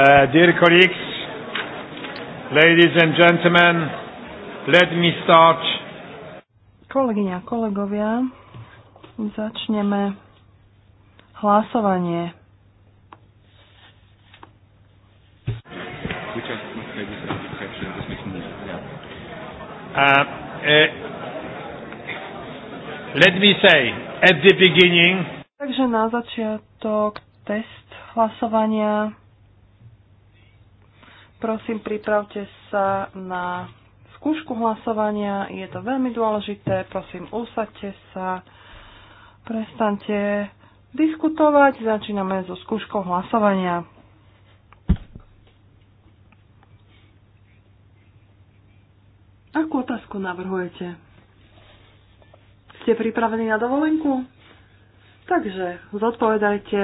Uh, dear colleagues, ladies and gentlemen, let me start. Kolegyňa, kolegovia, začneme hlasovanie. Uh, eh, let me say, at the beginning. Takže na začiatok test hlasovania Prosím, pripravte sa na skúšku hlasovania. Je to veľmi dôležité. Prosím, usadte sa. Prestante diskutovať. Začíname so skúškou hlasovania. Akú otázku navrhujete? Ste pripravení na dovolenku? Takže zodpovedajte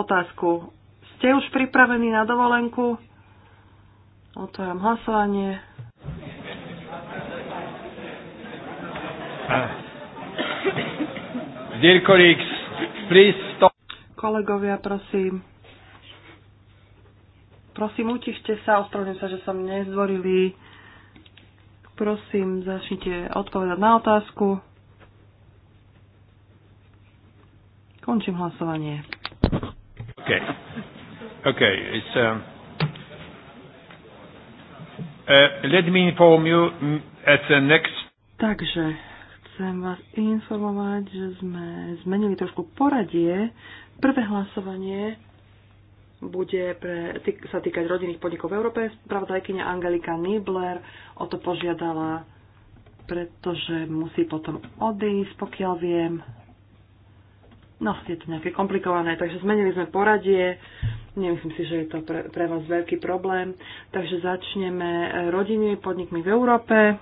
otázku. Ste už pripravení na dovolenku? Otváram hlasovanie. Ah. Dirkorix, please stop. Kolegovia, prosím. Prosím, utište sa, ospravedlňujem sa, že som nezdvorilý. Prosím, začnite odpovedať na otázku. Končím hlasovanie. Okay. Okay, it's, um... Uh, let me inform you mm, at the next... Takže chcem vás informovať, že sme zmenili trošku poradie. Prvé hlasovanie bude pre, tý, sa týkať rodinných podnikov v Európe. Spravodajkynia Angelika Nibler o to požiadala, pretože musí potom odísť, pokiaľ viem. No, je to nejaké komplikované, takže zmenili sme poradie. Nemyslím si, že je to pre, pre vás veľký problém. Takže začneme eh, rodiny, podnikmi v Európe.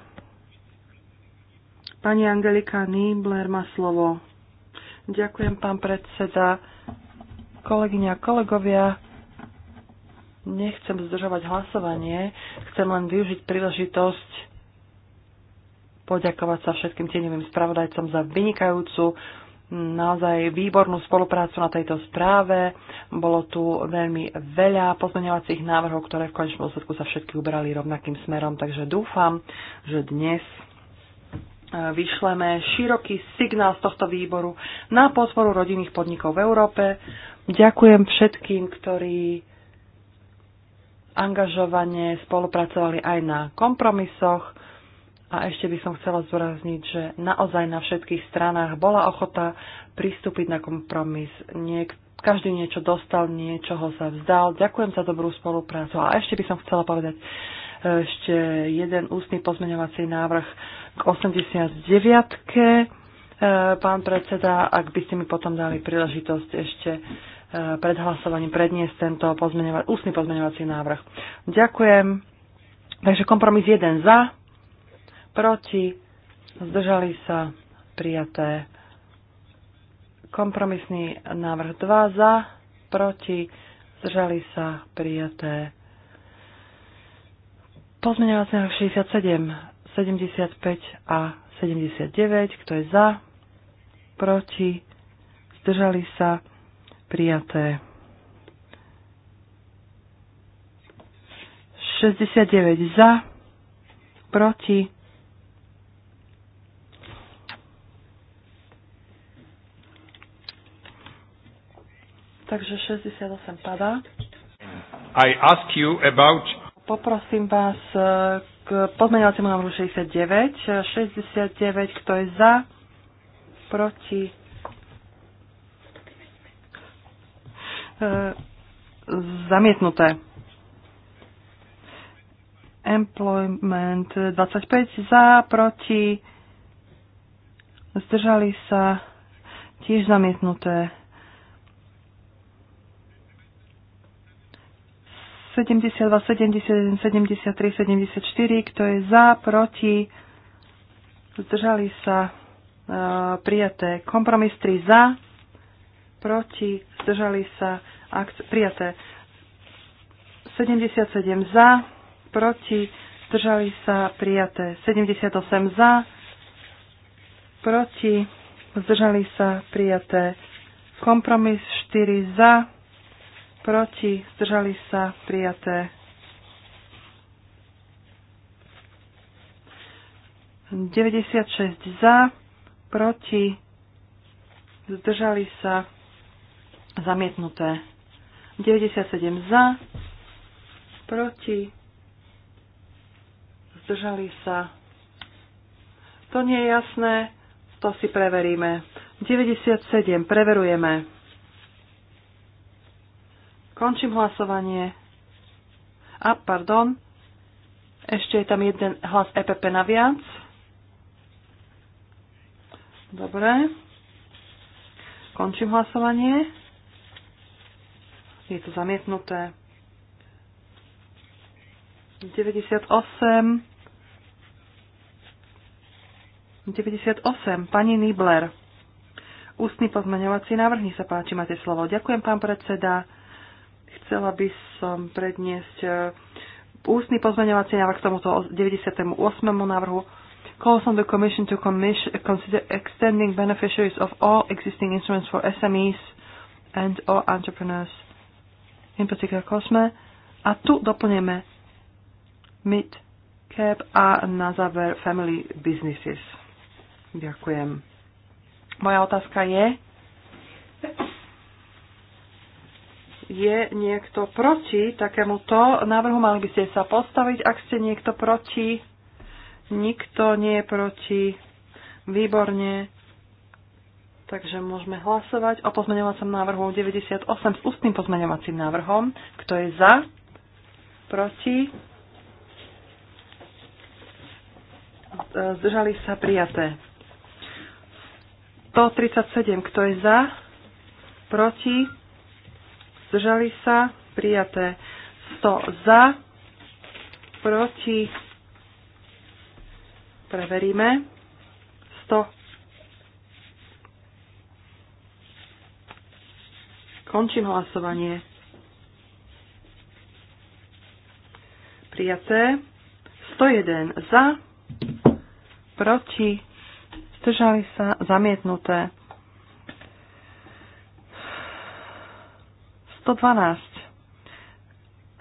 Pani Angelika Nýbler má slovo. Ďakujem, pán predseda. Kolegyňa, kolegovia, nechcem zdržovať hlasovanie, chcem len využiť príležitosť poďakovať sa všetkým tieňovým spravodajcom za vynikajúcu naozaj výbornú spoluprácu na tejto správe. Bolo tu veľmi veľa pozmeňovacích návrhov, ktoré v konečnom dôsledku sa všetky uberali rovnakým smerom, takže dúfam, že dnes e, vyšleme široký signál z tohto výboru na podporu rodinných podnikov v Európe. Ďakujem všetkým, ktorí angažovane spolupracovali aj na kompromisoch a ešte by som chcela zdôrazniť, že naozaj na všetkých stranách bola ochota pristúpiť na kompromis. Niek- každý niečo dostal, niečoho sa vzdal. Ďakujem za dobrú spoluprácu. A ešte by som chcela povedať e, ešte jeden ústny pozmeňovací návrh k 89. -ke. E, pán predseda, ak by ste mi potom dali príležitosť ešte e, pred hlasovaním predniesť tento pozmeňova- ústny pozmeňovací návrh. Ďakujem. Takže kompromis 1 za, proti, zdržali sa prijaté. Kompromisný návrh 2 za, proti, zdržali sa prijaté. Pozmeňovací návrh 67, 75 a 79, kto je za, proti, zdržali sa prijaté. 69 za, proti, Takže 68 padá. I ask you about... Poprosím vás e, k pozmeňovaciemu návrhu 69. 69, kto je za, proti, e, zamietnuté. Employment 25 za, proti, zdržali sa, tiež zamietnuté. 72, 71, 73, 74, kto je za, proti, zdržali sa e, prijaté. Kompromis 3 za, proti, zdržali sa prijaté. 77 za, proti, zdržali sa prijaté. 78 za, proti, zdržali sa prijaté. Kompromis 4 za, proti, zdržali sa, prijaté. Deväťdesiat šesť za, proti, zdržali sa, zamietnuté. 97 za, proti, zdržali sa. To nie je jasné, to si preveríme. 97 preverujeme. Končím hlasovanie. A, pardon, ešte je tam jeden hlas EPP naviac. Dobre. Končím hlasovanie. Je to zamietnuté. 98. 98. Pani Nibler. Ústny pozmeňovací návrh, nech sa páči, máte slovo. Ďakujem, pán predseda. Chcela by som predniesť e, ústny pozmeňovací návrh k tomuto 98. návrhu calls on the Commission to commission, consider extending beneficiaries of all existing instruments for SMEs and all entrepreneurs, in particular COSME. A tu doplneme MIT, cap a na záver family businesses. Ďakujem. Moja otázka je, je niekto proti takémuto návrhu, mali by ste sa postaviť, ak ste niekto proti. Nikto nie je proti. Výborne. Takže môžeme hlasovať o pozmeňovacom návrhu 98 s ústnym pozmeňovacím návrhom. Kto je za? Proti? Zdržali sa prijaté. 137. Kto je za? Proti? zdržali sa, prijaté 100 za, proti, preveríme, 100. Končím hlasovanie. Prijaté 101 za, proti, zdržali sa, zamietnuté 112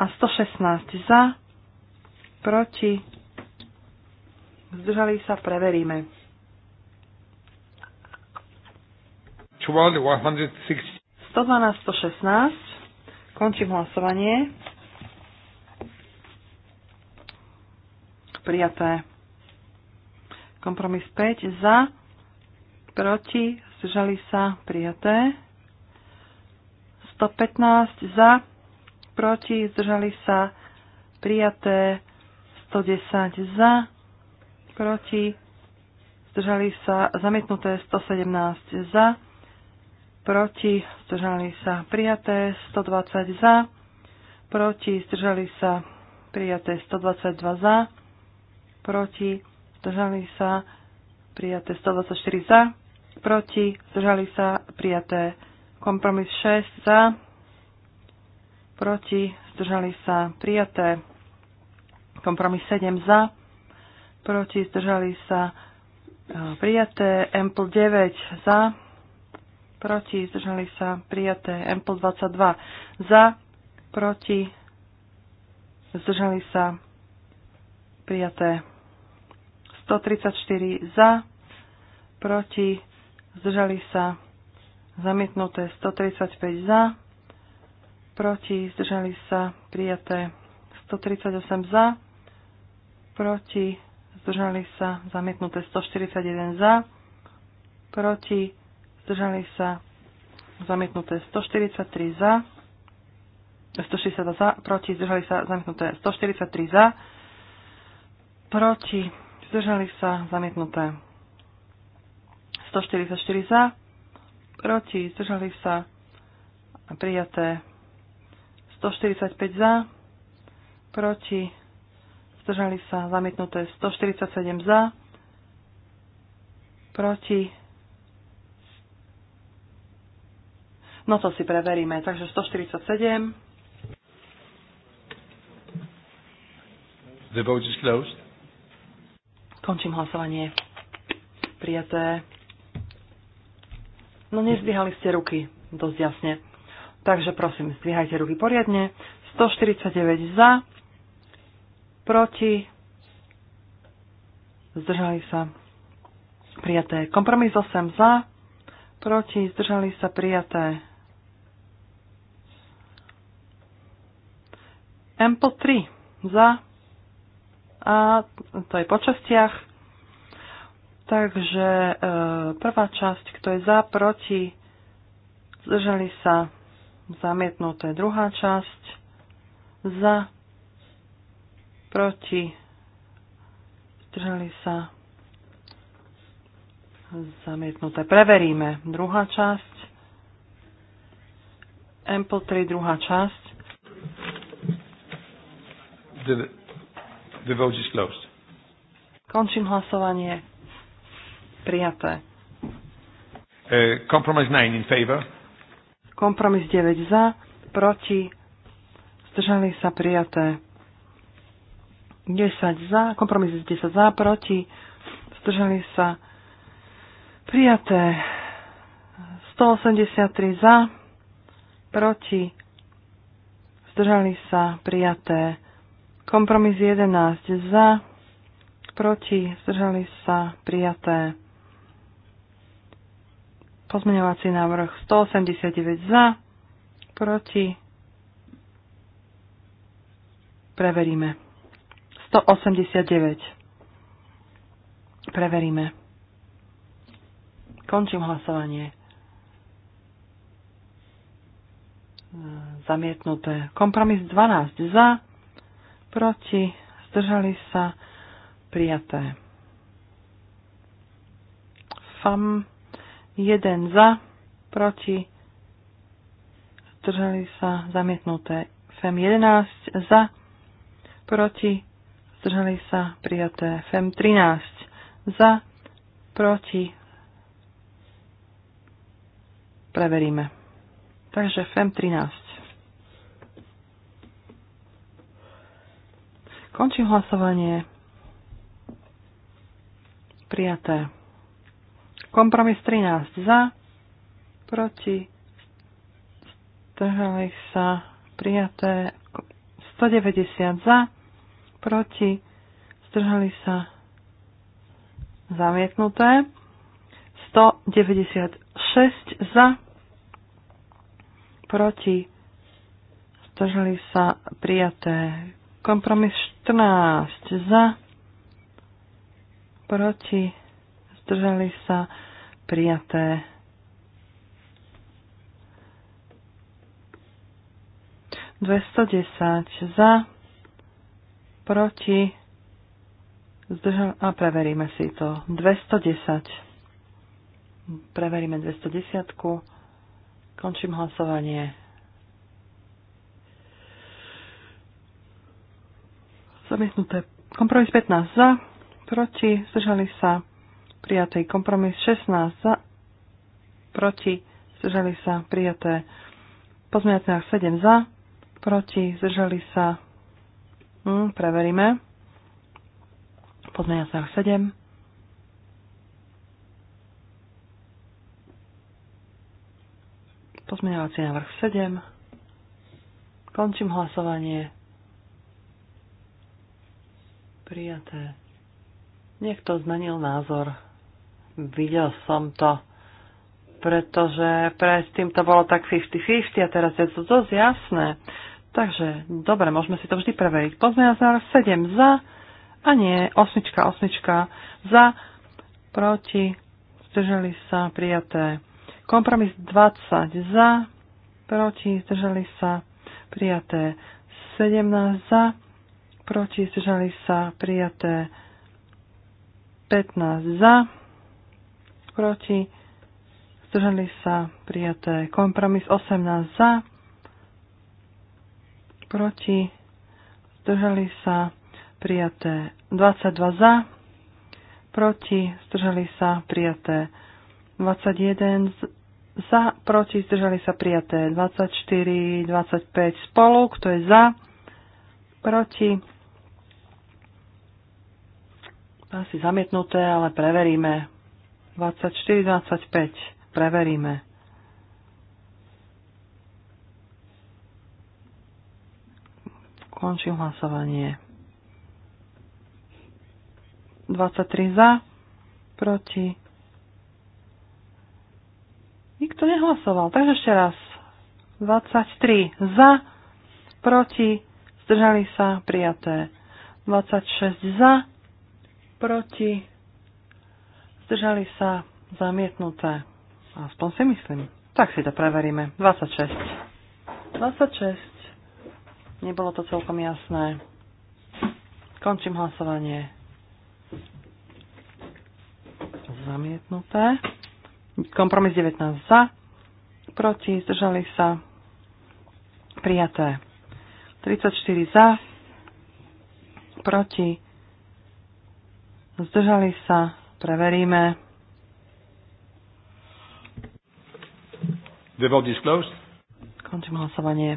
a 116 za, proti, zdržali sa, preveríme. 112, 116. Končím hlasovanie. Prijaté. Kompromis 5 za, proti, zdržali sa, prijaté. 115 za, proti, zdržali sa prijaté 110 za, proti, zdržali sa zamietnuté 117 za, proti, zdržali sa prijaté 120 za, proti, zdržali sa prijaté 122 za, proti, zdržali sa prijaté 124 za, proti, zdržali sa prijaté Kompromis 6 za, proti, zdržali sa prijaté. Kompromis 7 e, za, proti, zdržali sa prijaté. Ample 9 za, proti, zdržali sa prijaté. Ample 22 za, proti, zdržali sa prijaté. 134 za, proti, zdržali sa zamietnuté 135 za, proti zdržali sa prijaté 138 za, proti zdržali sa zamietnuté 141 za, proti zdržali sa zamietnuté 143 za, 160 za, proti zdržali sa zamietnuté 143 za, proti zdržali sa zamietnuté 144 za, proti, zdržali sa prijaté 145 za, proti, zdržali sa zamietnuté 147 za, proti, no to si preveríme, takže 147. The vote is closed. Končím hlasovanie. Prijaté No nezdvíhali ste ruky, dosť jasne. Takže prosím, zdvíhajte ruky poriadne. 149 za, proti, zdržali sa, prijaté. Kompromis 8 za, proti, zdržali sa, prijaté. Ample 3 za, a to je po častiach, Takže e, prvá časť, kto je za, proti, zdržali sa, zamietnuté. Druhá časť, za, proti, zdržali sa, zamietnuté. Preveríme. Druhá časť, Ample 3, druhá časť. The, the vote is closed. Končím hlasovanie. Prijaté. E, kompromis 9 in favor. Kompromis 9 za, proti, zdržali sa prijaté. 10 za, kompromis 10 za, proti, zdržali sa prijaté. 183 za, proti, zdržali sa prijaté. Kompromis 11 za, proti, zdržali sa prijaté. Pozmeňovací návrh 189 za, proti. Preveríme. 189. Preveríme. Končím hlasovanie. Zamietnuté. Kompromis 12 za, proti, zdržali sa, prijaté. FAM 1 za, proti, zdržali sa zamietnuté. FEM 11 za, proti, zdržali sa prijaté. FEM 13 za, proti, preveríme. Takže FEM 13. Končím hlasovanie. Prijaté. Kompromis 13 za, proti, strhali sa prijaté 190 za, proti, strhali sa zamietnuté 196 za, proti, strhali sa prijaté kompromis 14 za, proti, zdržali sa, prijaté. Dvesto desať za, proti, zdržal, a preveríme si to. 210. Preveríme 210. Končím hlasovanie. Zamietnuté. Kompromis 15 za, proti, zdržali sa, Prijatý Kompromis 16 za, proti, zdržali sa, prijaté. Pozmeňovací 7 za, proti, zdržali sa, hm, preveríme. Pozmeňovací 7. Pozmeňovací návrh 7. Končím hlasovanie. Prijaté. Niekto zmenil názor. Videl som to, pretože predtým to bolo tak 50-50 a teraz je to dosť jasné. Takže, dobre, môžeme si to vždy preveriť. Pozmeňa sa 7 za a nie 8, 8 za, proti, zdržali sa, prijaté. Kompromis 20 za, proti, zdržali sa, prijaté. 17 za, proti, zdržali sa, prijaté. 15 za, proti, zdržali sa prijaté. Kompromis 18 za, proti, zdržali sa prijaté. 22 za, proti, zdržali sa prijaté. 21 za, proti, zdržali sa prijaté. 24, 25 spolu, kto je za, proti, asi zamietnuté, ale preveríme. 24-25. Preveríme. Končím hlasovanie. 23 za, proti. Nikto nehlasoval, takže ešte raz. 23 za, proti, zdržali sa, prijaté. 26 za, proti, Zdržali sa zamietnuté. Aspoň si myslím. Tak si to preveríme. 26. 26. Nebolo to celkom jasné. Končím hlasovanie. Zamietnuté. Kompromis 19 za. Proti. Zdržali sa. Prijaté. 34 za. Proti. Zdržali sa Preveríme. The vote is closed. Končím hlasovanie.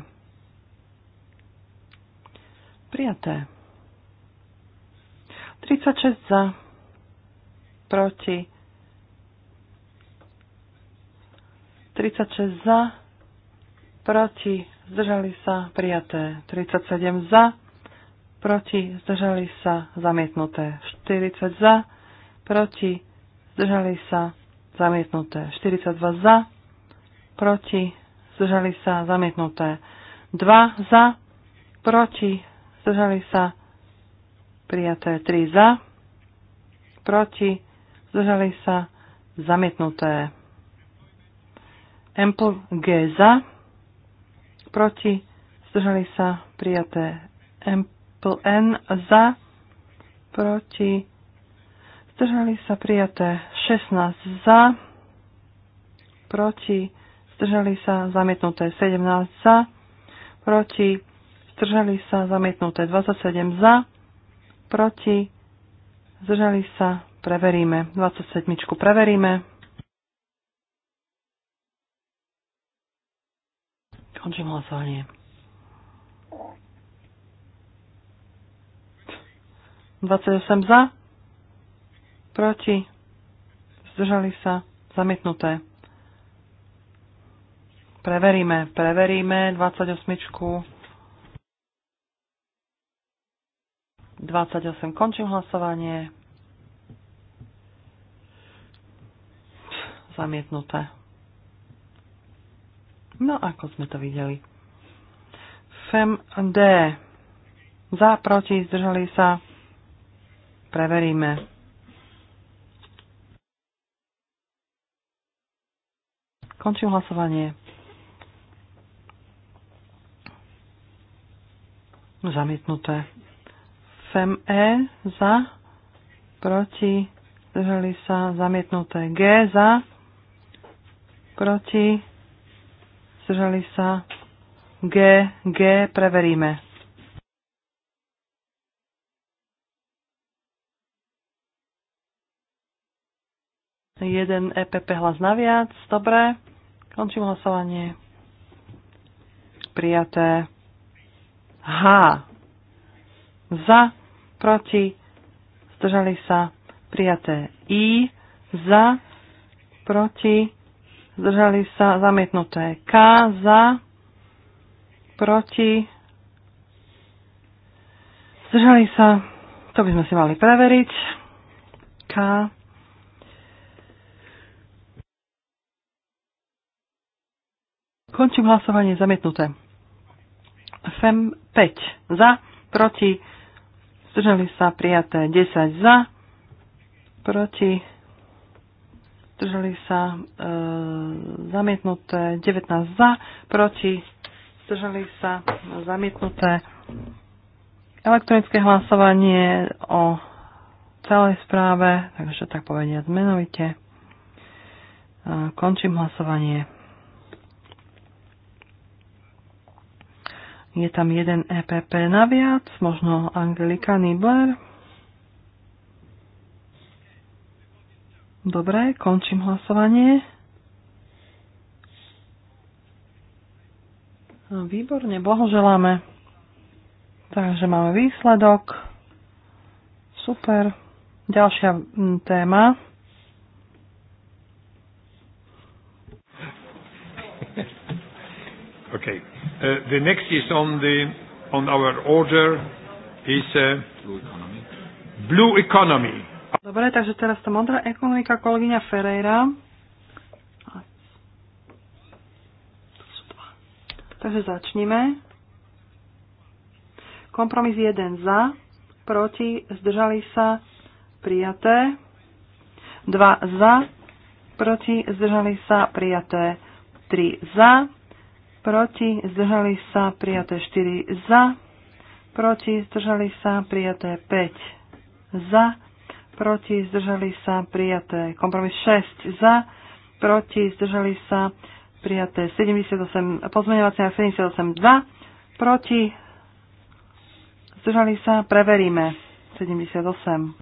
Prijaté. 36 za. Proti. 36 za. Proti. Zdržali sa. Prijaté. 37 za. Proti. Zdržali sa. Zamietnuté. 40 za proti, zdržali sa, zamietnuté. 42 za, proti, zdržali sa, zamietnuté. 2 za, proti, zdržali sa, prijaté. 3 za, proti, zdržali sa, zamietnuté. Empl G za, proti, zdržali sa, prijaté. Empl N za, proti, zdržali sa prijaté 16 za, proti, zdržali sa zamietnuté 17 za, proti, zdržali sa zamietnuté 27 za, proti, zdržali sa, preveríme, 27 preveríme. Končím hlasovanie. 28 za, proti, zdržali sa, zamietnuté. Preveríme, preveríme 28. 28. Končím hlasovanie. Zamietnuté. No ako sme to videli. D. Za, proti, zdržali sa. Preveríme. Končím hlasovanie. Zamietnuté. FEM E za, proti, drželi sa, zamietnuté. G za, proti, zdržali sa. G, G, preveríme. Jeden EPP hlas naviac, dobre. Končím hlasovanie. Prijaté. H. Za, proti, zdržali sa. Prijaté. I. Za, proti, zdržali sa. Zamietnuté. K. Za, proti, zdržali sa. To by sme si mali preveriť. K. Končím hlasovanie zamietnuté. FEM 5 za, proti, zdržali sa prijaté 10 za, proti, zdržali sa e, zamietnuté 19 za, proti, zdržali sa zamietnuté elektronické hlasovanie o celej správe, takže tak povediať zmenovite. E, končím hlasovanie. Je tam jeden EPP naviac, možno Angelika Nibler. Dobre, končím hlasovanie. No, výborne, blahoželáme. Takže máme výsledok. Super. Ďalšia mm, téma. Okay. Uh, the next is on the on our order is uh, blue economy. Dobre, takže teraz to modrá ekonomika kolegyňa Ferreira. Takže začnime. Kompromis 1 za, proti, zdržali sa, prijaté. 2 za, proti, zdržali sa, prijaté. 3 za, proti, zdržali sa, prijaté 4 za, proti, zdržali sa, prijaté 5 za, proti, zdržali sa, prijaté kompromis 6 za, proti, zdržali sa, prijaté 78, pozmeňovacia 78 za, proti, zdržali sa, preveríme 78.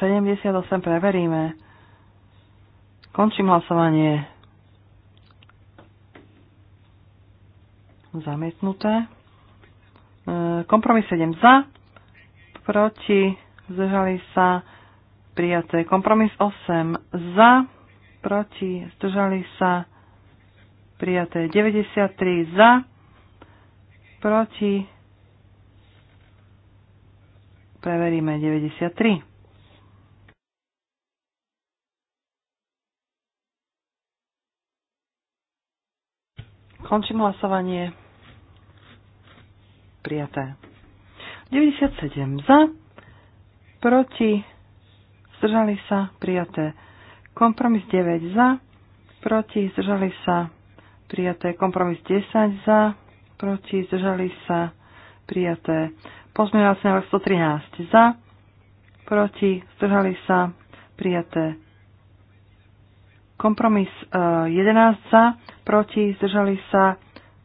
78 preveríme. Končím hlasovanie. zamietnuté. E, kompromis 7 za, proti, zdržali sa, prijaté. Kompromis 8 za, proti, zdržali sa, prijaté. 93 za, proti, preveríme 93. Končím hlasovanie. Prijaté. 97 za, proti, zdržali sa, prijaté. Kompromis 9 za, proti, zdržali sa, prijaté. Kompromis 10 za, proti, zdržali sa, prijaté. Pozmeňovací návrh 113 za, proti, zdržali sa, prijaté. Kompromis 11 eh, za, proti, zdržali sa,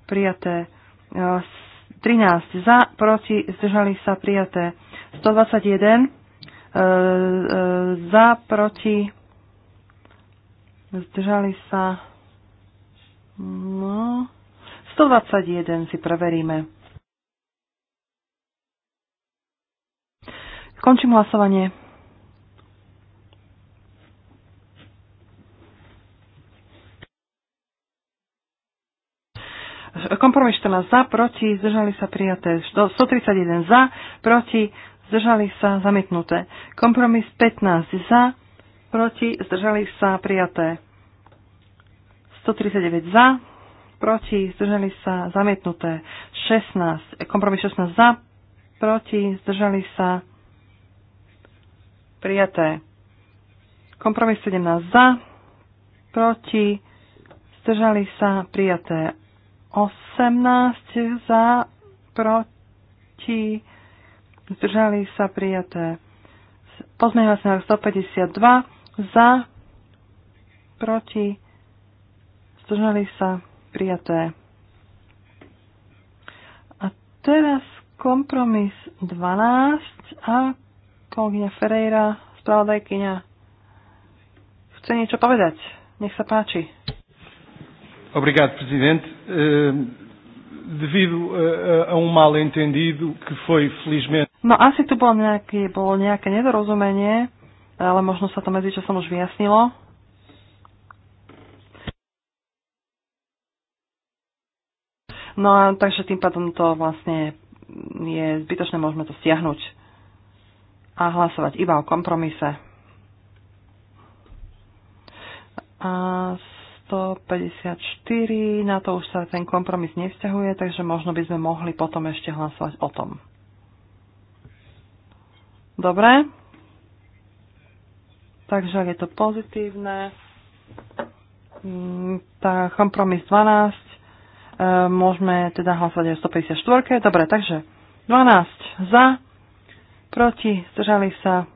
prijaté. 13 e, za, proti, zdržali sa, prijaté. 121 e, e, za, proti, zdržali sa, no, 121 si preveríme. Končím hlasovanie. kompromis 14 za, proti, zdržali sa prijaté. 131 za, proti, zdržali sa zamietnuté. Kompromis 15 za, proti, zdržali sa prijaté. 139 za, proti, zdržali sa zamietnuté. 16, eh, kompromis 16 za, proti, zdržali sa prijaté. Kompromis 17 za, proti, zdržali sa prijaté. 18 za, proti, zdržali sa prijaté. Pozmeňovací na 152 za, proti, zdržali sa prijaté. A teraz kompromis 12 a kolegyňa Ferreira, spravodajkyňa, chce niečo povedať. Nech sa páči. Obrigado, Presidente. Ehm, devido eh, a um mal entendido que foi felizmente. No asi tu bolo nejaké, bolo nejaké nedorozumenie, ale možno sa to medzičasom už vyjasnilo. No a takže tým pádom to vlastne je zbytočné, môžeme to stiahnuť a hlasovať iba o kompromise. A 154, na to už sa ten kompromis nevzťahuje, takže možno by sme mohli potom ešte hlasovať o tom. Dobre? Takže ak je to pozitívne, mm, tá kompromis 12, e, môžeme teda hlasovať aj o 154. Dobre, takže 12 za, proti, zdržali sa,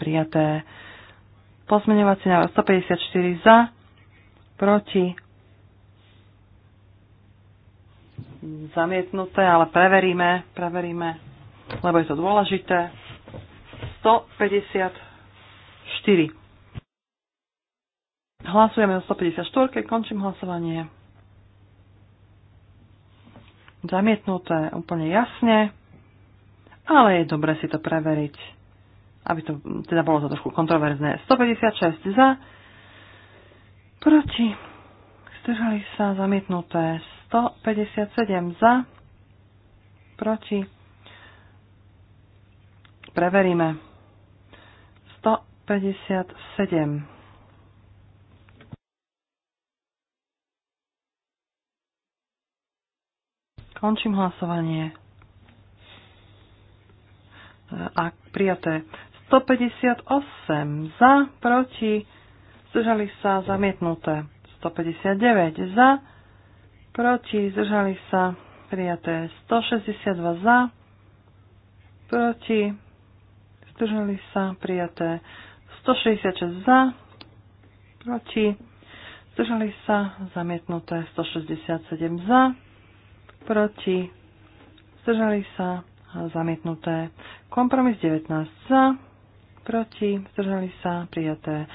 prijaté Pozmeňovací návrh 154 za, proti, zamietnuté, ale preveríme, preveríme, lebo je to dôležité. 154. Hlasujeme o 154, končím hlasovanie. Zamietnuté úplne jasne, ale je dobre si to preveriť aby to teda bolo to trošku kontroverzné. 156 za, proti, zdržali sa zamietnuté 157 za, proti, preveríme 157 Končím hlasovanie. A prijaté 158 za, proti, zdržali sa zamietnuté. 159 za, proti, zdržali sa prijaté. 162 za, proti, zdržali sa prijaté. 166 za, proti, zdržali sa zamietnuté. 167 za, proti, zdržali sa zamietnuté. Kompromis 19 za, proti, zdržali sa, prijaté.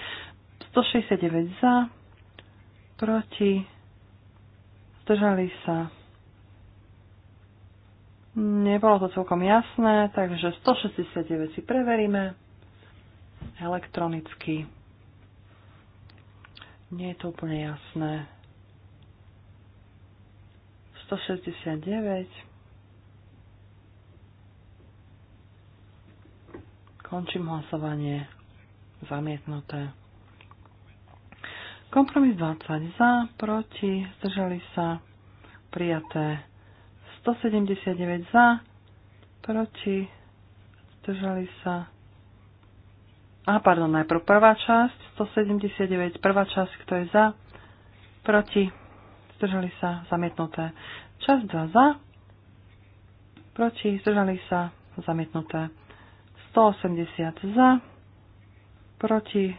169 za, proti, zdržali sa. Nebolo to celkom jasné, takže 169 si preveríme elektronicky. Nie je to úplne jasné. 169 Končím hlasovanie. Zamietnuté. Kompromis 20 za, proti, zdržali sa, prijaté 179 za, proti, zdržali sa. A pardon, najprv prvá časť, 179, prvá časť, kto je za, proti, zdržali sa, zamietnuté. Časť 2 za, proti, zdržali sa, zamietnuté. 180 za, proti,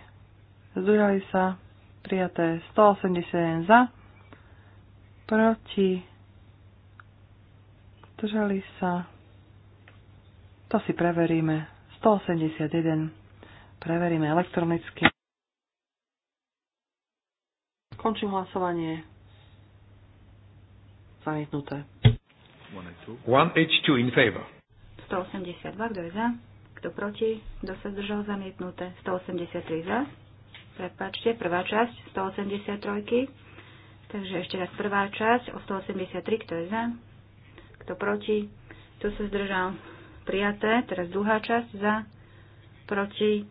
zdržali sa, prijaté 181 za, proti, zdržali sa, to si preveríme, 181, preveríme elektronicky. Končím hlasovanie. Zamietnuté. 182 in favor. 182, kto je za? Kto proti? Kto sa zdržal zamietnuté? 183 za. Prepačte, prvá časť 183. Takže ešte raz prvá časť o 183, kto je za, kto proti, kto sa zdržal prijaté, teraz druhá časť za, proti,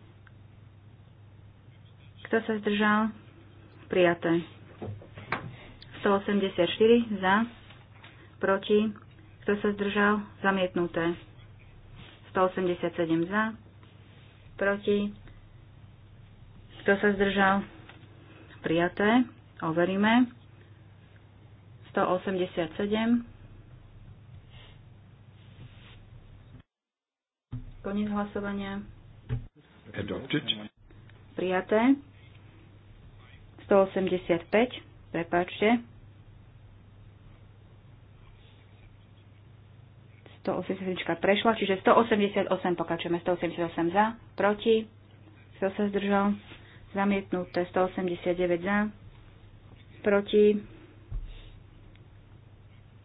kto sa zdržal prijaté. 184 za, proti, kto sa zdržal zamietnuté. 187 za, proti, kto sa zdržal, prijaté, overíme, 187, koniec hlasovania, adopted, prijaté, 185, prepáčte, 187 prešla, čiže 188 pokračujeme. 188 za, proti, kto sa zdržal, zamietnuté 189 za, proti,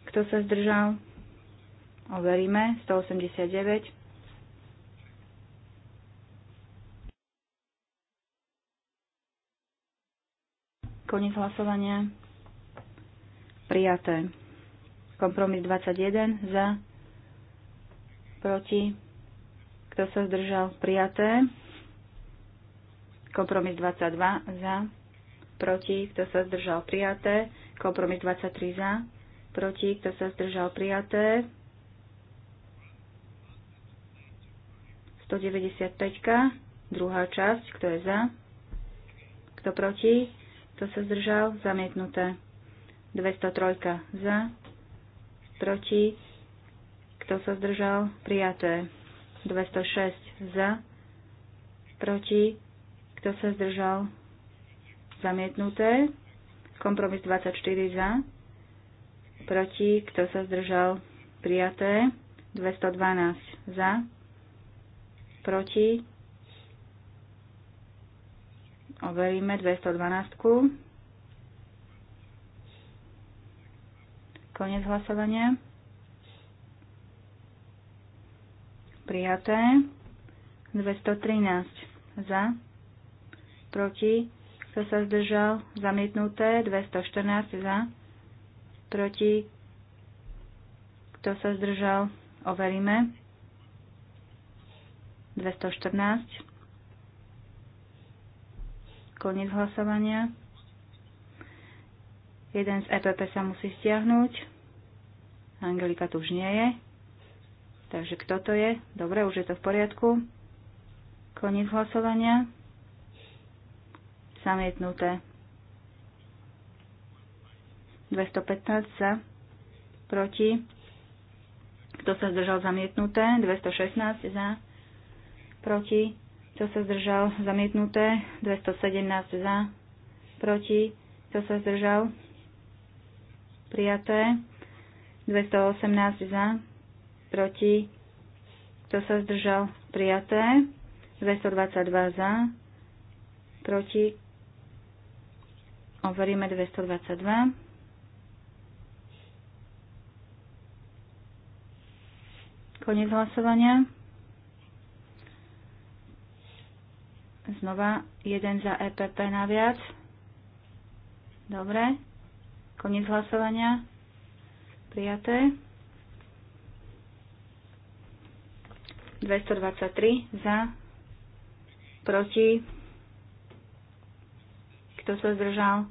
kto sa zdržal, overíme 189. Koniec hlasovania. Prijaté. Kompromis 21 za, proti, kto sa zdržal, prijaté. Kompromis 22 za, proti, kto sa zdržal, prijaté. Kompromis 23 za, proti, kto sa zdržal, prijaté. 195, druhá časť, kto je za, kto proti, kto sa zdržal, zamietnuté. 203 za, proti, kto sa zdržal? Prijaté. 206 za. Proti. Kto sa zdržal? Zamietnuté. Kompromis 24 za. Proti. Kto sa zdržal? Prijaté. 212 za. Proti. Overíme 212. Konec hlasovania. prijaté. 213 za, proti, kto sa zdržal, zamietnuté. 214 za, proti, kto sa zdržal, overíme. 214. Koniec hlasovania. Jeden z EPP sa musí stiahnuť. Angelika tu už nie je. Takže kto to je? Dobre, už je to v poriadku. Koniec hlasovania. Zamietnuté. 215 za. Proti. Kto sa zdržal zamietnuté? 216 za. Proti. Kto sa zdržal zamietnuté? 217 za. Proti. Kto sa zdržal? Prijaté. 218 za proti, kto sa zdržal, prijaté. 222 za, proti, overíme 222. Koniec hlasovania. Znova jeden za EPP naviac. Dobre. Koniec hlasovania. Prijaté. 223 za, proti, kto sa zdržal,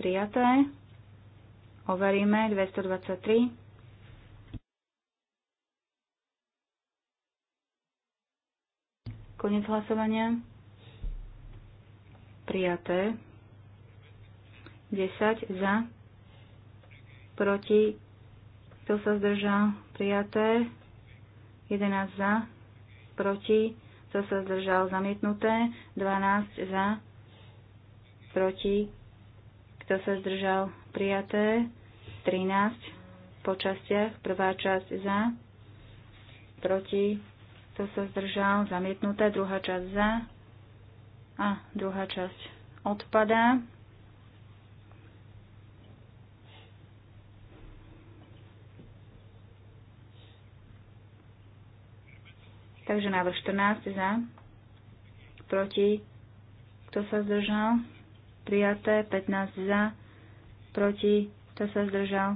prijaté, overíme 223. Konec hlasovania. Prijaté. 10 za. Proti. Kto sa zdržal? Prijaté. 11 za, proti, kto sa zdržal zamietnuté, 12 za, proti, kto sa zdržal prijaté, 13 po častiach, prvá časť za, proti, kto sa zdržal zamietnuté, druhá časť za a druhá časť odpadá. Takže návrh 14 za, proti, kto sa zdržal, prijaté, 15 za, proti, kto sa zdržal,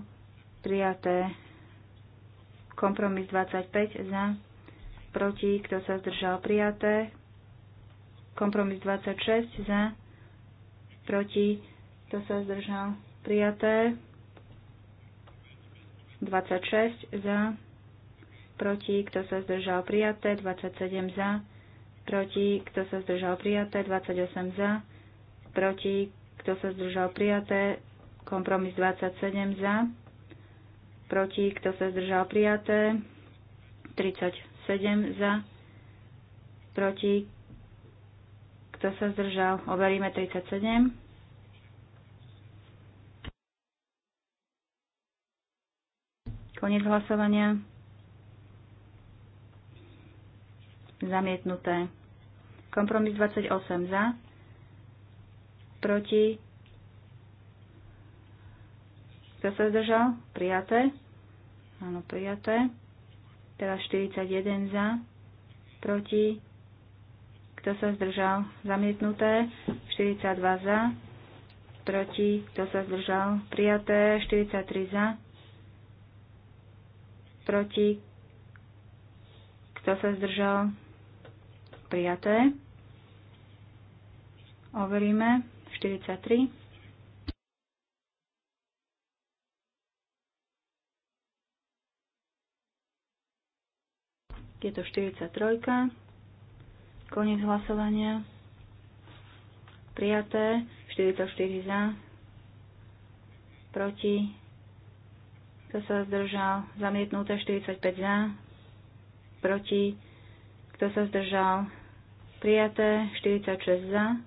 prijaté, kompromis 25 za, proti, kto sa zdržal, prijaté, kompromis 26 za, proti, kto sa zdržal, prijaté, 26 za, proti, kto sa zdržal prijaté, 27 za, proti, kto sa zdržal prijaté, 28 za, proti, kto sa zdržal prijaté, kompromis 27 za, proti, kto sa zdržal prijaté, 37 za, proti, kto sa zdržal, overíme 37. Koniec hlasovania. zamietnuté. Kompromis 28 za, proti, kto sa zdržal? Prijaté. Áno, prijaté. Teraz 41 za, proti, kto sa zdržal? Zamietnuté. 42 za, proti, kto sa zdržal? Prijaté. 43 za, proti, kto sa zdržal? prijaté. Overíme 43. Je to 43. Koniec hlasovania. Prijaté. 44 za. Proti. Kto sa zdržal? Zamietnuté 45 za. Proti. Kto sa zdržal? Prijaté 46 za.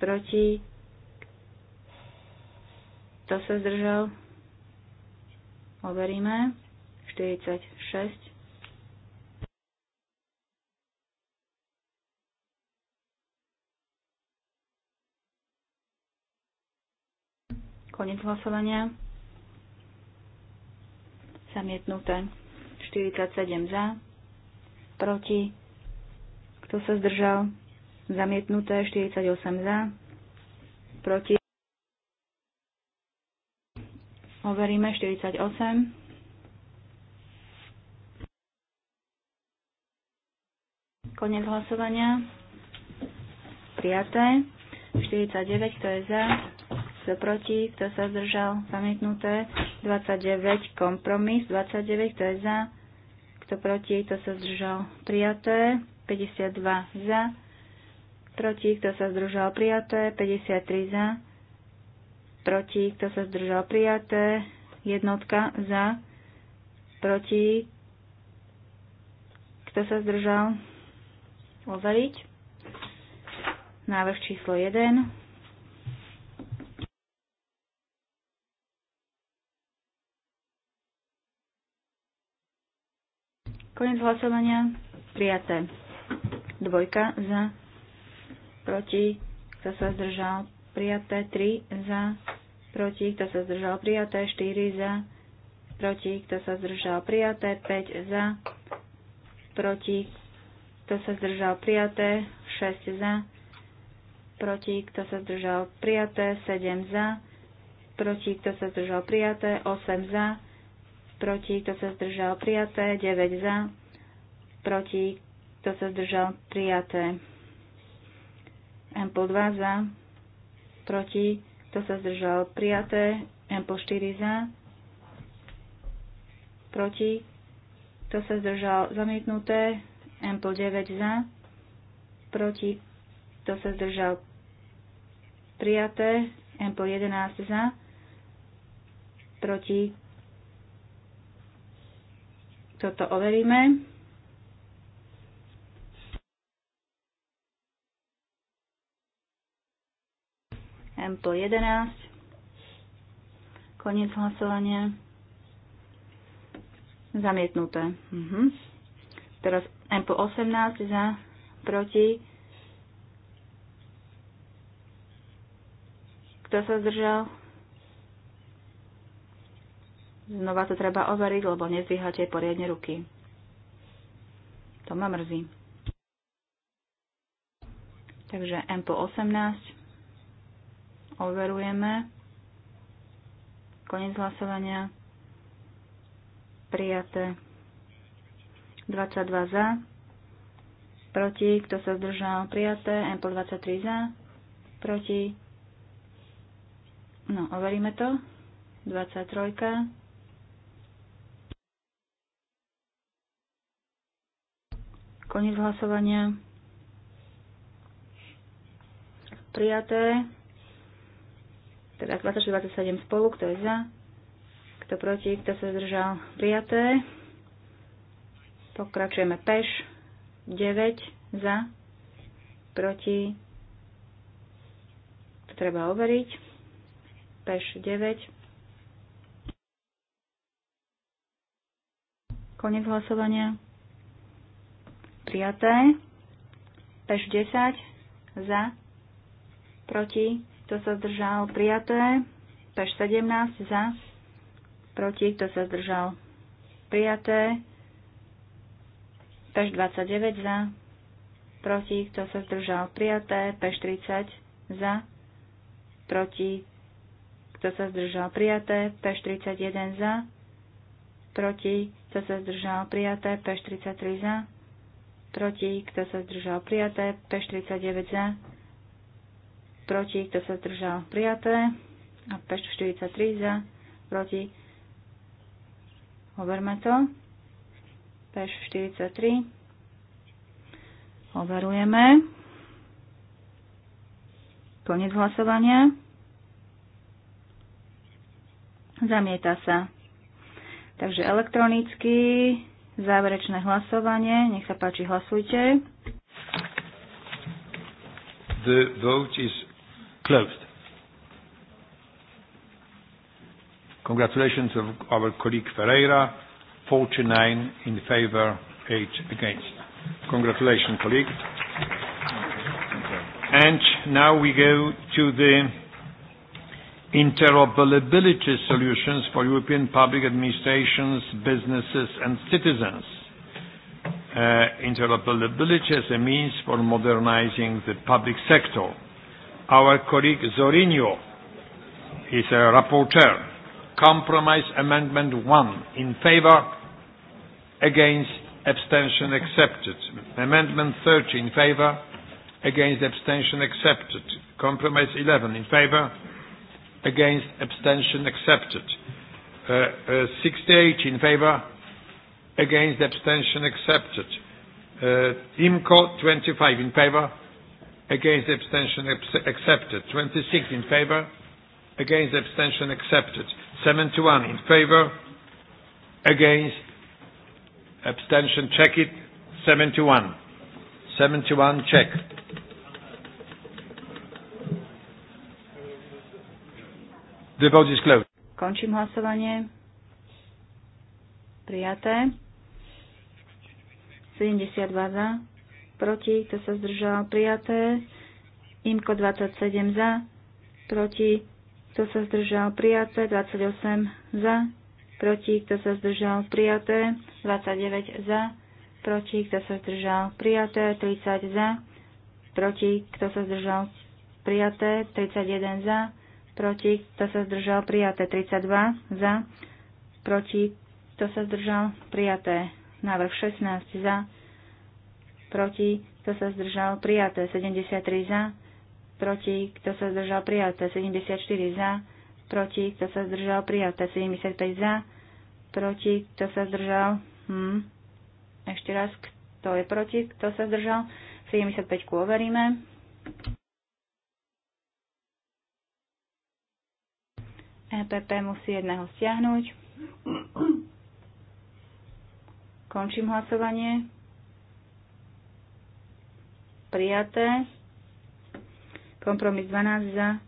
Proti. Kto sa zdržal? Overíme. 46. Konec hlasovania. Zamietnuté. 47 za. Proti kto sa zdržal? Zamietnuté 48 za. Proti. Overíme 48. Konec hlasovania. Prijaté. 49, kto je za, kto proti, kto sa zdržal, zamietnuté. 29, kompromis. 29, kto je za, kto proti, kto sa zdržal, prijaté. 52 za, proti, kto sa zdržal prijaté, 53 za, proti, kto sa zdržal prijaté, jednotka za, proti, kto sa zdržal, overiť. Návrh číslo 1. Koniec hlasovania. Prijaté. Dvojka za, proti, kto sa zdržal, prijaté. tri za, proti, kto sa zdržal, prijaté. štyri za, proti, kto sa zdržal, prijaté. Päť za, proti, kto sa zdržal, prijaté. šesť za, proti, kto sa zdržal, prijaté. sedem za, proti, kto sa zdržal, prijaté. osem za, proti, kto sa zdržal, prijaté. 9 za, proti, kto sa zdržal? Prijaté. plus 2 za. Proti. Kto sa zdržal? Prijaté. plus 4 za. Proti. Kto sa zdržal? Zamietnuté. plus 9 za. Proti. Kto sa zdržal? Prijaté. plus 11 za. Proti. Toto overíme. po 11. Koniec hlasovania. Zamietnuté. Uh-huh. Teraz po 18 za, proti. Kto sa zdržal? Znova to treba overiť, lebo nezdvíhate poriadne ruky. To ma mrzí. Takže M po 18. Overujeme. Konec hlasovania. Prijaté. 22 za. Proti, kto sa zdržal, prijaté. MPL 23 za. Proti. No, overíme to. 23. Koniec hlasovania. Prijaté. Teda 26-27 spolu, kto je za, kto proti, kto sa zdržal, prijaté. Pokračujeme peš, 9 za, proti, to treba overiť, peš 9. Konec hlasovania. Prijaté. Peš 10 za, proti, kto sa zdržal, prijaté. Pež 17 za, proti, kto sa zdržal, prijaté. Pež 29 za, proti, kto sa zdržal, prijaté. Pež 30 za, proti, kto sa zdržal, prijaté. Pež 31 za, proti, kto sa zdržal, prijaté. Pež 33 za, proti, kto sa zdržal, prijaté. Pež 39 za, proti, kto sa zdržal, prijaté. A P43 za, proti, overme to. 43 overujeme. koniec hlasovania. Zamieta sa. Takže elektronicky záverečné hlasovanie. Nech sa páči, hlasujte. The vote is Closed. Congratulations of our colleague Ferreira. 49 in favor, 8 against. Congratulations, colleague. And now we go to the interoperability solutions for European public administrations, businesses, and citizens. Uh, interoperability as a means for modernizing the public sector. Our colleague Zorinho is a rapporteur. Compromise Amendment 1 in favor, against, abstention accepted. Amendment 30 in favor, against, abstention accepted. Compromise 11 in favor, against, abstention accepted. Uh, uh, 68 in favor, against, abstention accepted. Uh, IMCO 25 in favor, against abstention accepted. 26 in favor, against abstention accepted. 71 in favor, against abstention check it. 71. 71 check. The vote is closed. Končím hlasovanie. Prijaté. 72 za proti, kto sa zdržal, prijaté. Imko 27 za, proti, kto sa zdržal, prijaté. 28 za, proti, kto sa zdržal, prijaté. 29 za, proti, kto sa zdržal, prijaté. 30 za, proti, kto sa zdržal, prijaté. 31 za, proti, kto sa zdržal, prijaté. 32 za, proti, kto sa zdržal, prijaté. Návrh 16 za, proti, kto sa zdržal, prijaté 73 za, proti, kto sa zdržal, prijaté 74 za, proti, kto sa zdržal, prijaté 75 za, proti, kto sa zdržal, hm, ešte raz, kto je proti, kto sa zdržal, 75 overíme. EPP musí jedného stiahnuť. Končím hlasovanie prijaté. Kompromis 12 za,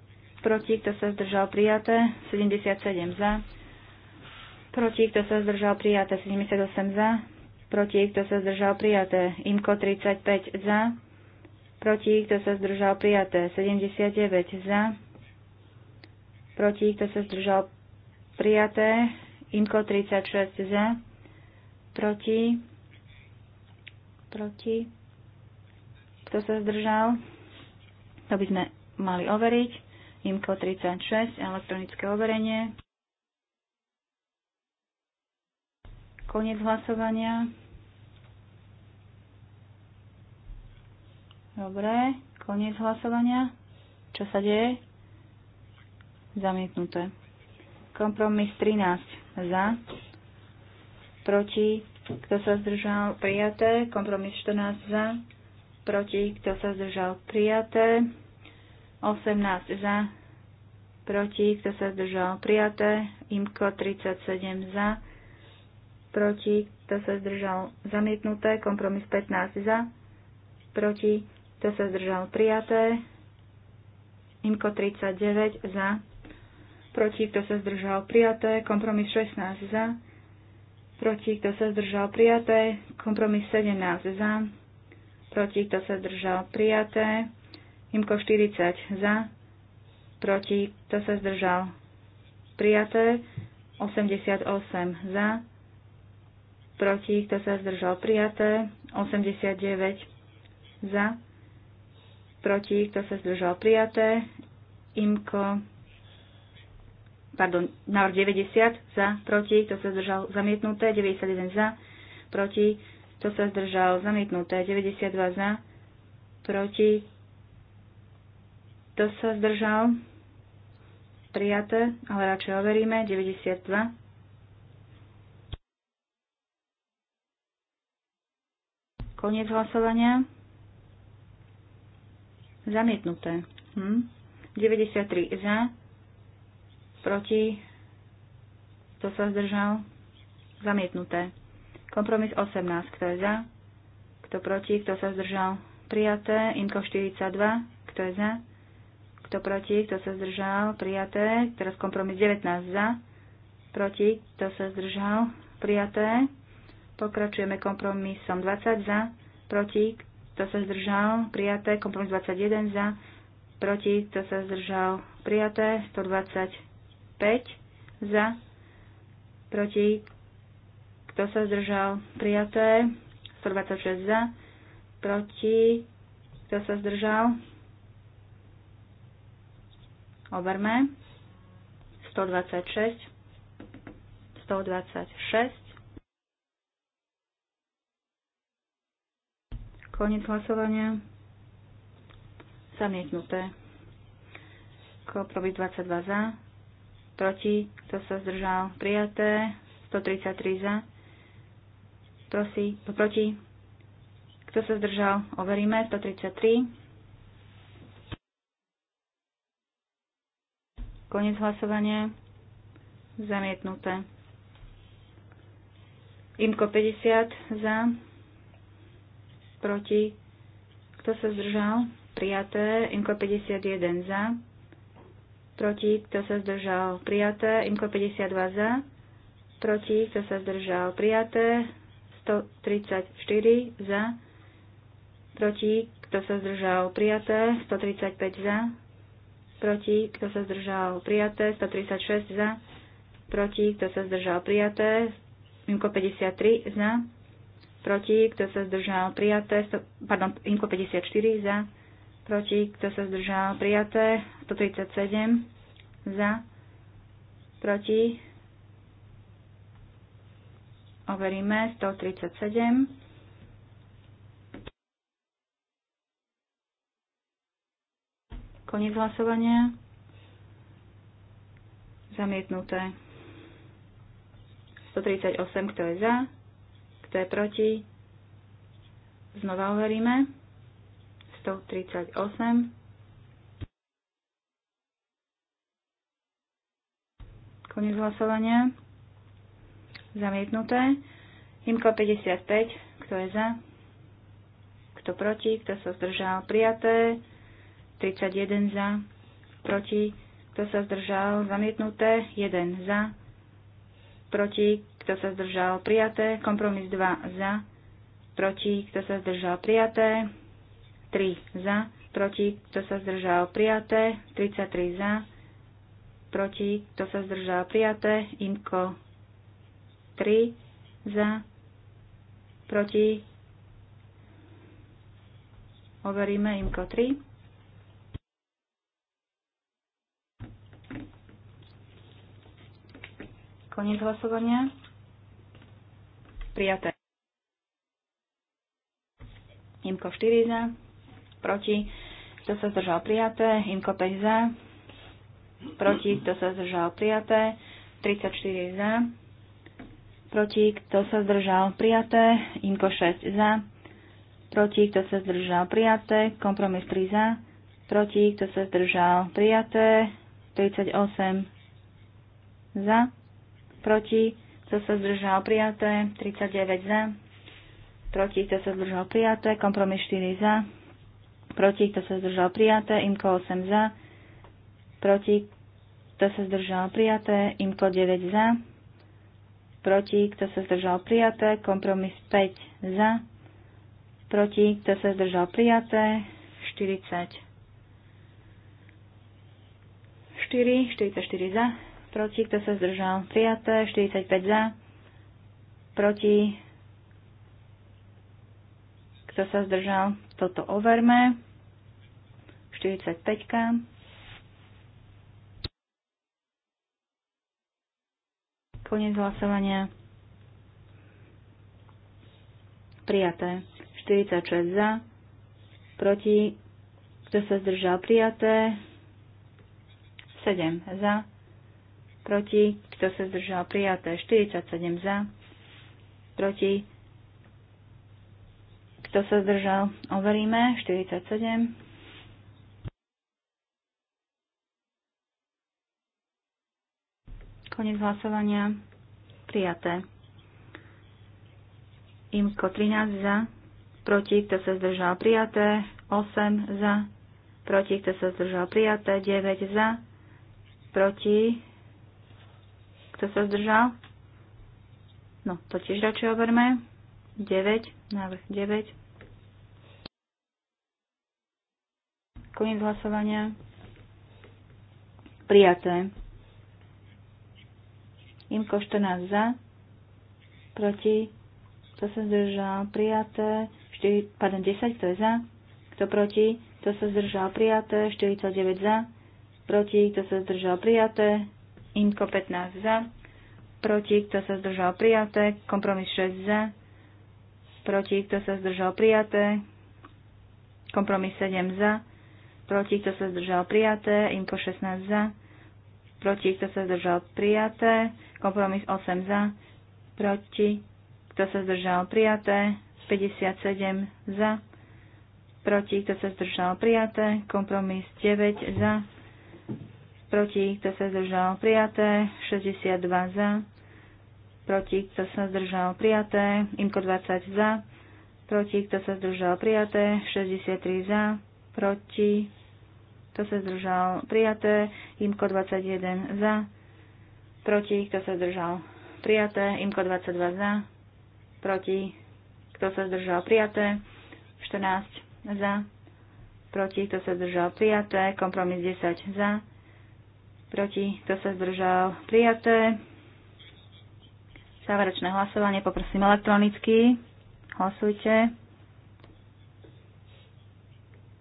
proti, kto sa zdržal prijaté, 77 za, proti, kto sa zdržal prijaté, 78 za, proti, kto sa zdržal prijaté, IMKO 35 za, proti, kto sa zdržal prijaté, 79 za, proti, kto sa zdržal prijaté, IMKO 36 za, proti, proti, kto sa zdržal? To by sme mali overiť. IMCO 36, elektronické overenie. Koniec hlasovania. Dobre, koniec hlasovania. Čo sa deje? Zamietnuté. Kompromis 13 za, proti, kto sa zdržal, prijaté. Kompromis 14 za, proti, kto sa zdržal prijaté, 18 za, proti, kto sa zdržal prijaté, IMKO 37 za, proti, kto sa zdržal zamietnuté, kompromis 15 za, proti, kto sa zdržal prijaté, IMKO 39 za, proti, kto sa zdržal prijaté, kompromis 16 za, proti, kto sa zdržal prijaté, kompromis 17 za, proti, kto sa zdržal, prijaté. Imko 40 za, proti, kto sa zdržal, prijaté. 88 za, proti, kto sa zdržal, prijaté. 89 za, proti, kto sa zdržal, prijaté. Imko, pardon, návrh 90 za, proti, kto sa zdržal, zamietnuté. 91 za, proti, kto sa zdržal, zamietnuté, 92 za, proti, kto sa zdržal, prijaté, ale radšej overíme, 92. Koniec hlasovania. Zamietnuté. Hm? 93 za, proti, kto sa zdržal, zamietnuté. Kompromis 18. Kto je za? Kto proti? Kto sa zdržal? Prijaté. inko 42. Kto je za? Kto proti? Kto sa zdržal? Prijaté. Teraz kompromis 19 za. Proti? Kto sa zdržal? Prijaté. Pokračujeme kompromisom 20 za. Proti? Kto sa zdržal? Prijaté. Kompromis 21 za. Proti? Kto sa zdržal? Prijaté. 125 za. Proti? Kto sa zdržal? Prijaté. 126 za. Proti. Kto sa zdržal? Overme. 126. 126. Koniec hlasovania. Zamietnuté. Koprovi 22 za. Proti. Kto sa zdržal? Prijaté. 133 za prosí, proti. Kto sa zdržal? Overíme. 133. Konec hlasovania. Zamietnuté. Imko 50 za. Proti. Kto sa zdržal? Prijaté. Imko 51 za. Proti. Kto sa zdržal? Prijaté. Imko 52 za. Proti. Kto sa zdržal? Prijaté. 134 za, proti, kto sa zdržal prijaté, 135 za, proti, kto sa zdržal prijaté, 136 za, proti, kto sa zdržal prijaté, Inko 53 za, proti, kto sa zdržal prijaté, pardon, Inko 54 za, proti, kto sa zdržal prijaté, 137 za, proti, Overíme 137. Koniec hlasovania. Zamietnuté. 138, kto je za, kto je proti. Znova overíme. 138. Koniec hlasovania. Zamietnuté. Imko 55. Kto je za? Kto proti? Kto sa zdržal? Prijaté. 31 za. Proti. Kto sa zdržal? Zamietnuté. 1 za. Proti. Kto sa zdržal? Prijaté. Kompromis 2 za. Proti. Kto sa zdržal? Prijaté. 3 za. Proti. Kto sa zdržal? Prijaté. 33 za. Proti. Kto sa zdržal? Prijaté. Imko 3 za, proti, overíme imko 3. Koniec hlasovania. Prijaté. Imko 4 za, proti, kto sa zdržal prijaté, Imko 5 za, proti, kto sa zdržal prijaté, 34 za, proti, kto sa zdržal, prijaté, Imko 6 za, proti, kto sa zdržal, prijaté, kompromis 3 za, proti, kto sa zdržal, prijaté, 38 za, proti, kto sa zdržal, prijaté, 39 za, proti, kto sa zdržal, prijaté, kompromis 4 za, proti, kto sa zdržal, prijaté, imko 8 za, proti, kto sa zdržal, prijaté, imko 9 za, proti, kto sa zdržal prijaté, kompromis 5 za, proti, kto sa zdržal prijaté, 40. 4, 44 za, proti, kto sa zdržal prijaté, 45 za, proti, kto sa zdržal, toto overme, 45. Koniec hlasovania. Prijaté. 46 za. Proti. Kto sa zdržal? Prijaté. 7 za. Proti. Kto sa zdržal? Prijaté. 47 za. Proti. Kto sa zdržal? Overíme. 47. Konec hlasovania. Prijaté. Imko 13 za, proti, kto sa zdržal prijaté, 8 za, proti, kto sa zdržal prijaté, 9 za, proti, kto sa zdržal? No, to tiež radšej overme. 9, návrh 9. Koniec hlasovania. Prijaté. Imko 14 za, proti, kto sa zdržal, prijaté, 4, pardon, 10, kto je za, kto proti, kto sa zdržal, prijaté, 49 za, proti, kto sa zdržal, prijaté, Imko 15 za, proti, kto sa zdržal, prijaté, kompromis 6 za, proti, kto sa zdržal, prijaté, kompromis 7 za, proti, kto sa zdržal, prijaté, Imko 16 za, proti, kto sa zdržal prijaté, kompromis 8 za, proti, kto sa zdržal prijaté, 57 za, proti, kto sa zdržal prijaté, kompromis 9 za, proti, kto sa zdržal prijaté, 62 za, proti, kto sa zdržal prijaté, imko 20 za, proti, kto sa zdržal prijaté, 63 za, proti, kto sa zdržal, prijaté. Imko 21 za, proti, kto sa zdržal, prijaté. Imko 22 za, proti, kto sa zdržal, prijaté. 14 za, proti, kto sa zdržal, prijaté. Kompromis 10 za, proti, kto sa zdržal, prijaté. Záverečné hlasovanie poprosím elektronicky. Hlasujte.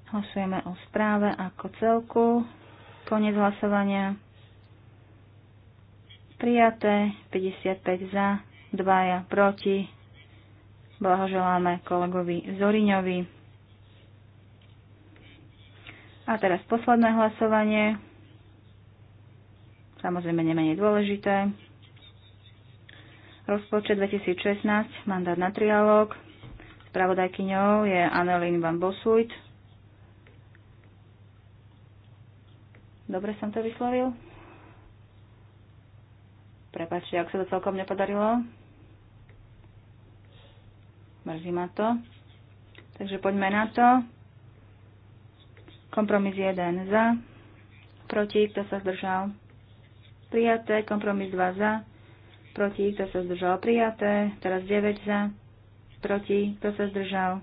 Hlasujeme o správe ako celku. Konec hlasovania. Prijaté 55 za, 2 proti. Blahoželáme kolegovi Zoriňovi. A teraz posledné hlasovanie. Samozrejme nemenej dôležité. Rozpočet 2016, mandát na trialóg. Spravodajkyňou je Annelín van Bosuit. Dobre som to vyslovil? Prepačte, ak sa to celkom nepodarilo. Mrzí ma to. Takže poďme na to. Kompromis 1 za. Proti, kto sa zdržal? Prijaté. Kompromis 2 za. Proti, kto sa zdržal? Prijaté. Teraz 9 za. Proti, kto sa zdržal?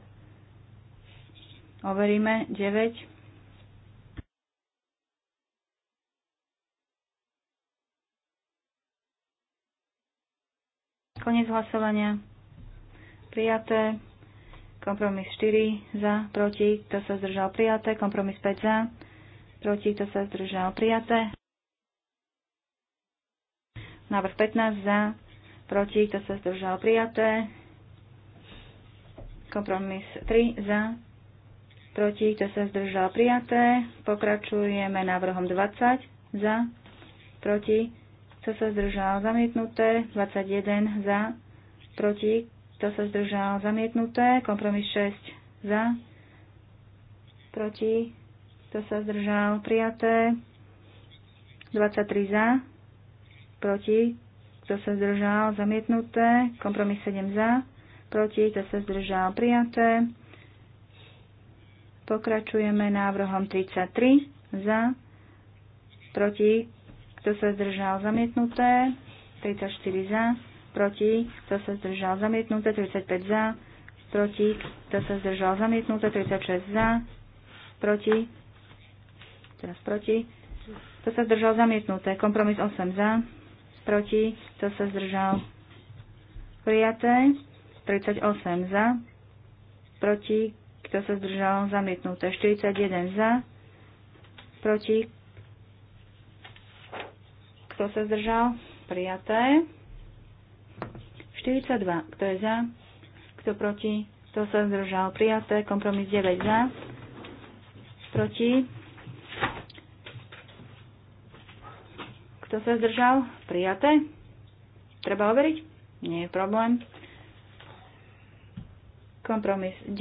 Overíme. 9. Konec hlasovania. Prijaté. Kompromis 4 za, proti, kto sa zdržal prijaté. Kompromis 5 za, proti, kto sa zdržal prijaté. Návrh 15 za, proti, kto sa zdržal prijaté. Kompromis 3 za, proti, kto sa zdržal prijaté. Pokračujeme návrhom 20 za, proti, kto sa zdržal zamietnuté, 21 za, proti, kto sa zdržal zamietnuté, kompromis 6 za, proti, kto sa zdržal prijaté, 23 za, proti, kto sa zdržal zamietnuté, kompromis 7 za, proti, kto sa zdržal prijaté. Pokračujeme návrhom 33 za, proti, kto sa zdržal zamietnuté, 34 za, proti, kto sa zdržal zamietnuté, 35 za, proti, kto sa zdržal zamietnuté, 36 za, proti, teraz proti, kto sa zdržal zamietnuté, kompromis 8 za, proti, kto sa zdržal prijaté, 38 za, proti, kto sa zdržal zamietnuté, 41 za, proti, kto sa zdržal? Prijaté. 42. Kto je za? Kto proti? Kto sa zdržal? Prijaté. Kompromis 9 za. Proti. Kto sa zdržal? Prijaté. Treba overiť? Nie je problém. Kompromis 9.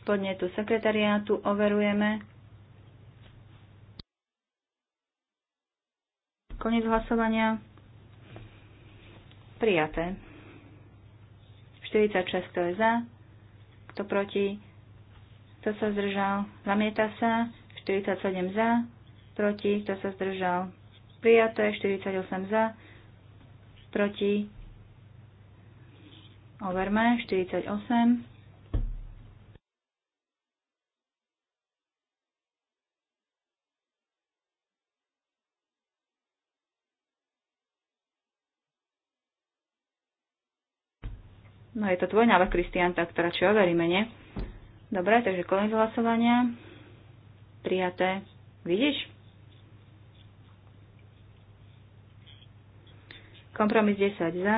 Spodne tu sekretariátu overujeme. Koniec hlasovania. Prijaté. 46, kto je za, kto proti, kto sa zdržal, zamieta sa. 47 za, proti, kto sa zdržal, prijaté. 48 za, proti, overme, 48. No je to tvoj návrh, Kristian, tak teda či overíme, nie? Dobre, takže koniec hlasovania. Prijaté. Vidíš? Kompromis 10 za,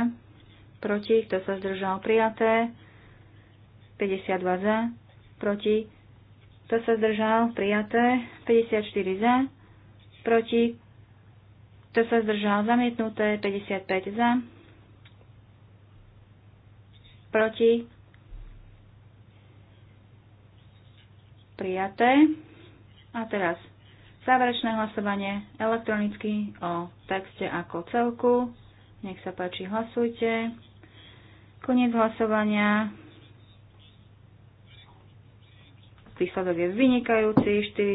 proti, kto sa zdržal, prijaté. 52 za, proti, kto sa zdržal, prijaté. 54 za, proti, kto sa zdržal, zamietnuté. 55 za, proti, prijaté. A teraz záverečné hlasovanie elektronicky o texte ako celku. Nech sa páči, hlasujte. Koniec hlasovania. Výsledok je vynikajúci.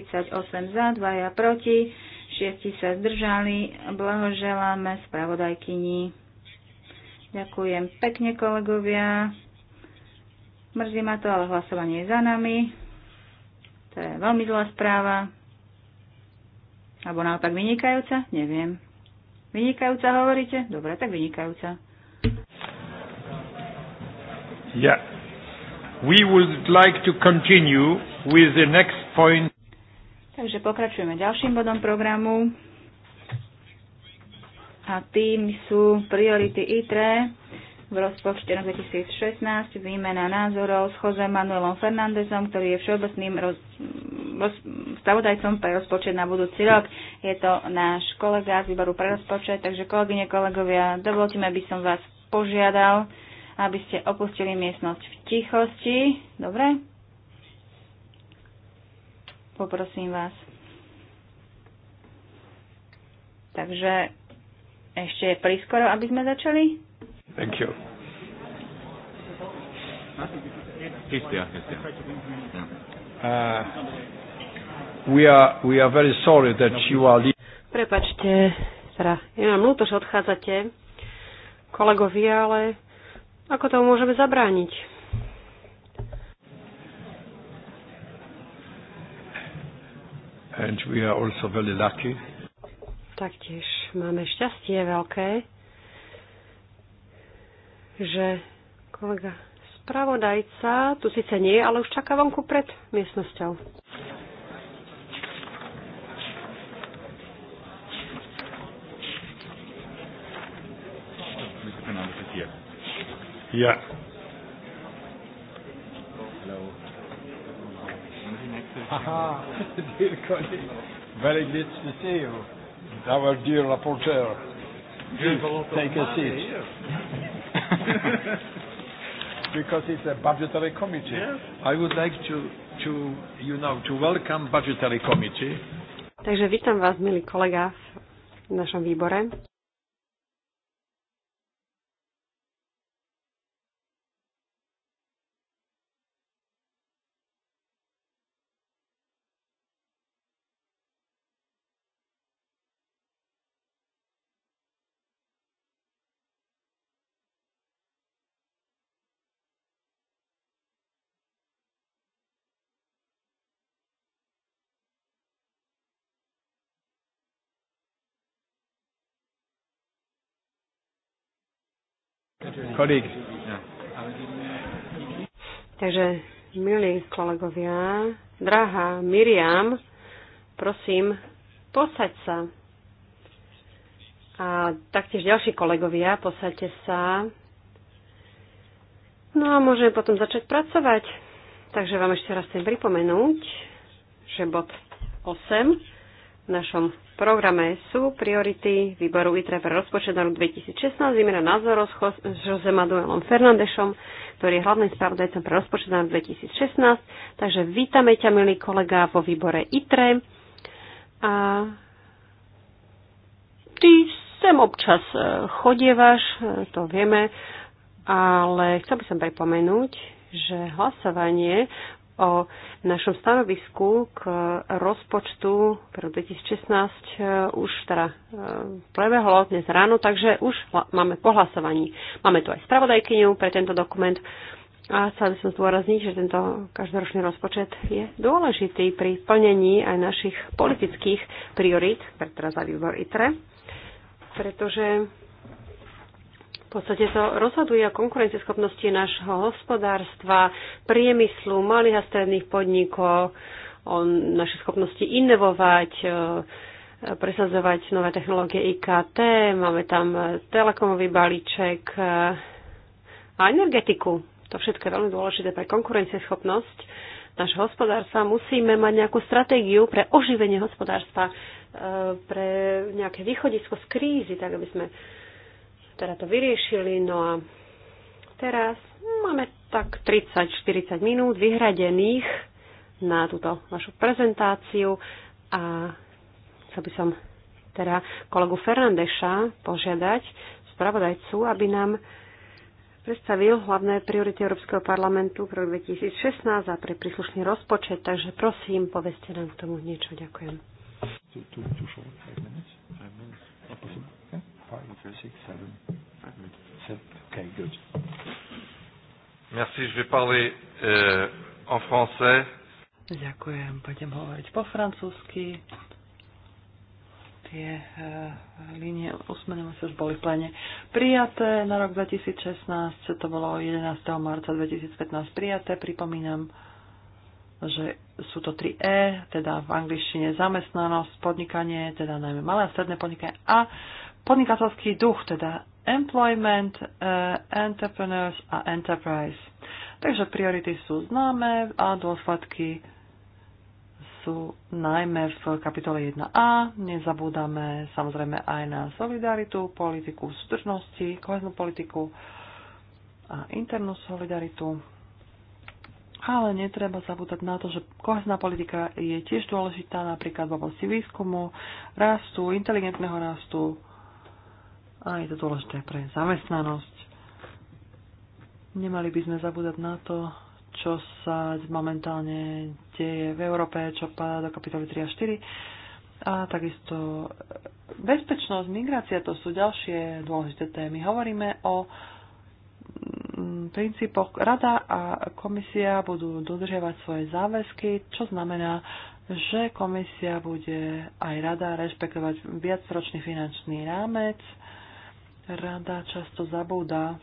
48 za, 2 proti, 6 sa zdržali. Blahoželáme spravodajkyni. Ďakujem pekne, kolegovia. Mrzí ma to, ale hlasovanie je za nami. To je veľmi zlá správa. Alebo naopak vynikajúca? Neviem. Vynikajúca hovoríte? Dobre, tak vynikajúca. Yeah. We would like to continue with the next point. Takže pokračujeme ďalším bodom programu a tým sú priority ITRE v rozpočte na 2016, výmena názorov s Jose Manuelom Fernandezom, ktorý je všeobecným roz, roz, stavodajcom pre rozpočet na budúci rok. Je to náš kolega z výboru pre rozpočet, takže kolegyne, kolegovia, dovolte mi, aby som vás požiadal, aby ste opustili miestnosť v tichosti. Dobre? Poprosím vás. Takže ešte je prískoro, aby sme začali? Thank you. Uh, we are, we are very sorry that you are Prepačte, teda, je nám ľúto, že odchádzate, kolegovia, ale ako tomu môžeme zabrániť? And we are also very lucky. Taktiež máme šťastie veľké, že kolega spravodajca tu síce nie, ale už čaká vonku pred miestnosťou. Ja. Aha, dear colleague, very good to see you our dear rapporteur. Please take a seat. because it's a budgetary committee. Yes. I would like to, to, you know, to welcome budgetary committee. Takže vítam vás, milí kolega, v našom výbore. kolik. Takže, milí kolegovia, drahá Miriam, prosím, posaď sa. A taktiež ďalší kolegovia, posaďte sa. No a môžeme potom začať pracovať. Takže vám ešte raz chcem pripomenúť, že bod 8 v našom programe sú priority výboru ITRE pre rozpočet na rok 2016 výmena názorov s Jose Manuelom Fernandešom, ktorý je hlavným spravodajcom pre rozpočet na rok 2016. Takže vítame ťa, milý kolega, vo výbore ITRE. A ty sem občas e, chodievaš, e, to vieme, ale chcel by som pripomenúť, že hlasovanie o našom stanovisku k rozpočtu pre 2016 eh, už teda eh, prebehlo dnes ráno, takže už máme po hlasovaní. Máme tu aj spravodajkyňu pre tento dokument a chcela by som zdôrazniť, že tento každoročný rozpočet je dôležitý pri plnení aj našich politických priorít, pre teraz za výbor ITRE, pretože v podstate to rozhoduje o konkurencieschopnosti nášho hospodárstva, priemyslu, malých a stredných podnikov, o našej schopnosti inovovať, e, presadzovať nové technológie IKT, máme tam e, telekomový balíček e, a energetiku. To všetko je veľmi dôležité pre konkurencieschopnosť nášho hospodárstva. Musíme mať nejakú stratégiu pre oživenie hospodárstva, pre nejaké východisko z krízy, tak aby sme teda to vyriešili. No a teraz máme tak 30-40 minút vyhradených na túto našu prezentáciu a chcel by som teda kolegu Fernandeša požiadať, spravodajcu, aby nám predstavil hlavné priority Európskeho parlamentu pre 2016 a pre príslušný rozpočet, takže prosím, povedzte nám k tomu niečo. Ďakujem. Tu, tu, tu, Merci, je vais parler euh, en français. Ďakujem, hovoriť po francúzsky. Tie e, línie usmenujeme sa už boli prijaté na rok 2016, to bolo 11. marca 2015 prijaté, pripomínam, že sú to 3E, teda v angličtine zamestnanosť, podnikanie, teda najmä malé a stredné podnikanie a podnikateľský duch, teda employment, eh, entrepreneurs a enterprise. Takže priority sú známe a dôsledky sú najmä v kapitole 1a. Nezabúdame samozrejme aj na solidaritu, politiku súdržnosti, koheznú politiku a internú solidaritu. Ale netreba zabúdať na to, že kohezná politika je tiež dôležitá napríklad v oblasti výskumu, rastu, inteligentného rastu, a je to dôležité pre zamestnanosť. Nemali by sme zabúdať na to, čo sa momentálne deje v Európe, čo padá do kapitoly 3 a 4. A takisto bezpečnosť, migrácia, to sú ďalšie dôležité témy. Hovoríme o mm, princípoch rada a komisia budú dodržiavať svoje záväzky, čo znamená, že komisia bude aj rada rešpektovať viacročný finančný rámec Rada často zabúda,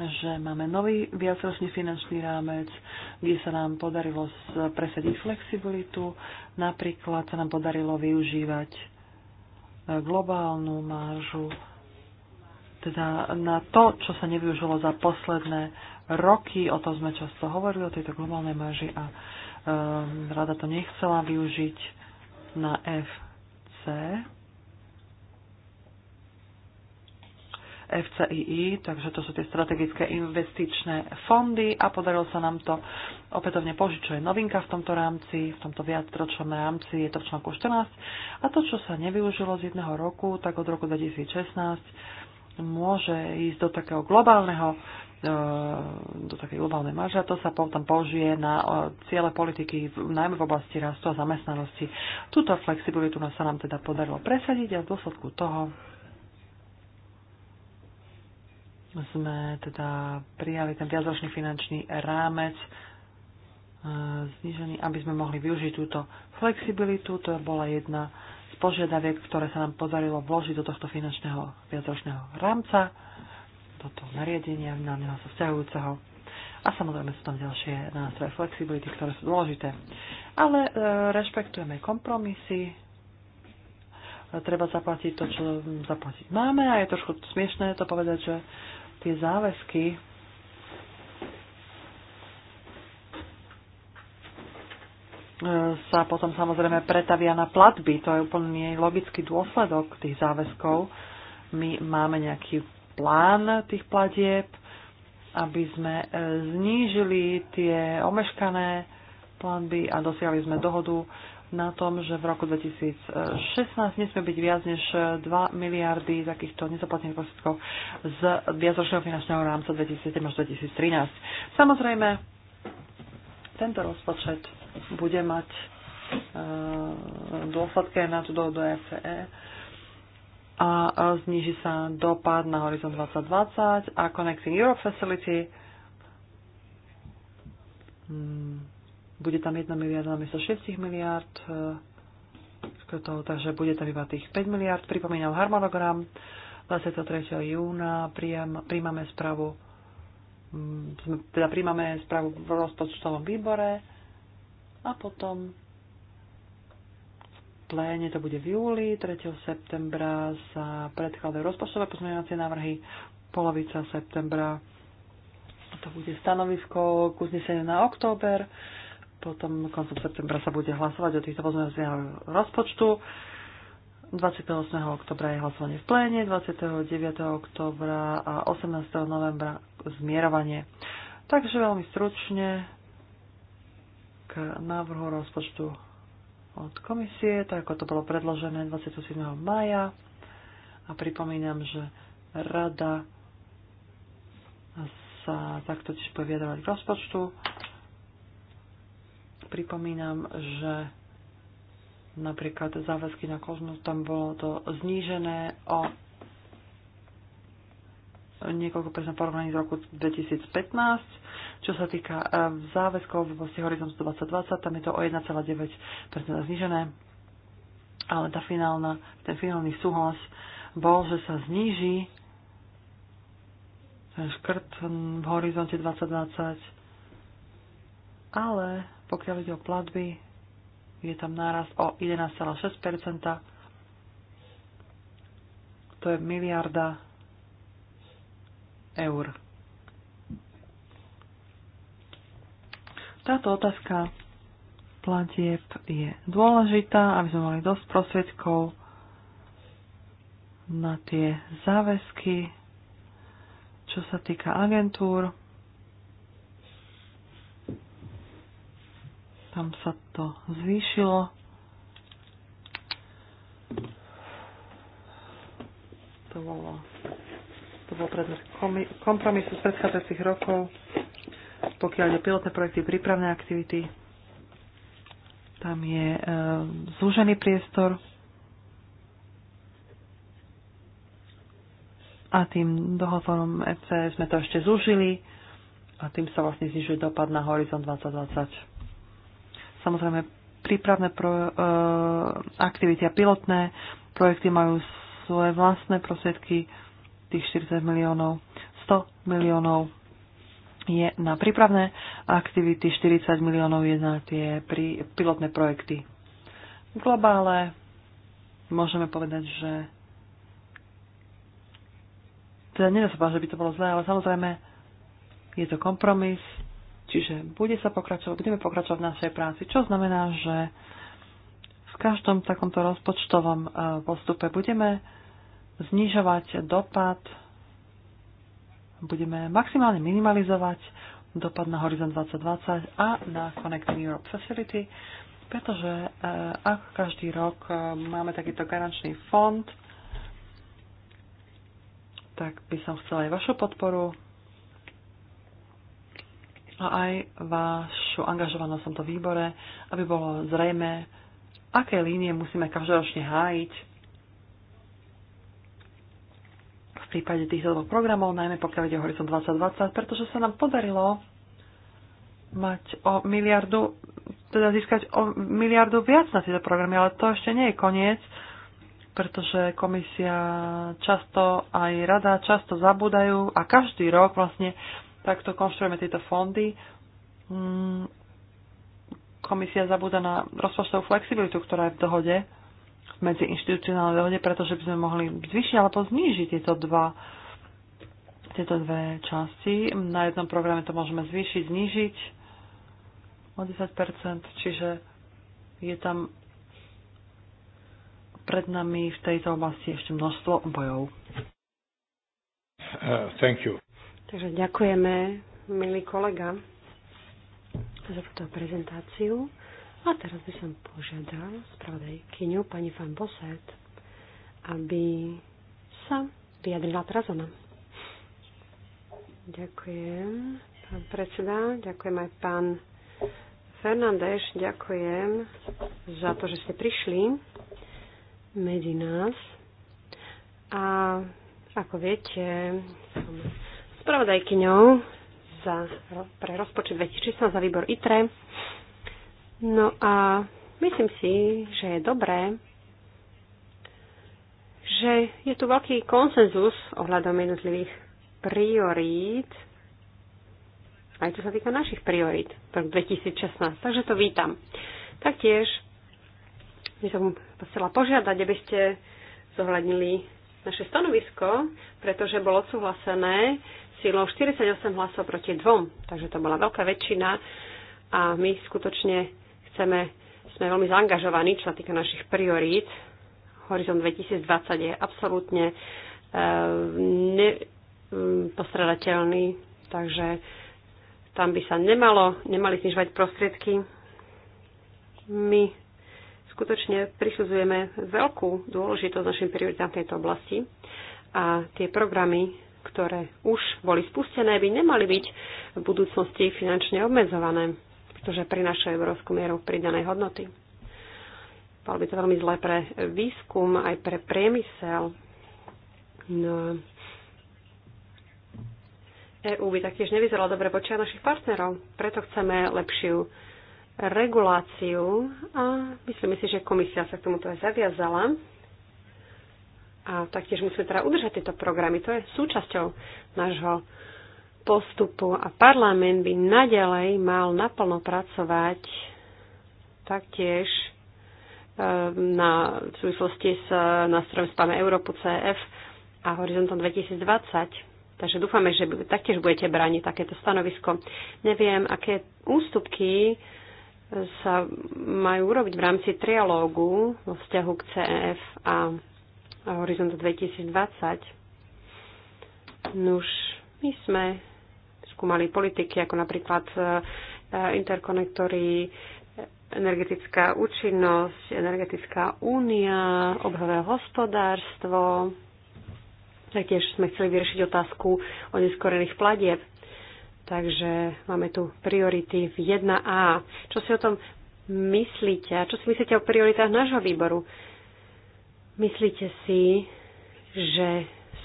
že máme nový viacročný finančný rámec, kde sa nám podarilo presadiť flexibilitu. Napríklad sa nám podarilo využívať e, globálnu maržu teda na to, čo sa nevyužilo za posledné roky, o tom sme často hovorili, o tejto globálnej marži a um, rada to nechcela využiť na FC, FCII, takže to sú tie strategické investičné fondy a podarilo sa nám to opätovne požiť, čo je novinka v tomto rámci, v tomto viacročnom rámci, je to v článku 14. A to, čo sa nevyužilo z jedného roku, tak od roku 2016 môže ísť do takého globálneho e, do takej globálnej marže a to sa potom použije na e, ciele politiky najmä v oblasti rastu a zamestnanosti. Túto flexibilitu sa nám teda podarilo presadiť a v dôsledku toho sme teda prijali ten viacročný finančný rámec e, znižený, aby sme mohli využiť túto flexibilitu. To bola jedna z požiadaviek, ktoré sa nám podarilo vložiť do tohto finančného viacročného rámca, do toho nariadenia na neho sa vzťahujúceho. A samozrejme sú tam ďalšie nástroje flexibility, ktoré sú dôležité. Ale e, rešpektujeme kompromisy, treba zaplatiť to, čo zaplatiť máme a je trošku smiešné to povedať, že tie záväzky e, sa potom samozrejme pretavia na platby. To je úplne logický dôsledok tých záväzkov. My máme nejaký plán tých platieb, aby sme e, znížili tie omeškané platby a dosiahli sme dohodu na tom, že v roku 2016 nesmie byť viac než 2 miliardy takýchto nezaplatných prostriedkov z viacročného finančného rámca 2007 až 2013. Samozrejme, tento rozpočet bude mať e, dôsledky na to do FCE a e, zniží sa dopad na Horizon 2020 a Connecting Europe Facility. Hmm bude tam 1 na miesto 6 miliard, e, takže bude tam iba tých 5 miliard. Pripomínam harmonogram. 23. júna príjmame správu mm, teda príjmame správu v rozpočtovom výbore a potom v pléne to bude v júli, 3. septembra sa predkladajú rozpočtové pozmeňovacie návrhy, polovica septembra to bude stanovisko k uzneseniu na október, potom koncom septembra sa bude hlasovať o týchto pozmeňovacích rozpočtu. 28. oktobra je hlasovanie v pléne, 29. oktobra a 18. novembra zmierovanie. Takže veľmi stručne k návrhu rozpočtu od komisie, tak ako to bolo predložené 27. maja. A pripomínam, že rada sa takto tiež bude k rozpočtu. Pripomínam, že napríklad záväzky na kozmos, tam bolo to znížené o niekoľko percent porovnaní z roku 2015. Čo sa týka eh, záväzkov v oblasti Horizont 2020, tam je to o 1,9% znížené, ale tá finálna, ten finálny súhlas bol, že sa zníži ten škrt v horizonte 2020, ale pokiaľ ide o platby, je tam náraz o 11,6 To je miliarda eur. Táto otázka platieb je dôležitá, aby sme mali dosť prosvedkov na tie záväzky, čo sa týka agentúr. Tam sa to zvýšilo. To bolo to bolo predmet kompromisu z predchádzajúcich rokov, pokiaľ je pilotné projekty, prípravné aktivity. Tam je e, zúžený priestor a tým dohovorom EC e sme to ešte zúžili a tým sa vlastne znižuje dopad na horizont 2020. Samozrejme, prípravné pro, e, aktivity a pilotné projekty majú svoje vlastné prostriedky, tých 40 miliónov, 100 miliónov je na prípravné aktivity, 40 miliónov je na tie pri, pilotné projekty. V globále môžeme povedať, že teda nedá sa povedať, že by to bolo zlé, ale samozrejme je to kompromis, Čiže bude sa pokračovať, budeme pokračovať v našej práci, čo znamená, že v každom takomto rozpočtovom e, postupe budeme znižovať dopad, budeme maximálne minimalizovať dopad na Horizon 2020 a na Connecting Europe Facility, pretože e, ak každý rok e, máme takýto garančný fond, tak by som chcela aj vašu podporu a aj vašu angažovanosť v tomto výbore, aby bolo zrejme, aké línie musíme každoročne hájiť v prípade týchto dvoch programov, najmä pokiaľ ide Horizon 2020, pretože sa nám podarilo mať o miliardu, teda získať o miliardu viac na tieto programy, ale to ešte nie je koniec, pretože komisia často, aj rada často zabúdajú a každý rok vlastne takto konštruujeme tieto fondy. Mm, komisia zabúda na rozpočtovú flexibilitu, ktorá je v dohode, v medziinstitucionálnej dohode, pretože by sme mohli zvyšiť alebo znížiť tieto dva tieto dve časti. Na jednom programe to môžeme zvýšiť, znížiť o 10%, čiže je tam pred nami v tejto oblasti ešte množstvo bojov. Uh, thank you. Takže ďakujeme, milý kolega, za túto prezentáciu. A teraz by som požiadal spravodajkyňu pani Fan Boset, aby sa vyjadrila teraz ona. Ďakujem, pán predseda, ďakujem aj pán Fernández, ďakujem za to, že ste prišli medzi nás. A ako viete, som spravodajkyňou za, pre rozpočet 2016 za výbor ITRE. No a myslím si, že je dobré, že je tu veľký konsenzus ohľadom jednotlivých priorít, aj čo sa týka našich priorít pre 2016. Takže to vítam. Taktiež by som chcela požiadať, aby ste zohľadnili naše stanovisko, pretože bolo odsúhlasené silou 48 hlasov proti dvom, takže to bola veľká väčšina a my skutočne chceme, sme veľmi zaangažovaní, čo sa týka našich priorít. Horizont 2020 je absolútne e, eh, nepostradateľný, mm, takže tam by sa nemalo, nemali znižovať prostriedky. My skutočne prisudzujeme veľkú dôležitosť našim prioritám v tejto oblasti a tie programy ktoré už boli spustené, by nemali byť v budúcnosti finančne obmedzované, pretože prinášajú európsku mieru pridanej hodnoty. Bolo by to veľmi zlé pre výskum, aj pre priemysel. No. EU by taktiež nevyzerala dobre počia našich partnerov, preto chceme lepšiu reguláciu a myslíme si, že komisia sa k tomuto aj zaviazala a taktiež musíme teda udržať tieto programy. To je súčasťou nášho postupu a parlament by nadalej mal naplno pracovať taktiež e, na, v súvislosti s e, nástrojom Spáme Európu CF a Horizontom 2020. Takže dúfame, že taktiež budete brániť takéto stanovisko. Neviem, aké ústupky sa majú urobiť v rámci trialógu vo vzťahu k CF a horizont 2020. Nuž, my sme skúmali politiky, ako napríklad e, interkonektory, energetická účinnosť, energetická únia, obhové hospodárstvo. Taktiež sme chceli vyriešiť otázku o neskorených platieb. Takže máme tu priority v 1A. Čo si o tom myslíte? čo si myslíte o prioritách nášho výboru? Myslíte si, že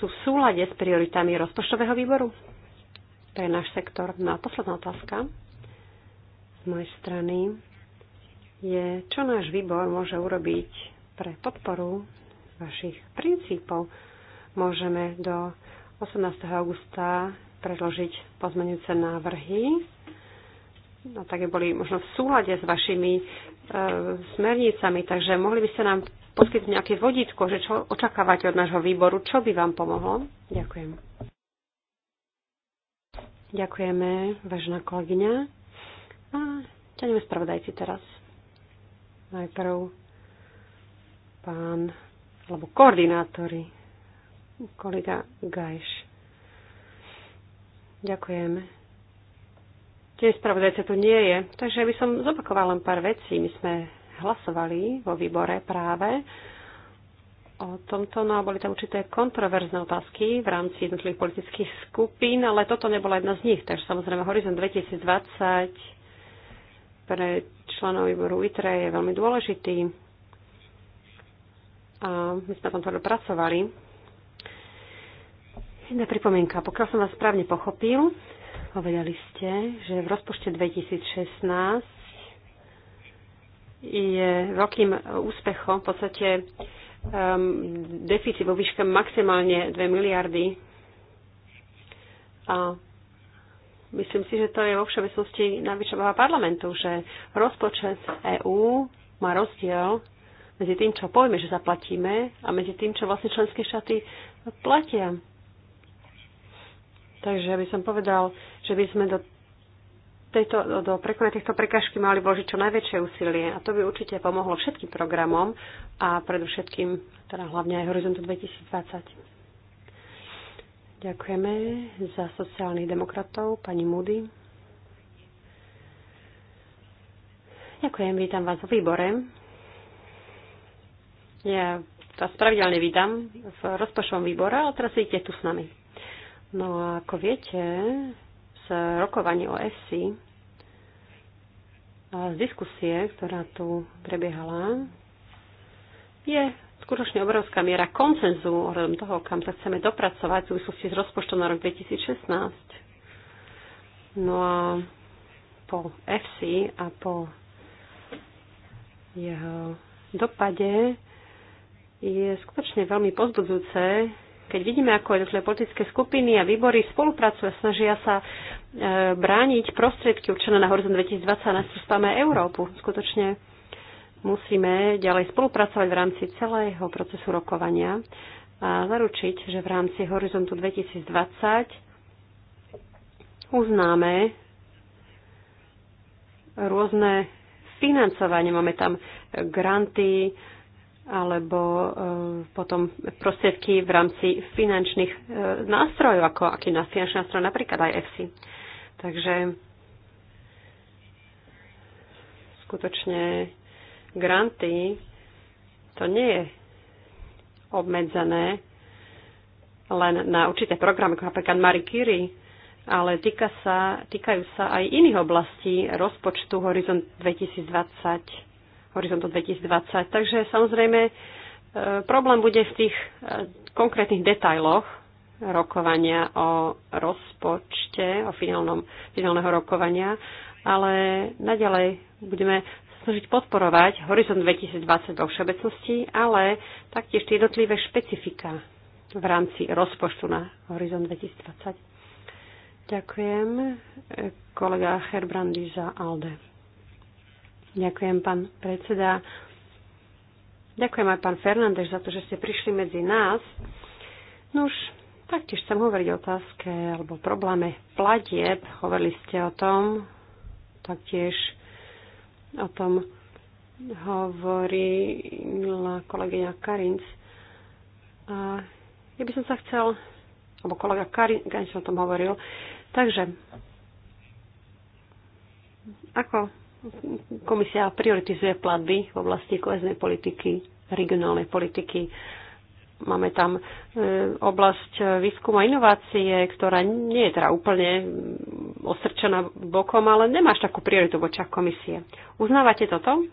sú v súlade s prioritami rozpočtového výboru? To je náš sektor. No a posledná otázka z mojej strany je, čo náš výbor môže urobiť pre podporu vašich princípov. Môžeme do 18. augusta predložiť pozmenujúce návrhy. No, také boli možno v súlade s vašimi e, smernicami, takže mohli by ste nám poskytnúť nejaké vodítko, že čo očakávate od nášho výboru, čo by vám pomohlo? Ďakujem. Ďakujeme, vážna kolegyňa. A ťaňme spravodajci teraz. Najprv pán, alebo koordinátori, kolega Gajš. Ďakujem. Tie spravodajce tu nie je, takže by som zopakovala len pár vecí. My sme hlasovali vo výbore práve o tomto, no a boli tam určité kontroverzné otázky v rámci jednotlivých politických skupín, ale toto nebola jedna z nich. Takže samozrejme Horizon 2020 pre členov výboru ITRE je veľmi dôležitý. A my sme na tomto dopracovali. pracovali. Jedna pripomienka. Pokiaľ som vás správne pochopil, povedali ste, že v rozpočte 2016 je veľkým úspechom. V podstate um, deficit vo výške maximálne 2 miliardy. A myslím si, že to je vo všeobecnosti najvyššia bava parlamentu, že rozpočet EÚ má rozdiel medzi tým, čo povieme, že zaplatíme a medzi tým, čo vlastne členské štáty platia. Takže by som povedal, že by sme do tejto, do prekonania týchto prekažky mali vložiť čo najväčšie úsilie a to by určite pomohlo všetkým programom a predovšetkým teda hlavne aj Horizontu 2020. Ďakujeme za sociálnych demokratov, pani Moody. Ďakujem, vítam vás v výbore. Ja vás pravidelne vítam v rozpočtovom výbore, ale teraz idete tu s nami. No a ako viete, rokovaní o FC a z diskusie, ktorá tu prebiehala, je skutočne obrovská miera koncenzu ohľadom toho, kam sa chceme dopracovať v súvislosti s rozpočtom na rok 2016. No a po FC a po jeho dopade je skutočne veľmi pozbudzujúce keď vidíme, ako jednotlivé politické skupiny a výbory spolupracujú a snažia sa e, brániť prostriedky určené na Horizon 2020 na spáme Európu, skutočne musíme ďalej spolupracovať v rámci celého procesu rokovania a zaručiť, že v rámci Horizontu 2020 uznáme rôzne financovanie. Máme tam granty, alebo eh, potom prostriedky v rámci finančných eh, nástrojov, ako aký na finančný nástroj, napríklad aj EFSI. Takže skutočne granty to nie je obmedzené len na určité programy, ako napríklad Marie Curie, ale týka sa, týkajú sa aj iných oblastí rozpočtu Horizont 2020 horizontu 2020. Takže samozrejme e, problém bude v tých e, konkrétnych detailoch rokovania o rozpočte, o finálnom, finálneho rokovania, ale naďalej budeme snažiť podporovať Horizont 2020 vo všeobecnosti, ale taktiež tie jednotlivé špecifika v rámci rozpočtu na Horizont 2020. Ďakujem e, kolega Herbrandy za ALDE. Ďakujem, pán predseda. Ďakujem aj pán Fernández za to, že ste prišli medzi nás. No už taktiež chcem hovoriť o otázke alebo probléme platieb. Hovorili ste o tom, taktiež o tom hovorila kolegyňa Karinc. A ja by som sa chcel, alebo kolega Karinc o tom hovoril, takže ako komisia prioritizuje platby v oblasti koheznej politiky, regionálnej politiky. Máme tam e, oblasť výskumu a inovácie, ktorá nie je teda úplne ostrčená bokom, ale nemáš takú prioritu v očiach komisie. Uznávate toto?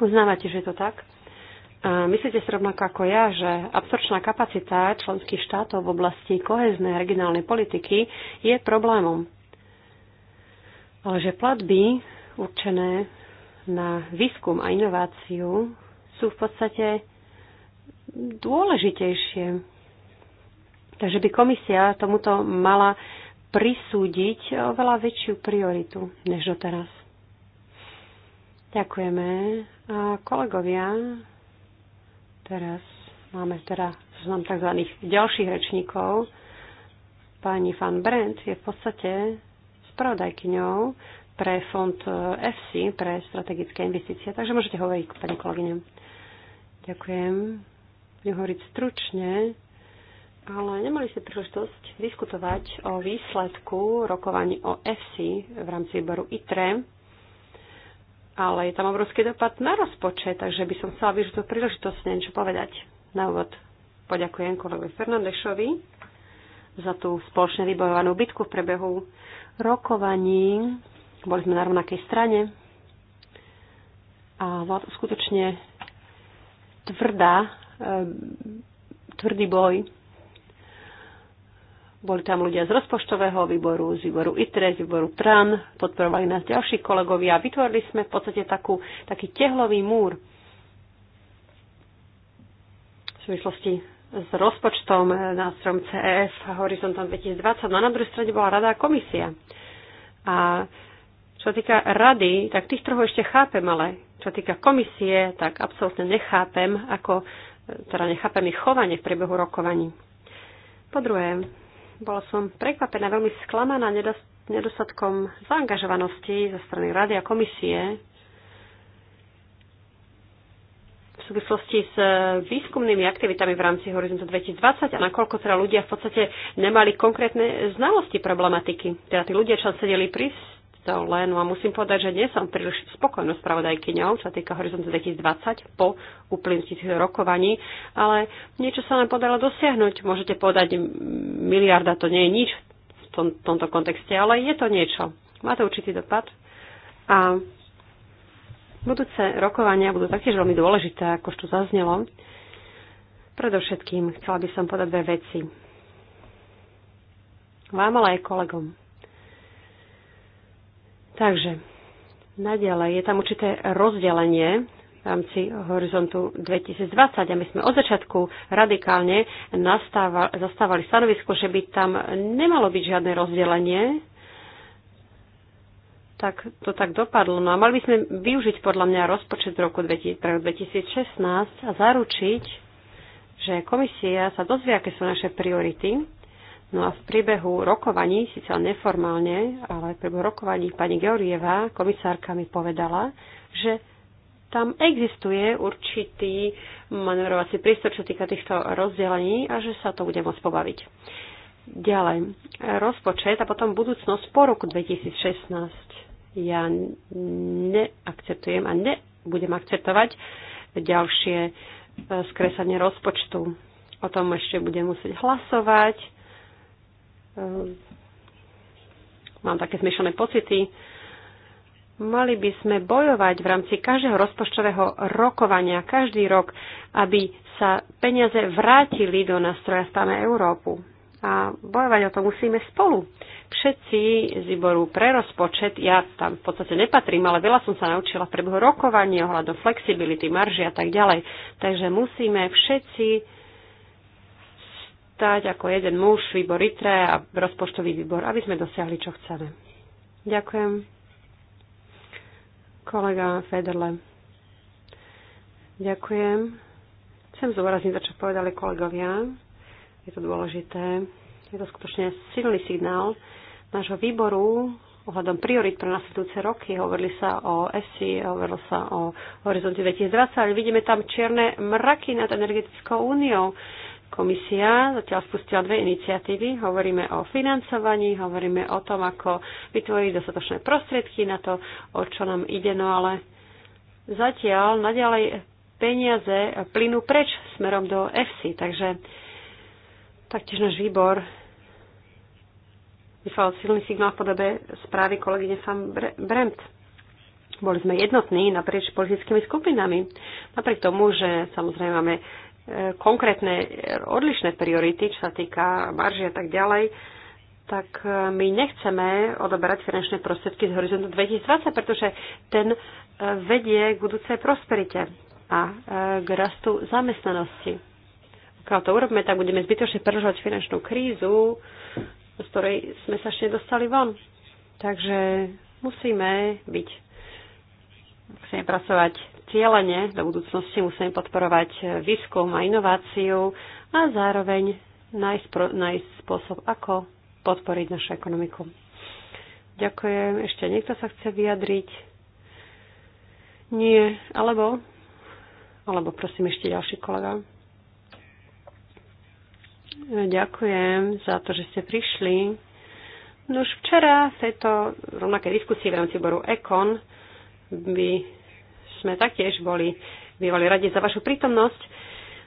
Uznávate, že je to tak? A myslíte si rovnako ako ja, že absorčná kapacita členských štátov v oblasti koheznej regionálnej politiky je problémom. Ale že platby určené na výskum a inováciu, sú v podstate dôležitejšie. Takže by komisia tomuto mala prisúdiť oveľa väčšiu prioritu než doteraz. Ďakujeme. A kolegovia, teraz máme teda znam tzv. ďalších rečníkov. Pani Van Brent je v podstate spravodajkyňou pre fond e, FC, pre strategické investície. Takže môžete hovoriť, pani kolegyne. Ďakujem. Budem hovoriť stručne, ale nemali ste príležitosť diskutovať o výsledku rokovaní o FC v rámci výboru ITRE, ale je tam obrovský dopad na rozpočet, takže by som chcela využiť tú príležitosť niečo povedať. Na úvod poďakujem kolegovi Fernandešovi za tú spoločne vybojovanú bitku v prebehu rokovaní boli sme na rovnakej strane a bola to skutočne tvrdá, eh, tvrdý boj. Boli tam ľudia z rozpočtového výboru, z výboru ITRE, z výboru TRAN, podporovali nás ďalší kolegovia a vytvorili sme v podstate takú, taký tehlový múr v súvislosti s rozpočtom, eh, nástrojom CEF a horizontom 2020. No a na druhej strane bola rada komisia. A čo týka rady, tak tých troch ešte chápem, ale čo týka komisie, tak absolútne nechápem, ako, teda nechápem ich chovanie v priebehu rokovaní. Po druhé, bola som prekvapená, veľmi sklamaná nedostatkom zaangažovanosti zo strany rady a komisie v súvislosti s e, výskumnými aktivitami v rámci Horizontu 2020 a nakoľko teda ľudia v podstate nemali konkrétne znalosti problematiky. Teda tí ľudia, čo sedeli pri projektov len. A musím povedať, že nie som príliš spokojnou spravodajkyňou, čo týka Horizontu 2020 po uplynutí rokovaní, ale niečo sa nám podarilo dosiahnuť. Môžete povedať, miliarda to nie je nič v tom, tomto kontexte, ale je to niečo. Má to určitý dopad. A budúce rokovania budú taktiež veľmi dôležité, ako už tu zaznelo. Predovšetkým chcela by som podať dve veci. Vám, ale aj kolegom. Takže naďalej je tam určité rozdelenie v rámci horizontu 2020 a my sme od začiatku radikálne zastávali stanovisko, že by tam nemalo byť žiadne rozdelenie, tak to tak dopadlo. No a mali by sme využiť podľa mňa rozpočet z roku 2016 a zaručiť, že komisia sa dozvie, aké sú naše priority No a v priebehu rokovaní, síce neformálne, ale v priebehu rokovaní pani Georgieva, komisárka mi povedala, že tam existuje určitý manevrovací prístor, čo týka týchto rozdelení a že sa to bude môcť pobaviť. Ďalej, rozpočet a potom budúcnosť po roku 2016. Ja neakceptujem a nebudem akceptovať ďalšie eh, skresanie rozpočtu. O tom ešte budem musieť hlasovať Ehm, mám také zmiešané pocity. Mali by sme bojovať v rámci každého rozpočtového rokovania každý rok, aby sa peniaze vrátili do nástroja Stáme Európu. A bojovať o to musíme spolu. Všetci z výboru pre rozpočet, ja tam v podstate nepatrím, ale veľa som sa naučila v priebehu rokovania ohľadom flexibility, marži a tak ďalej. Takže musíme všetci stať ako jeden muž, výbor ITRE a rozpočtový výbor, aby sme dosiahli, čo chceme. Ďakujem. Kolega Federle. Ďakujem. Chcem zúrazniť to, čo povedali kolegovia. Je to dôležité. Je to skutočne silný signál nášho výboru ohľadom priorit pre nasledujúce roky. Hovorili sa o ESI, hovorilo sa o horizonte 2020, ale vidíme tam čierne mraky nad energetickou úniou. Komisia zatiaľ spustila dve iniciatívy. Hovoríme o financovaní, hovoríme o tom, ako vytvoriť dostatočné prostriedky na to, o čo nám ide, no ale zatiaľ naďalej peniaze plynú preč smerom do FC, takže taktiež náš výbor vyslal silný signál v podobe správy kolegyne Sam Bremt. Boli sme jednotní naprieč politickými skupinami. Napriek tomu, že samozrejme máme konkrétne odlišné priority, čo sa týka marži a tak ďalej, tak e, my nechceme odoberať finančné prostriedky z horizontu 2020, pretože ten e, vedie k budúcej prosperite a e, k rastu zamestnanosti. Pokiaľ to urobíme, tak budeme zbytočne prežívať finančnú krízu, z ktorej sme sa ešte dostali von. Takže musíme byť, musíme pracovať cieľene do budúcnosti musíme podporovať výskum a inováciu a zároveň nájsť, nájsť spôsob, ako podporiť našu ekonomiku. Ďakujem. Ešte niekto sa chce vyjadriť? Nie. Alebo? Alebo prosím ešte ďalší kolega. Ďakujem za to, že ste prišli. No už včera v tejto rovnakej diskusii v rámci boru Ekon by sme taktiež boli bývali radi za vašu prítomnosť.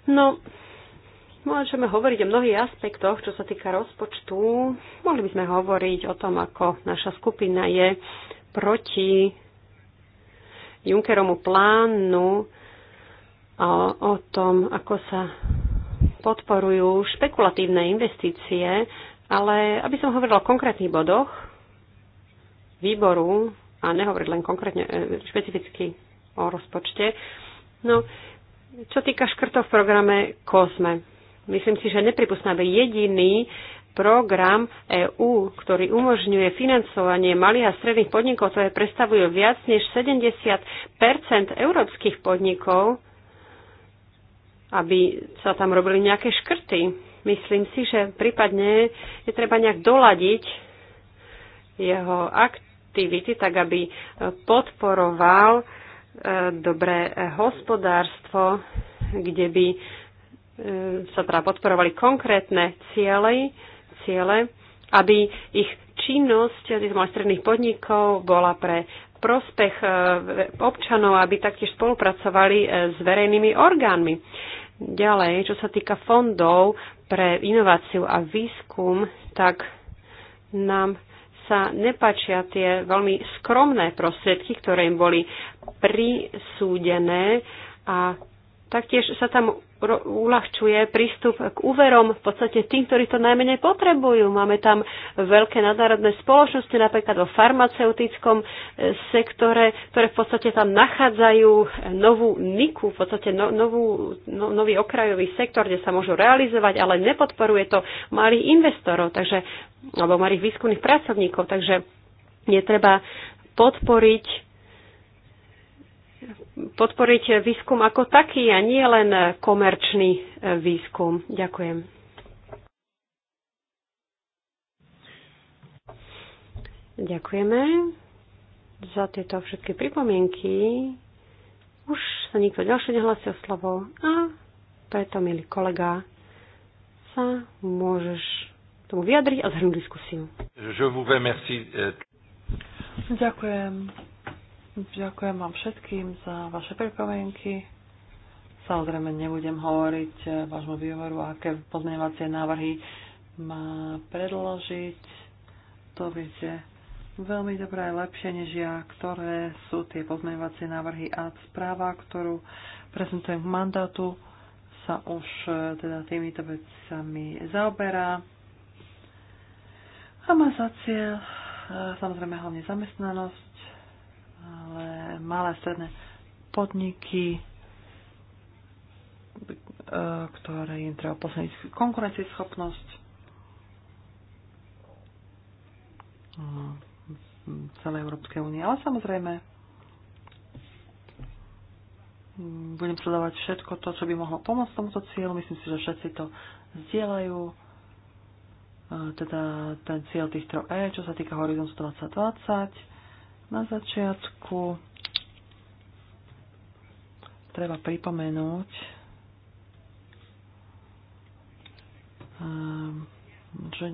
No, môžeme hovoriť o mnohých aspektoch, čo sa týka rozpočtu. Mohli by sme hovoriť o tom, ako naša skupina je proti Junckeromu plánu a o tom, ako sa podporujú špekulatívne investície, ale aby som hovorila o konkrétnych bodoch výboru a nehovoriť len konkrétne, e, špecificky o rozpočte. No, čo týka škrtov v programe COSME, myslím si, že nepripustná by jediný program EÚ, ktorý umožňuje financovanie malých a stredných podnikov, ktoré predstavujú viac než 70 európskych podnikov, aby sa tam robili nejaké škrty. Myslím si, že prípadne je treba nejak doladiť jeho aktivity, tak aby podporoval dobré hospodárstvo, kde by e, sa teda podporovali konkrétne ciele, ciele aby ich činnosť tých malých stredných podnikov bola pre prospech e, občanov, aby taktiež spolupracovali e, s verejnými orgánmi. Ďalej, čo sa týka fondov pre inováciu a výskum, tak nám sa nepačia tie veľmi skromné prostriedky, ktoré im boli prisúdené a Taktiež sa tam uľahčuje prístup k úverom v podstate tým, ktorí to najmenej potrebujú. Máme tam veľké nadnárodné spoločnosti, napríklad vo farmaceutickom e, sektore, ktoré v podstate tam nachádzajú e, novú niku, v podstate no, novú, no, nový okrajový sektor, kde sa môžu realizovať, ale nepodporuje to malých investorov, takže, alebo malých výskumných pracovníkov. Takže netreba podporiť podporiť výskum ako taký a nie len komerčný e, výskum. Ďakujem. Ďakujeme za tieto všetky pripomienky. Už sa nikto ďalšie nehlasí o slovo a preto, milý kolega, sa môžeš tomu vyjadriť a zhrnúť diskusiu. Je vous remercie. E, Ďakujem Ďakujem vám všetkým za vaše pripomienky. Samozrejme nebudem hovoriť eh, vášmu výhovoru, aké pozmeňovacie návrhy má predložiť. To viete veľmi dobré, lepšie než ja, ktoré sú tie pozmeňovacie návrhy a správa, ktorú prezentujem k mandátu, sa už eh, teda týmito vecami zaoberá a má za cieľ eh, samozrejme hlavne zamestnanosť malé stredné podniky, e, ktoré im treba posilniť konkurencieschopnosť. Mm, celej Európskej únie. Ale samozrejme, budem sledovať všetko to, čo by mohlo pomôcť tomuto cieľu. Myslím si, že všetci to zdieľajú. E, teda ten cieľ tých 3E, čo sa týka Horizontu 2020. Na začiatku treba pripomenúť že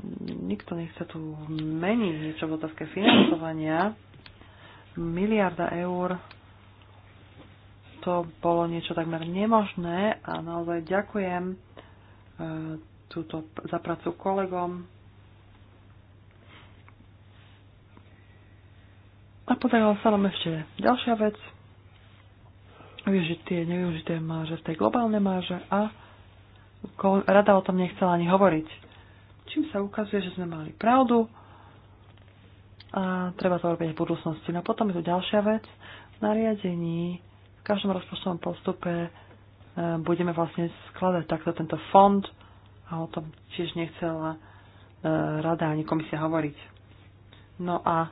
nikto nechce tu meniť niečo v otázke financovania. Miliarda eur to bolo niečo takmer nemožné a naozaj ďakujem e, túto, za prácu kolegom. A potom sa vám ešte ďalšia vec využiť tie nevyužité máže, z tej globálnej máže a rada o tom nechcela ani hovoriť. Čím sa ukazuje, že sme mali pravdu a treba to robiť v budúcnosti. No potom je tu ďalšia vec. V nariadení v každom rozpočtovom postupe e, budeme vlastne skladať takto tento fond a o tom tiež nechcela e, rada ani komisia hovoriť. No a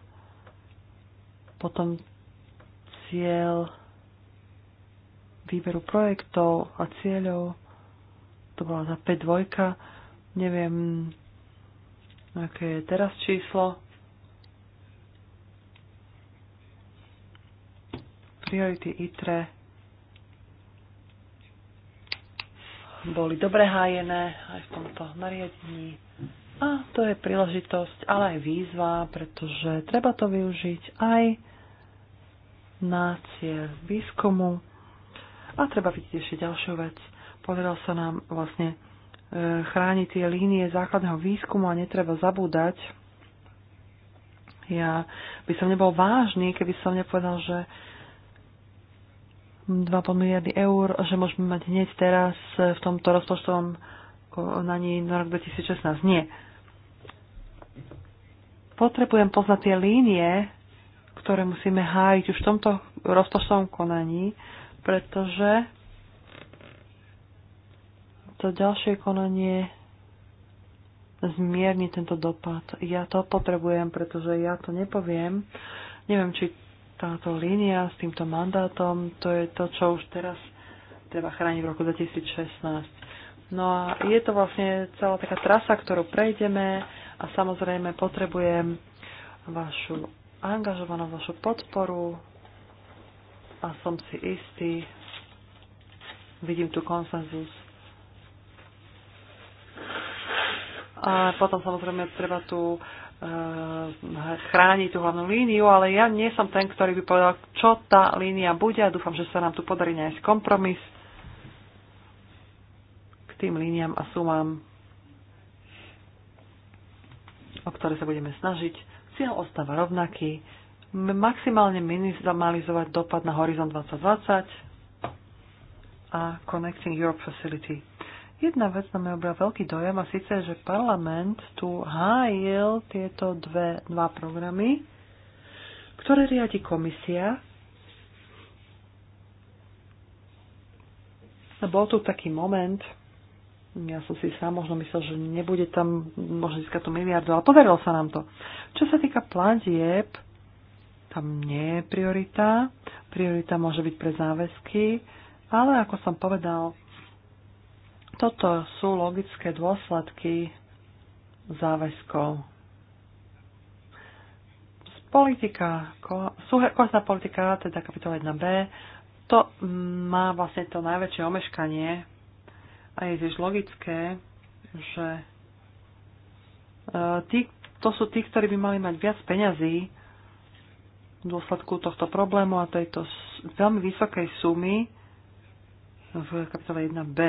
potom cieľ výberu projektov a cieľov. To bola za 5 dvojka. Neviem, aké je teraz číslo. Priority ITRE boli dobre hájené aj v tomto nariadení. A to je príležitosť, ale aj výzva, pretože treba to využiť aj na cieľ výskumu a treba vidieť ešte ďalšiu vec. Podarilo sa nám vlastne e, chrániť tie línie základného výskumu a netreba zabúdať. Ja by som nebol vážny, keby som nepovedal, že 2,5 miliardy eur, že môžeme mať hneď teraz v tomto rozpočtovom konaní na rok 2016. Nie. Potrebujem poznať tie línie, ktoré musíme hájiť už v tomto rozpočtovom konaní, pretože to ďalšie konanie zmierni tento dopad. Ja to potrebujem, pretože ja to nepoviem. Neviem, či táto línia s týmto mandátom, to je to, čo už teraz treba chrániť v roku 2016. No a je to vlastne celá taká trasa, ktorú prejdeme a samozrejme potrebujem vašu angažovanú, vašu podporu, a som si istý, vidím tu konsenzus. A potom samozrejme treba tu eh, chrániť tú hlavnú líniu, ale ja nie som ten, ktorý by povedal, čo tá línia bude a dúfam, že sa nám tu podarí nájsť kompromis k tým líniám a sumám, o ktoré sa budeme snažiť. Cieľ ostáva rovnaký, maximálne minimalizovať dopad na Horizon 2020 a Connecting Europe Facility. Jedna vec na mňa obrá veľký dojem a síce, že parlament tu hájil tieto dve, dva programy, ktoré riadi komisia. A bol tu taký moment, ja som si sám možno myslel, že nebude tam možno získať tú miliardu, ale poverilo sa nám to. Čo sa týka platieb, tam nie je priorita. Priorita môže byť pre záväzky, ale ako som povedal, toto sú logické dôsledky záväzkov. Politika, súhľadná politika, teda kapitola 1b, to má vlastne to najväčšie omeškanie a je tiež logické, že e, tí, to sú tí, ktorí by mali mať viac peňazí, v dôsledku tohto problému a tejto veľmi vysokej sumy v kapitole 1b.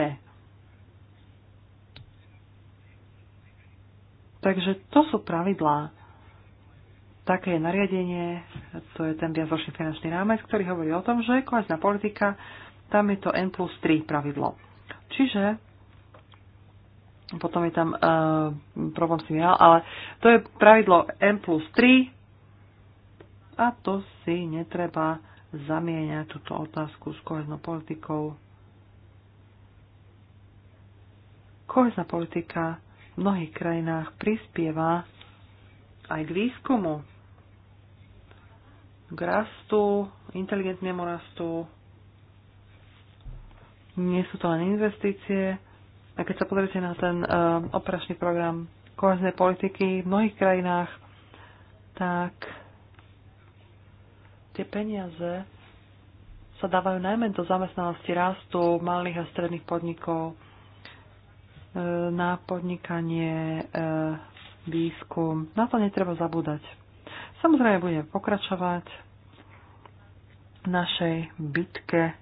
Takže to sú pravidlá. Také je nariadenie, to je ten viazočný finančný rámec, ktorý hovorí o tom, že kohezná politika, tam je to N plus 3 pravidlo. Čiže potom je tam uh, problém s tým ja, ale to je pravidlo N plus 3, a to si netreba zamieňať túto otázku s koheznou politikou. Kohezná politika v mnohých krajinách prispieva aj k výskumu, k rastu, inteligentnému rastu. Nie sú to len investície. A keď sa pozriete na ten uh, operačný program koheznej politiky v mnohých krajinách, tak tie peniaze sa dávajú najmä do zamestnanosti rastu malých a stredných podnikov, e, na podnikanie, e, výskum. Na to netreba zabúdať. Samozrejme budeme pokračovať v našej bitke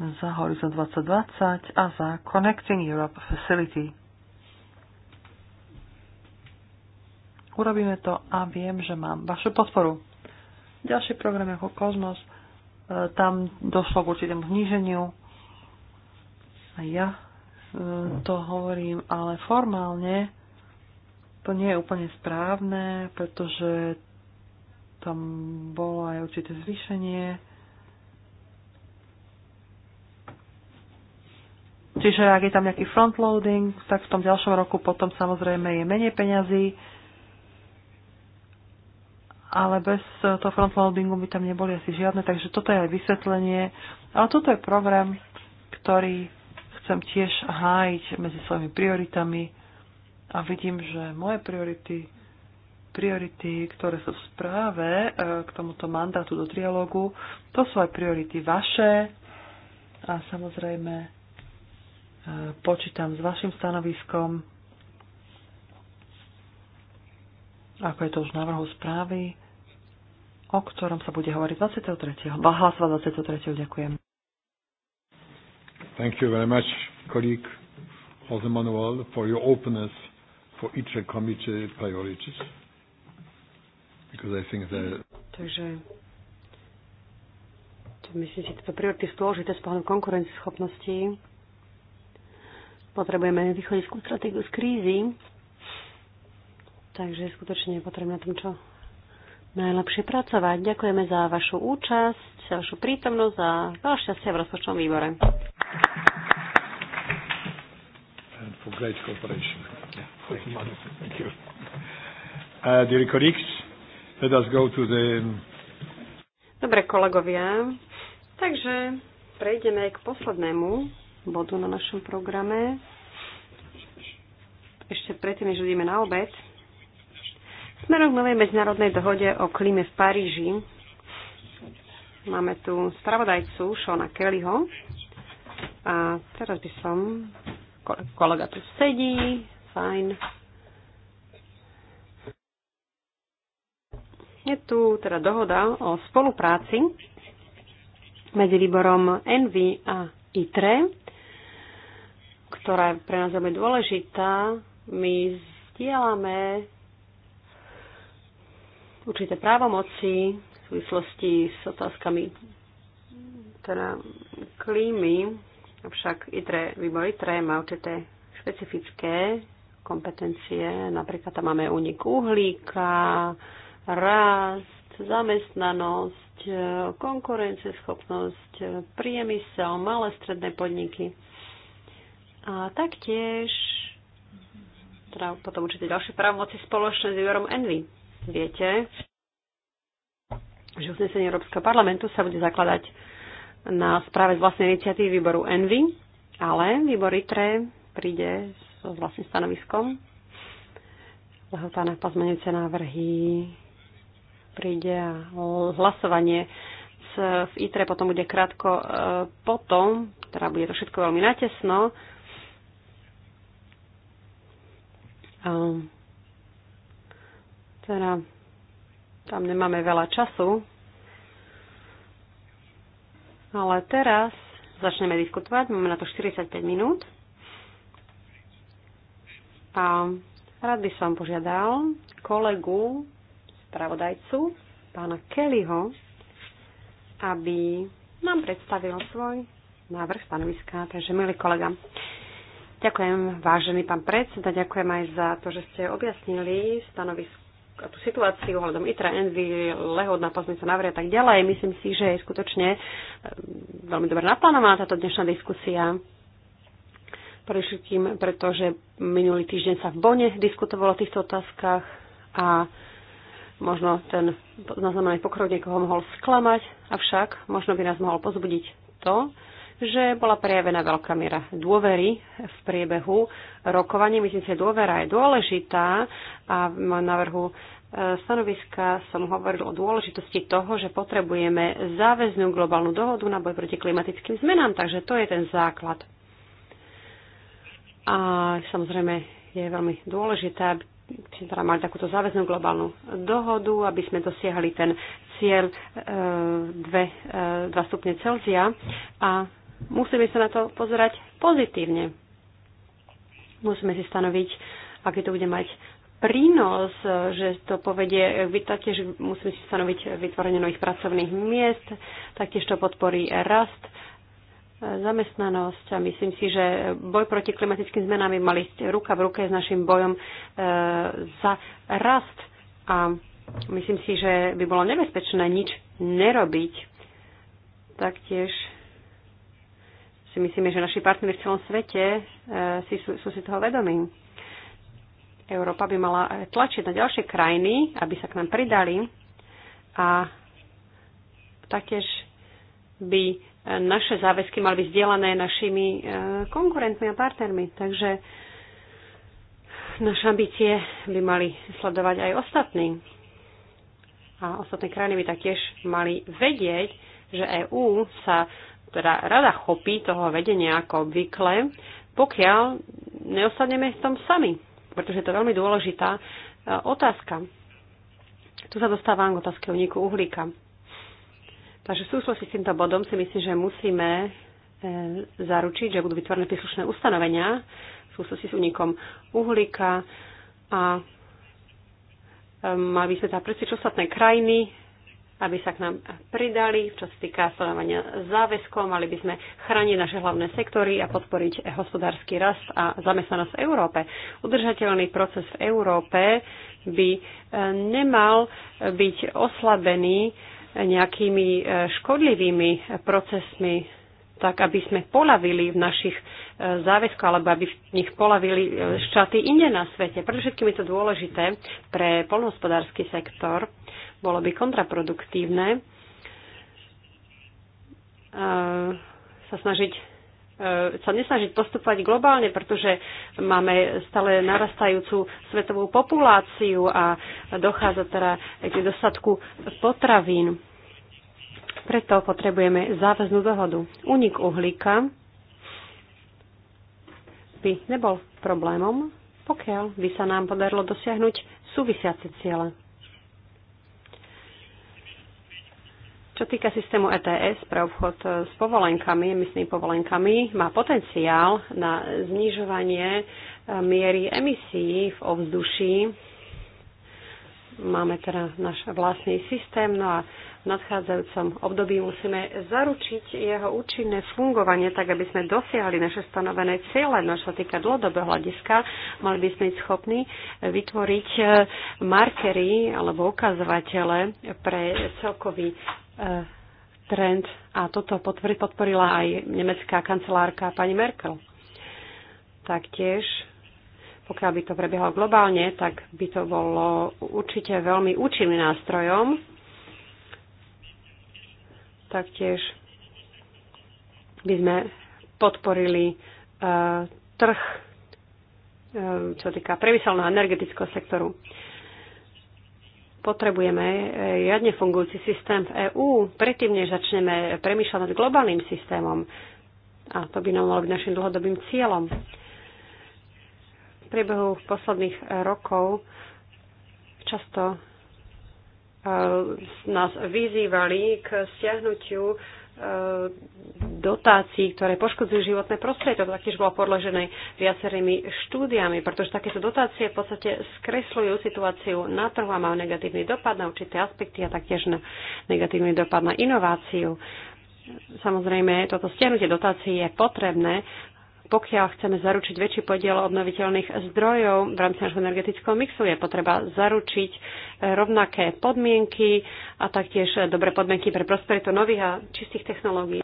za Horizon 2020 a za Connecting Europe Facility. Urobíme to a viem, že mám vašu podporu. Ďalšie programy ako Kozmos, e, tam došlo k určitému zníženiu. A ja e, to hovorím, ale formálne to nie je úplne správne, pretože tam bolo aj určité zvýšenie. Čiže ak je tam nejaký frontloading, tak v tom ďalšom roku potom samozrejme je menej peňazí ale bez toho frontloadingu by tam neboli asi žiadne, takže toto je aj vysvetlenie. Ale toto je program, ktorý chcem tiež hájiť medzi svojimi prioritami a vidím, že moje priority, priority, ktoré sú v správe e, k tomuto mandátu do trialógu, to sú aj priority vaše a samozrejme e, počítam s vašim stanoviskom, ako je to už návrhu správy o ktorom sa bude hovoriť 23. Hlasovať 23. Ďakujem. Thank you very much, colleague Jose Manuel, for your openness for each committee priorities. Because I think that... Takže myslím si, tieto priority sú dôležité z pohľadu konkurencieschopnosti. Potrebujeme východiskú stratégiu z krízy, takže skutočne je potrebné na tom, čo najlepšie pracovať. Ďakujeme za vašu účasť, za vašu prítomnosť a veľa šťastia v rozpočtovom výbore. Uh, Dobre, kolegovia. Takže prejdeme k poslednému bodu na našom programe. Ešte predtým, než ideme na obed, Smerom k novej medzinárodnej dohode o klíme v Paríži máme tu spravodajcu Šona Kellyho a teraz by som kolega tu sedí, fajn. Je tu teda dohoda o spolupráci medzi výborom Envy a ITRE, ktorá je pre nás veľmi dôležitá. My zdieľame určité právomoci v súvislosti s otázkami teda klímy, avšak ITRE, výbor ITRE má určité špecifické kompetencie, napríklad tam máme únik uhlíka, rast, zamestnanosť, konkurencieschopnosť, priemysel, malé stredné podniky. A taktiež teda potom určite ďalšie právomoci spoločné s výborom Envy. Viete, že uznesenie Európskeho parlamentu sa bude zakladať na správe z vlastnej iniciatívy výboru Envy, ale výbor ITRE príde so vlastným stanoviskom. Lehotá na pozmenujúce návrhy príde a hlasovanie v ITRE potom bude krátko e, potom, teda bude to všetko veľmi natesno. Um teda tam nemáme veľa času, ale teraz začneme diskutovať. Máme na to 45 minút. A rád by som požiadal kolegu, spravodajcu, pána Kellyho, aby nám predstavil svoj návrh stanoviska. Takže, milý kolega, ďakujem, vážený pán predseda, ďakujem aj za to, že ste objasnili stanovisko a tú situáciu ohľadom ITRA, ENVY, lehodná pozmenica navrie a tak ďalej. Myslím si, že je skutočne eh, veľmi dobre naplánovaná táto dnešná diskusia. Predovšetkým, pretože minulý týždeň sa v Bone diskutovalo o týchto otázkach a možno ten naznamený pokrov niekoho mohol sklamať, avšak možno by nás mohol pozbudiť to, že bola prejavená veľká miera dôvery v priebehu rokovaní. Myslím si, že dôvera je dôležitá a v návrhu e, stanoviska som hovoril o dôležitosti toho, že potrebujeme záväznú globálnu dohodu na boj proti klimatickým zmenám, takže to je ten základ. A samozrejme je veľmi dôležité, aby sme teda mali takúto záväznú globálnu dohodu, aby sme dosiahli ten cieľ 2 e, e, stupne Celzia a musíme sa na to pozerať pozitívne. Musíme si stanoviť, aký to bude mať prínos, že to povedie, taktiež musíme si stanoviť vytvorenie nových pracovných miest, taktiež to podporí rast, zamestnanosť a myslím si, že boj proti klimatickým zmenám by mali ísť ruka v ruke s našim bojom e, za rast a myslím si, že by bolo nebezpečné nič nerobiť. Taktiež si myslíme, že naši partnery v celom svete e, si, sú, sú si toho vedomí. Európa by mala tlačiť na ďalšie krajiny, aby sa k nám pridali a taktiež by naše záväzky mali byť zdieľané našimi e, konkurentmi a partnermi. Takže naše ambície by mali sledovať aj ostatní. A ostatné krajiny by taktiež mali vedieť, že EÚ sa teda rada chopí toho vedenia ako obvykle, pokiaľ neostaneme v tom sami. Pretože to je veľmi dôležitá e, otázka. Tu sa dostávam k otázke uniku uhlíka. Takže v súvislosti s týmto bodom si myslím, že musíme e, zaručiť, že budú vytvorené príslušné ustanovenia v súvislosti s unikom uhlíka a e, mali sme tam presvedčiť ostatné krajiny, aby sa k nám pridali, čo sa týka stanovania záväzkov. Mali by sme chrániť naše hlavné sektory a podporiť hospodársky rast a zamestnanosť v Európe. Udržateľný proces v Európe by e, nemal byť oslabený nejakými e, škodlivými procesmi tak aby sme polavili v našich e, záväzkoch, alebo aby v nich polavili e, štáty inde na svete. Pre všetkým je to dôležité pre polnohospodársky sektor. Bolo by kontraproduktívne sa snažiť e, sa nesnažiť postupovať globálne, pretože máme stále narastajúcu svetovú populáciu a dochádza teda k nedostatku potravín. Preto potrebujeme záväznú dohodu. Únik uhlíka by nebol problémom, pokiaľ by sa nám podarilo dosiahnuť súvisiace ciele. Čo týka systému ETS pre obchod s povolenkami, emisnými povolenkami, má potenciál na znižovanie e, miery emisí v ovzduší. Máme teda náš vlastný systém, no a nadchádzajúcom období musíme zaručiť jeho účinné fungovanie, tak aby sme dosiahli naše stanovené ciele, no čo týka dlhodobého hľadiska, mali by sme byť schopní vytvoriť e, markery alebo ukazovatele pre celkový e, trend a toto podporila aj nemecká kancelárka pani Merkel. Taktiež pokiaľ by to prebiehalo globálne, tak by to bolo určite veľmi účinným nástrojom Taktiež by sme podporili uh, trh, uh, čo týka priemyselného energetického sektoru. Potrebujeme jadne e, fungujúci systém v EÚ, predtým než začneme premýšľať nad globálnym systémom. A to by nám malo byť našim dlhodobým cieľom. V priebehu posledných rokov často Eh, nás vyzývali k stiahnutiu eh, dotácií, ktoré poškodzujú životné prostredie. To taktiež bolo podložené viacerými štúdiami, pretože takéto dotácie v podstate skresľujú situáciu na trhu a majú negatívny dopad na určité aspekty a taktiež na negatívny dopad na inováciu. Samozrejme, toto stiahnutie dotácií je potrebné, pokiaľ chceme zaručiť väčší podiel obnoviteľných zdrojov v rámci nášho energetického mixu, je potreba zaručiť e, rovnaké podmienky a taktiež dobré podmienky pre prosperitu nových a čistých technológií.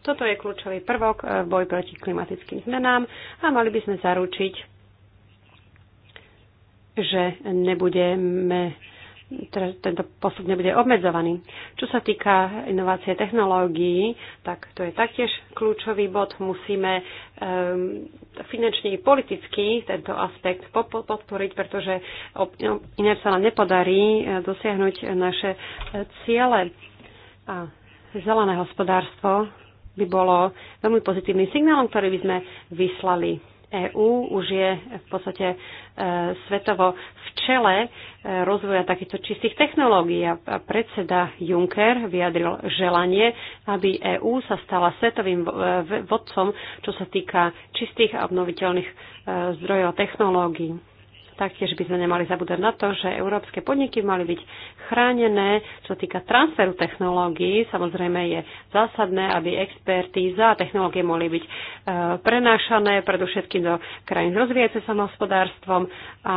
Toto je kľúčový prvok e, v boji proti klimatickým zmenám a mali by sme zaručiť, že nebudeme teda tento postup nebude obmedzovaný. Čo sa týka inovácie technológií, tak to je taktiež kľúčový bod. Musíme um, finančne i politicky tento aspekt podporiť, pretože no, ináč sa nám nepodarí e, dosiahnuť naše e, ciele. A zelené hospodárstvo by bolo veľmi pozitívnym signálom, ktorý by sme vyslali EÚ už je v podstate e, svetovo v čele e, rozvoja takýchto čistých technológií a predseda Juncker vyjadril želanie, aby EÚ sa stala svetovým e, vodcom, čo sa týka čistých a obnoviteľných e, zdrojov technológií. Taktiež by sme nemali zabúdať na to, že európske podniky mali byť chránené, čo týka transferu technológií. Samozrejme je zásadné, aby expertíza a technológie mohli byť e, prenášané predovšetkým do krajín s rozvíjajúcim sa hospodárstvom. A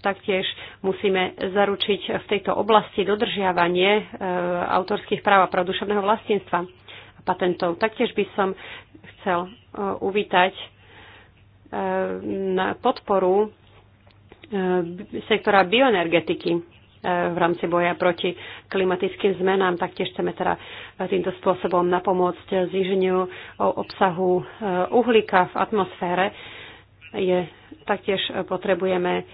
taktiež musíme zaručiť v tejto oblasti dodržiavanie e, autorských práv a produševného vlastníctva a patentov. Taktiež by som chcel e, uvítať na podporu E, sektora bioenergetiky e, v rámci boja proti klimatickým zmenám. Taktiež chceme teda týmto spôsobom napomôcť zíženiu obsahu e, uhlíka v atmosfére. Je, taktiež potrebujeme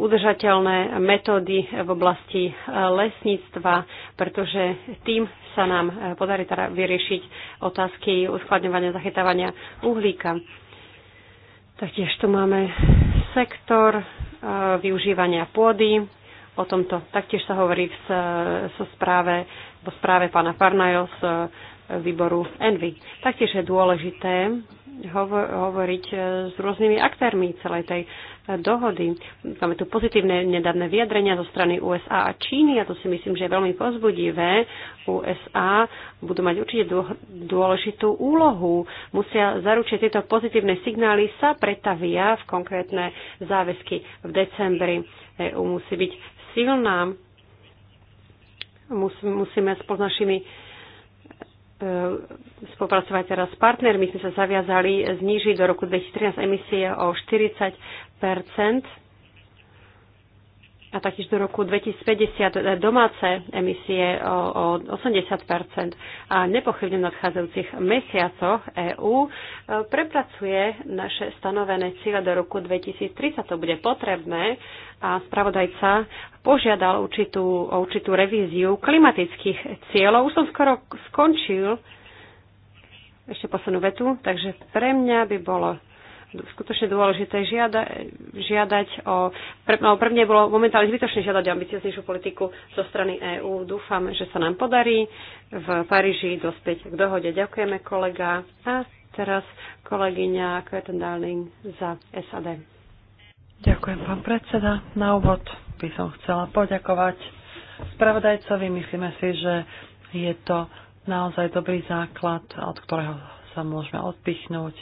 udržateľné metódy v oblasti lesníctva, pretože tým sa nám podarí teda vyriešiť otázky uskladňovania, zachytávania uhlíka. Taktiež tu máme sektor e, využívania pôdy. O tomto taktiež sa hovorí v e, správe, vo správe pána Parnajos e, výboru Envy. Taktiež je dôležité hovoriť e, s rôznymi aktérmi celej tej e, dohody. Máme tu pozitívne nedávne vyjadrenia zo strany USA a Číny a to si myslím, že je veľmi pozbudivé. USA budú mať určite dôležitú úlohu. Musia zaručiť tieto pozitívne signály sa pretavia v konkrétne záväzky v decembri. EU musí byť silná. Musíme spolu s našimi E, spolupracovať teraz s partnermi. My sme sa zaviazali znížiť do roku 2013 emisie o 40 a taktiež do roku 2050 domáce emisie o, o 80 a nepochybne v nadchádzajúcich mesiacoch EÚ e, prepracuje naše stanovené cieľe do roku 2030. To bude potrebné a spravodajca požiadal určitú, o určitú revíziu klimatických cieľov. Už som skoro skončil ešte poslednú vetu, takže pre mňa by bolo skutočne dôležité žiada, žiadať o... Pre, no, pre mňa bolo momentálne zbytočné žiadať o ambicioznejšiu politiku zo strany EÚ. Dúfam, že sa nám podarí v Paríži dospäť k dohode. Ďakujeme kolega a teraz kolegyňa Kveten Darling za SAD. Ďakujem, pán predseda. Na úvod by som chcela poďakovať spravodajcovi. Myslíme si, že je to naozaj dobrý základ, od ktorého sa môžeme odpichnúť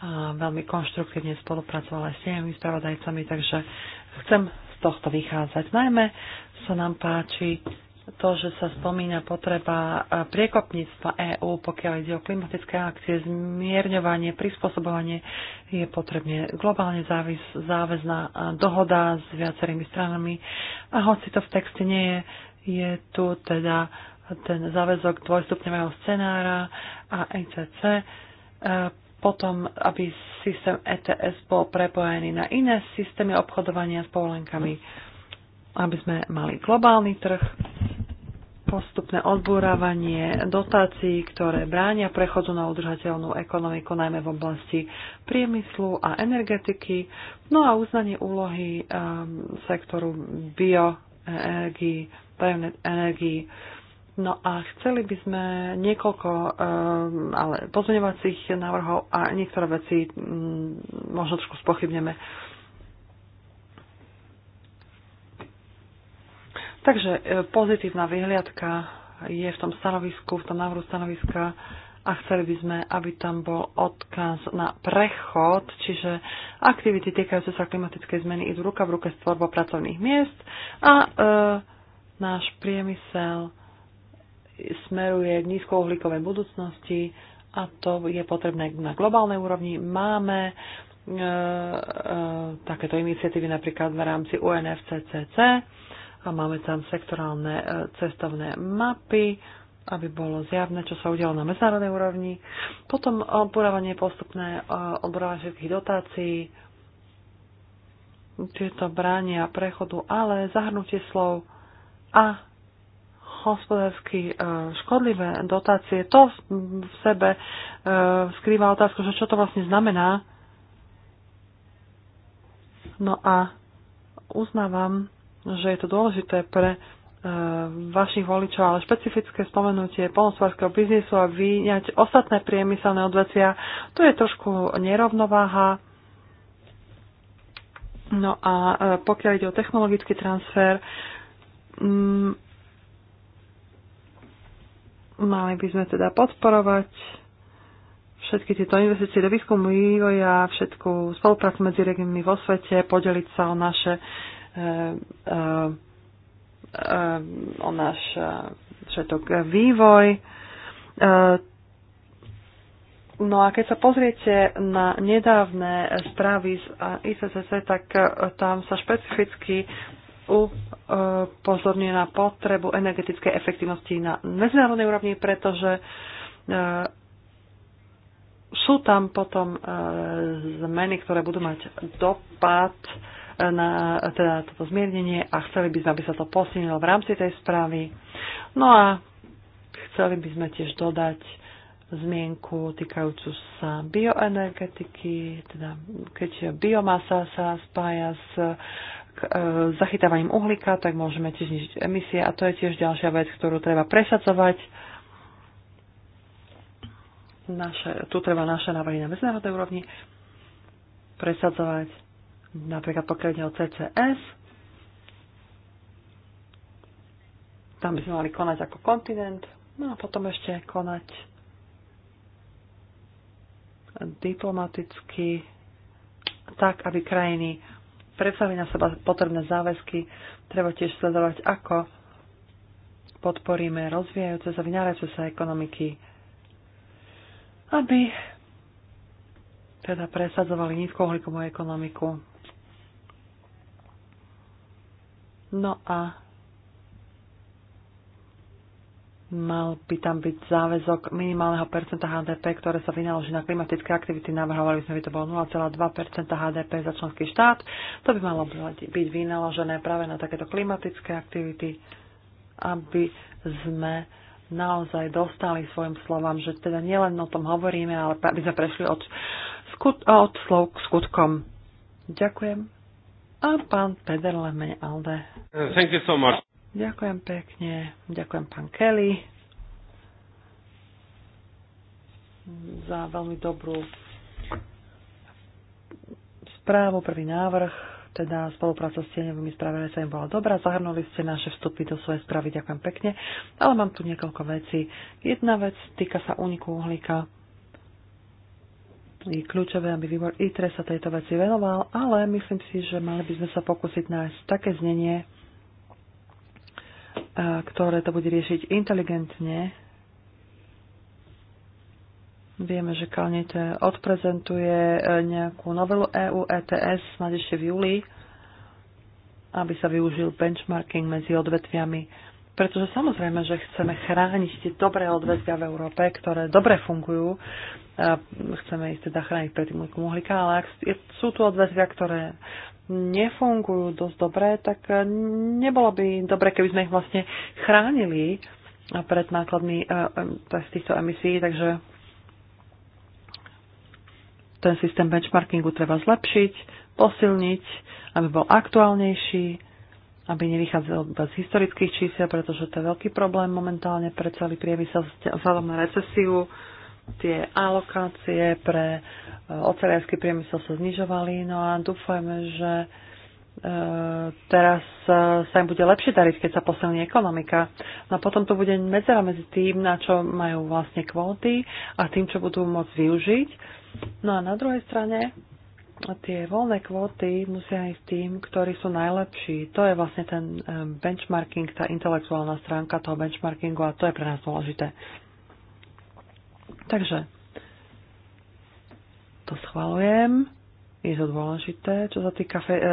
a veľmi konštruktívne spolupracovala aj s tými spravodajcami, takže chcem z tohto vychádzať. Najmä sa nám páči to, že sa spomína potreba priekopníctva EÚ, pokiaľ ide o klimatické akcie, zmierňovanie, prispôsobovanie, je potrebne globálne závis, záväzná dohoda s viacerými stranami. A hoci to v texte nie je, je tu teda ten záväzok dvojstupňového scenára a ECC potom, aby systém ETS bol prepojený na iné systémy obchodovania s povolenkami, aby sme mali globálny trh, postupné odbúravanie dotácií, ktoré bránia prechodu na udržateľnú ekonomiku, najmä v oblasti priemyslu a energetiky, no a uznanie úlohy um, sektoru bioenergii, tajomnej energii, No a chceli by sme niekoľko ehm, ale pozmeňovacích návrhov a niektoré veci mm, možno trošku spochybneme. Takže e, pozitívna vyhliadka je v tom stanovisku, v tom návrhu stanoviska a chceli by sme, aby tam bol odkaz na prechod, čiže aktivity týkajúce sa klimatickej zmeny idú ruka v ruke s tvorbou pracovných miest a e, náš priemysel smeruje k nízkouhlíkovej budúcnosti a to je potrebné na globálnej úrovni. Máme e, e, takéto iniciatívy napríklad v rámci UNFCCC a máme tam sektorálne e, cestovné mapy, aby bolo zjavné, čo sa udialo na medzinárodnej úrovni. Potom odborávanie postupné, e, odborávanie všetkých dotácií, tieto bránia prechodu, ale zahrnutie slov a hospodársky e, škodlivé dotácie, to v sebe e, skrýva otázku, že čo to vlastne znamená. No a uznávam, že je to dôležité pre e, vašich voličov, ale špecifické spomenutie polnospodárskeho biznisu a vyňať ostatné priemyselné odvecia, tu je trošku nerovnováha. No a pokiaľ ide o technologický transfer, mm, Mali by sme teda podporovať všetky tieto investície do výskumu vývoja, všetku spoluprácu medzi regiónmi vo svete, podeliť sa o naše eh, eh, eh, o náš všetok vývoj. No a keď sa pozriete na nedávne správy z ICCC, tak tam sa špecificky upozorňuje e, na potrebu energetickej efektivnosti na medzinárodnej úrovni, pretože e, sú tam potom e, zmeny, ktoré budú mať dopad na teda toto zmiernenie a chceli by sme, aby sa to posilnilo v rámci tej správy. No a chceli by sme tiež dodať zmienku týkajúcu sa bioenergetiky, teda keď biomasa sa spája s E, zachytávaním uhlíka, tak môžeme tiež znižiť emisie a to je tiež ďalšia vec, ktorú treba presadzovať. Naše, tu treba naše návrhy na medzinárodnej úrovni presadzovať, napríklad pokiaľ ide o CCS. Tam by sme mali konať ako kontinent, no a potom ešte konať diplomaticky tak, aby krajiny predstaví na seba potrebné záväzky. Treba tiež sledovať, ako podporíme rozvíjajúce sa, vynárajúce sa ekonomiky, aby teda presadzovali nízkouhlíkovú ekonomiku. No a Mal by tam byť záväzok minimálneho percenta HDP, ktoré sa vynaloží na klimatické aktivity. Navrhovali sme, by to bolo 0,2 HDP za členský štát. To by malo byť vynaložené práve na takéto klimatické aktivity, aby sme naozaj dostali svojim slovám, že teda nielen o tom hovoríme, ale aby sme prešli od, skut- od slov k skutkom. Ďakujem. A pán Pederle Alde. Thank you so much. Ďakujem pekne. Ďakujem pán Kelly za veľmi dobrú správu, prvý návrh, teda spolupráca s tieňovými správami sa im bola dobrá, zahrnuli ste naše vstupy do svojej správy, ďakujem pekne, ale mám tu niekoľko vecí. Jedna vec týka sa úniku uhlíka. Je kľúčové, aby výbor ITRE sa tejto veci venoval, ale myslím si, že mali by sme sa pokúsiť nájsť také znenie, ktoré to bude riešiť inteligentne. Vieme, že Kalnite odprezentuje e, nejakú novelu EU ETS snad ešte v júli, aby sa využil benchmarking medzi odvetviami pretože samozrejme, že chceme chrániť tie dobré odvetvia v Európe, ktoré dobre fungujú. Chceme ich teda chrániť pred tým uhlíka, ale ak sú tu odvetvia, ktoré nefungujú dosť dobre, tak e, nebolo by dobre, keby sme ich vlastne chránili e, pred nákladmi e, z týchto emisí, takže ten systém benchmarkingu treba zlepšiť, posilniť, aby bol aktuálnejší, aby nevychádzal iba z historických čísel, pretože to je veľký problém momentálne pre celý priemysel vzhľadom na recesiu. Tie alokácie pre e, oceliarský priemysel sa znižovali, no a dúfajme, že e, teraz e, sa im bude lepšie dariť, keď sa posilní ekonomika. No a potom to bude medzera medzi tým, na čo majú vlastne kvóty a tým, čo budú môcť využiť. No a na druhej strane tie voľné kvóty musia s tým, ktorí sú najlepší. To je vlastne ten eh, benchmarking, tá intelektuálna stránka toho benchmarkingu a to je pre nás dôležité. Takže to schvalujem. Je to dôležité, čo sa týka fe, e,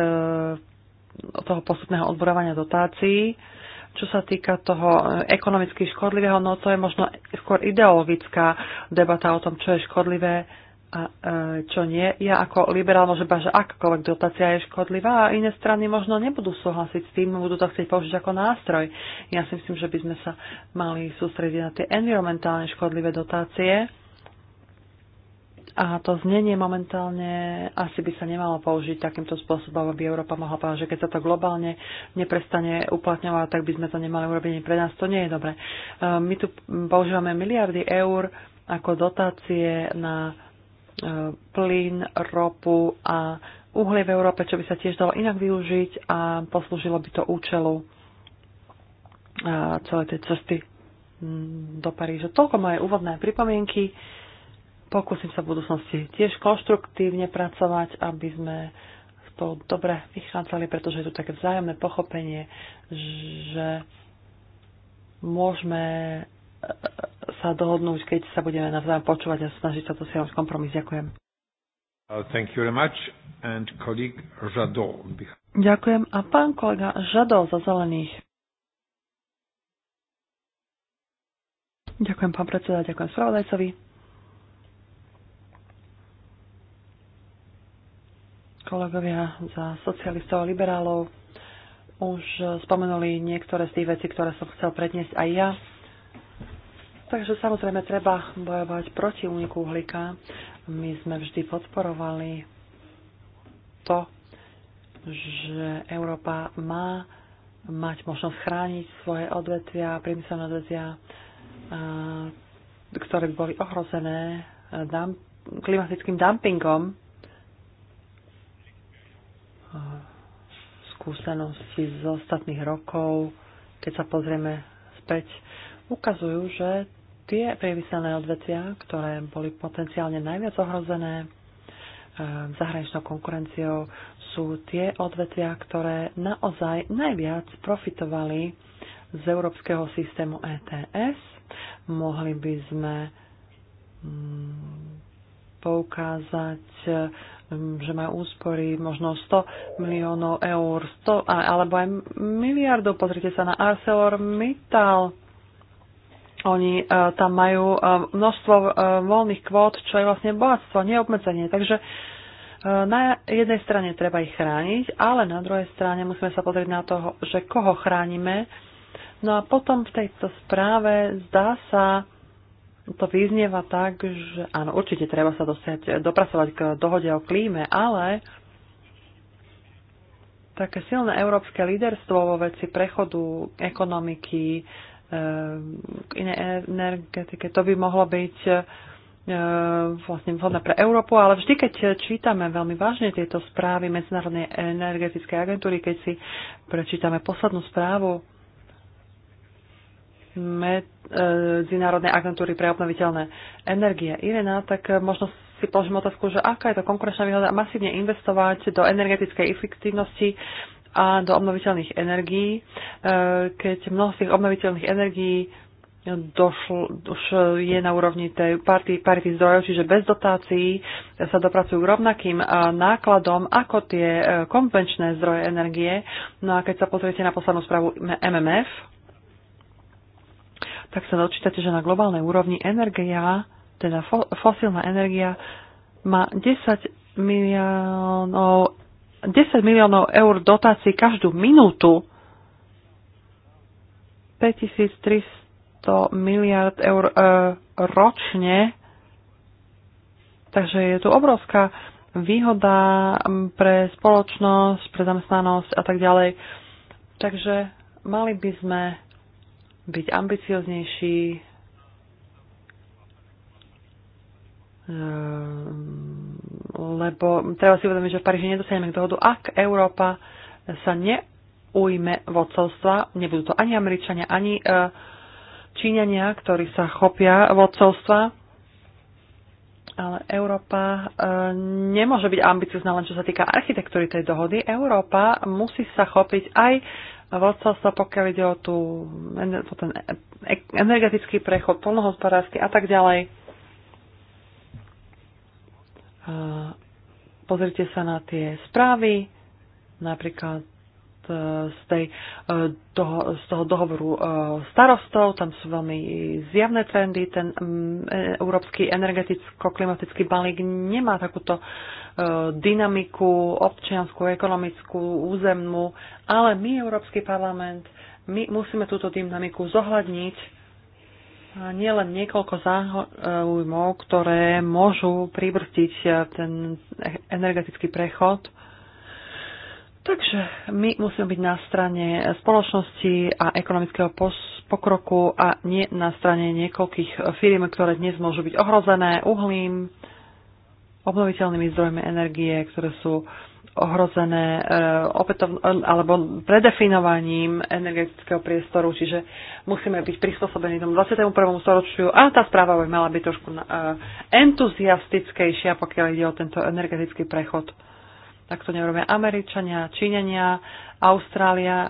toho postupného odborovania dotácií. Čo sa týka toho eh, ekonomicky škodlivého, no to je možno skôr ideologická debata o tom, čo je škodlivé a e, čo nie. Ja ako liberál môžem povedať, že akákoľvek dotácia je škodlivá a iné strany možno nebudú súhlasiť s tým, budú to chcieť použiť ako nástroj. Ja si myslím, že by sme sa mali sústrediť na tie environmentálne škodlivé dotácie a to znenie momentálne asi by sa nemalo použiť takýmto spôsobom, aby Európa mohla povedať, že keď sa to globálne neprestane uplatňovať, tak by sme to nemali urobiť. Pre nás to nie je dobre. My tu používame miliardy eur ako dotácie na E, plyn, ropu a uhlie v Európe, čo by sa tiež dalo inak využiť a poslúžilo by to účelu e, celej tej cesty mm, do Paríža. Toľko moje úvodné pripomienky. Pokúsim sa v budúcnosti tiež konštruktívne pracovať, aby sme spolu dobre vychádzali, pretože je tu také vzájomné pochopenie, že môžeme e, sa dohodnúť, keď sa budeme navzájom počúvať a snažiť sa to dosiahnuť kompromis. Ďakujem. Uh, thank you very much. And colleague Ďakujem. A pán kolega Žadol za zelených. Ďakujem, pán predseda, ďakujem spravodajcovi. Kolegovia za socialistov a liberálov už spomenuli niektoré z tých vecí, ktoré som chcel predniesť aj ja. Takže samozrejme treba bojovať proti úniku uhlíka. My sme vždy podporovali to, že Európa má mať možnosť chrániť svoje odvetvia, priemyselné odvetvia, ktoré by boli ohrozené klimatickým dumpingom. Skúsenosti z ostatných rokov, keď sa pozrieme späť, ukazujú, že tie priemyselné odvetvia, ktoré boli potenciálne najviac ohrozené eh, zahraničnou konkurenciou, sú tie odvetvia, ktoré naozaj najviac profitovali z európskeho systému ETS. Mohli by sme mm, poukázať, mm, že majú úspory možno 100 miliónov eur, 100, alebo aj miliardov. Pozrite sa na ArcelorMittal oni e, tam majú e, množstvo e, voľných kvót, čo je vlastne bohatstvo, neobmedzenie. Takže na jednej strane treba ich chrániť, ale na druhej strane musíme sa pozrieť na to, že koho chránime. No a potom v tejto správe zdá sa, to vyznieva tak, že áno, určite treba sa dosiať, dopracovať k dohode o klíme, ale také silné európske líderstvo vo veci prechodu ekonomiky k inej energetike. To by mohlo byť e, vlastne vhodné pre Európu, ale vždy, keď čítame veľmi vážne tieto správy Medzinárodnej energetickej agentúry, keď si prečítame poslednú správu Medzinárodnej agentúry pre obnoviteľné energie IRENA, tak možno si položím otázku, že aká je to konkurenčná výhoda masívne investovať do energetickej efektívnosti a do obnoviteľných energií, e, keď mnoho z tých obnoviteľných energií došlo, už je na úrovni tej party, party zdrojov, čiže bez dotácií sa dopracujú k rovnakým e, nákladom ako tie e, konvenčné zdroje energie. No a keď sa pozriete na poslednú správu MMF, tak sa dočítate, že na globálnej úrovni energia, teda fosílna energia, má 10 miliónov 10 miliónov eur dotácií každú minútu, 5300 miliard eur e, ročne, takže je tu obrovská výhoda pre spoločnosť, pre zamestnanosť a tak ďalej. Takže mali by sme byť ambicioznejší, ehm, lebo treba si uvedomiť, že v Paríži nedosiahneme dohodu, ak Európa sa neujme vodcovstva, nebudú to ani Američania, ani e, Číňania, ktorí sa chopia vodcovstva, ale Európa e, nemôže byť ambiciozná len čo sa týka architektúry tej dohody. Európa musí sa chopiť aj vodcovstva, pokiaľ ide o, tú, o ten e, energetický prechod, polnohospodársky a tak ďalej. Eh, pozrite sa na tie správy, napríklad eh, z, tej, eh, toho, z toho dohovoru starostov, tam sú veľmi zjavné trendy. Ten mm, e, európsky energeticko-klimatický balík nemá takúto dynamiku občianskú, ekonomickú, územnú, ale my, Európsky parlament, my musíme túto dynamiku zohľadniť nie len niekoľko záujmov, ktoré môžu pribrstiť eh, ten energetický prechod. Takže my musíme byť na strane spoločnosti a ekonomického pokroku a nie na strane niekoľkých firiem, ktoré dnes môžu byť ohrozené uhlím, obnoviteľnými zdrojmi energie, ktoré sú ohrozené e, opätov, alebo predefinovaním energetického priestoru, čiže musíme byť prispôsobení tomu 21. storočiu a tá správa by mala byť trošku e, entuziastickejšia, pokiaľ ide o tento energetický prechod. Tak to nerobia Američania, Číňania, Austrália e,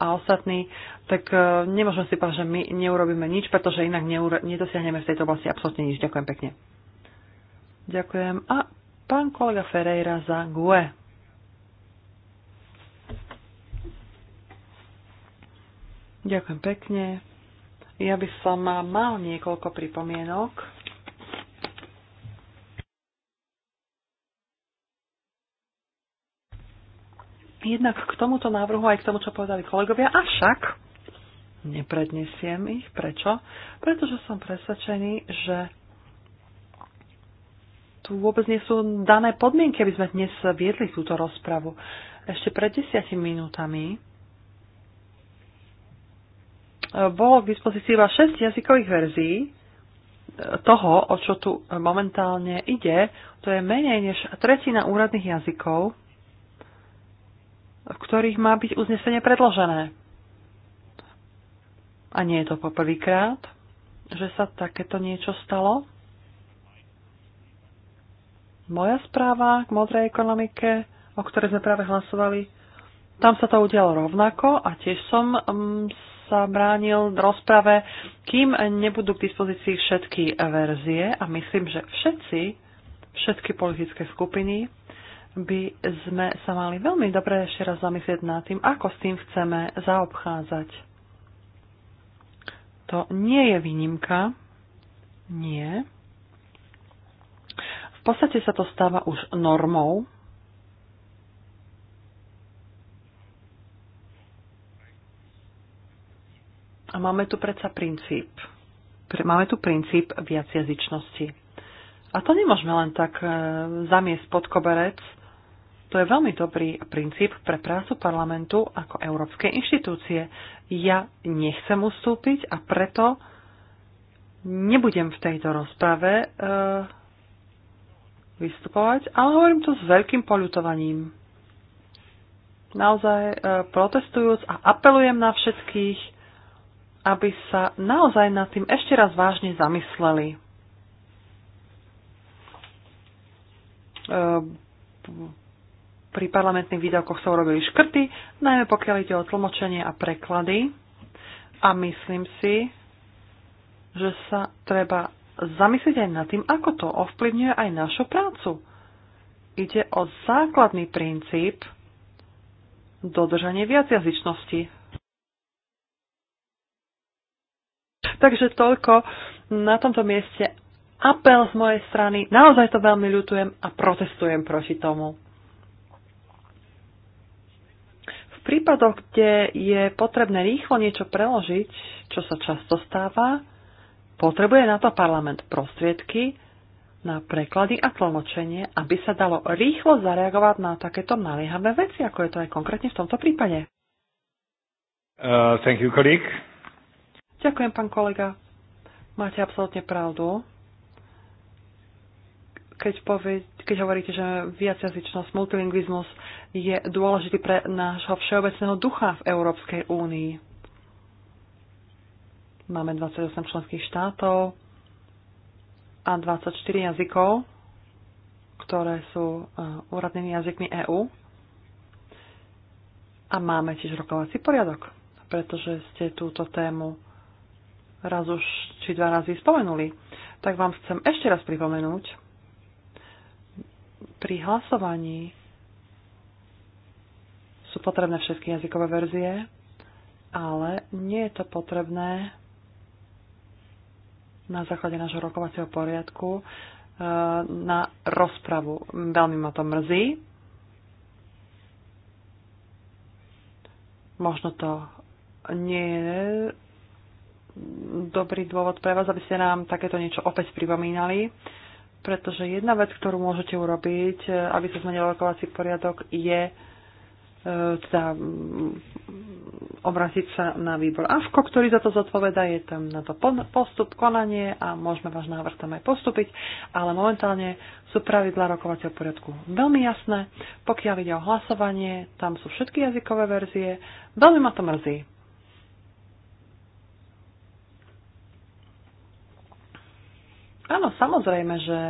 a ostatní, tak nemôžeme si povedať, že my neurobíme nič, pretože inak nedosiahneme v tejto oblasti absolútne nič. Ďakujem pekne. Ďakujem. A Pán kolega Ferreira za GUE. Ďakujem pekne. Ja by som mal niekoľko pripomienok. Jednak k tomuto návrhu aj k tomu, čo povedali kolegovia, avšak neprednesiem ich. Prečo? Pretože som presvedčený, že tu vôbec nie sú dané podmienky, aby sme dnes viedli túto rozpravu. Ešte pred desiatimi minútami e, bolo k dispozícii iba 6 jazykových verzií e, toho, o čo tu momentálne ide. To je menej než tretina úradných jazykov, v ktorých má byť uznesenie predložené. A nie je to poprvýkrát, že sa takéto niečo stalo moja správa k modrej ekonomike, o ktorej sme práve hlasovali, tam sa to udialo rovnako a tiež som um, sa bránil rozprave, kým nebudú k dispozícii všetky verzie a myslím, že všetci, všetky politické skupiny by sme sa mali veľmi dobre ešte raz zamyslieť nad tým, ako s tým chceme zaobchádzať. To nie je výnimka, nie podstate sa to stáva už normou. A máme tu predsa princíp. Máme tu princíp jazyčnosti. A to nemôžeme len tak e, zamiesť pod koberec. To je veľmi dobrý princíp pre prácu parlamentu ako európskej inštitúcie. Ja nechcem ustúpiť a preto nebudem v tejto rozprave e, vystupovať, ale hovorím to s veľkým poľutovaním. Naozaj e, protestujúc a apelujem na všetkých, aby sa naozaj nad tým ešte raz vážne zamysleli. E, pri parlamentných výdavkoch sa urobili škrty, najmä pokiaľ ide o tlmočenie a preklady. A myslím si, že sa treba zamyslieť aj nad tým, ako to ovplyvňuje aj našu prácu. Ide o základný princíp dodržanie viacjazyčnosti. Takže toľko na tomto mieste apel z mojej strany. Naozaj to veľmi ľutujem a protestujem proti tomu. V prípadoch, kde je potrebné rýchlo niečo preložiť, čo sa často stáva, Potrebuje na to parlament prostriedky na preklady a tlmočenie, aby sa dalo rýchlo zareagovať na takéto naliehavé veci, ako je to aj konkrétne v tomto prípade. Uh, thank you, colleague. Ďakujem, pán kolega. Máte absolútne pravdu. Keď, povie, keď hovoríte, že viacjazyčnosť, multilingvizmus je dôležitý pre nášho všeobecného ducha v Európskej únii Máme 28 členských štátov a 24 jazykov, ktoré sú eh, úradnými jazykmi EÚ. A máme tiež rokovací poriadok, pretože ste túto tému raz už či dva razy spomenuli. Tak vám chcem ešte raz pripomenúť, pri hlasovaní sú potrebné všetky jazykové verzie, ale nie je to potrebné na základe nášho rokovacieho poriadku e, na rozpravu. Veľmi ma to mrzí. Možno to nie je dobrý dôvod pre vás, aby ste nám takéto niečo opäť pripomínali, pretože jedna vec, ktorú môžete urobiť, e, aby sa zmenil rokovací poriadok, je e, teda obrátiť sa na výbor AFKO, ktorý za to zodpoveda, je tam na to postup, konanie a môžeme váš návrh tam aj postúpiť, ale momentálne sú pravidla rokovacieho poriadku veľmi jasné. Pokiaľ ide o hlasovanie, tam sú všetky jazykové verzie. Veľmi ma to mrzí. Áno, samozrejme, že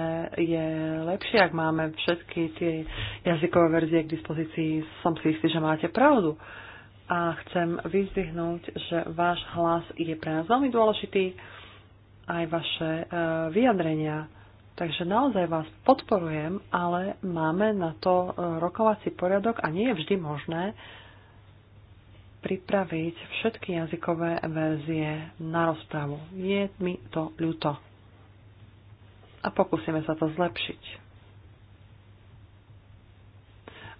je lepšie, ak máme všetky tie jazykové verzie k dispozícii. Som si istý, že máte pravdu. Uh, a chcem vyzdvihnúť, že váš hlas je pre nás veľmi dôležitý, aj vaše e, vyjadrenia. Takže naozaj vás podporujem, ale máme na to e, rokovací poriadok a nie je vždy možné pripraviť všetky jazykové verzie na rozpravu. Je mi to ľúto. A pokúsime sa to zlepšiť.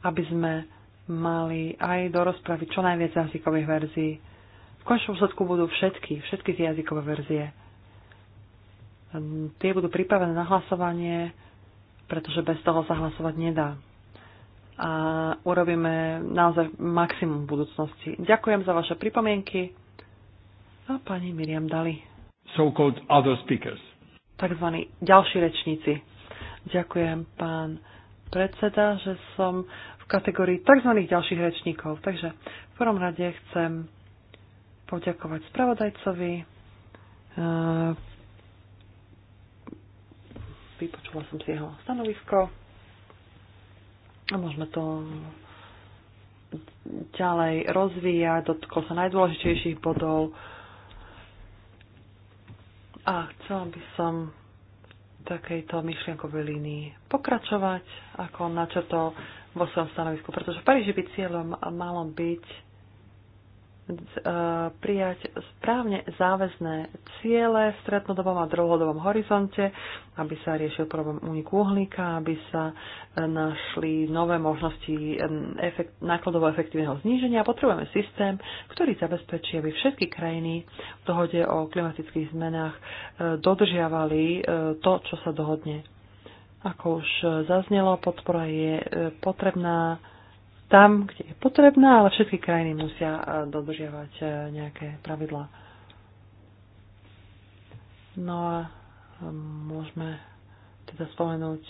Aby sme mali aj do rozpravy čo najviac jazykových verzií. V končnom úsledku budú všetky, všetky tie jazykové verzie. Ehm, tie budú pripravené na hlasovanie, pretože bez toho sa hlasovať nedá. A urobíme naozaj maximum budúcnosti. Ďakujem za vaše pripomienky. A pani Miriam Dali. So-called other speakers. Takzvaní ďalší rečníci. Ďakujem, pán predseda, že som v kategórii tzv. ďalších rečníkov. Takže v prvom rade chcem poďakovať spravodajcovi. E, vypočula som si jeho stanovisko a môžeme to ďalej rozvíjať, dotkol sa najdôležitejších bodov a chcela by som v takejto myšlienkovej línii pokračovať, ako on načrtol vo svojom stanovisku, pretože v Paríži by cieľom malo byť e, prijať správne záväzné ciele v strednodobom a dlhodobom horizonte, aby sa riešil problém úniku uhlíka, aby sa e, našli nové možnosti e, efekt, nákladovo efektívneho zníženia. Potrebujeme systém, ktorý zabezpečí, aby všetky krajiny v dohode o klimatických zmenách dodržiavali to, čo sa dohodne. Ako už zaznelo, podpora je e, potrebná tam, kde je potrebná, ale všetky krajiny musia e, dodržiavať e, nejaké pravidlá. No a môžeme teda spomenúť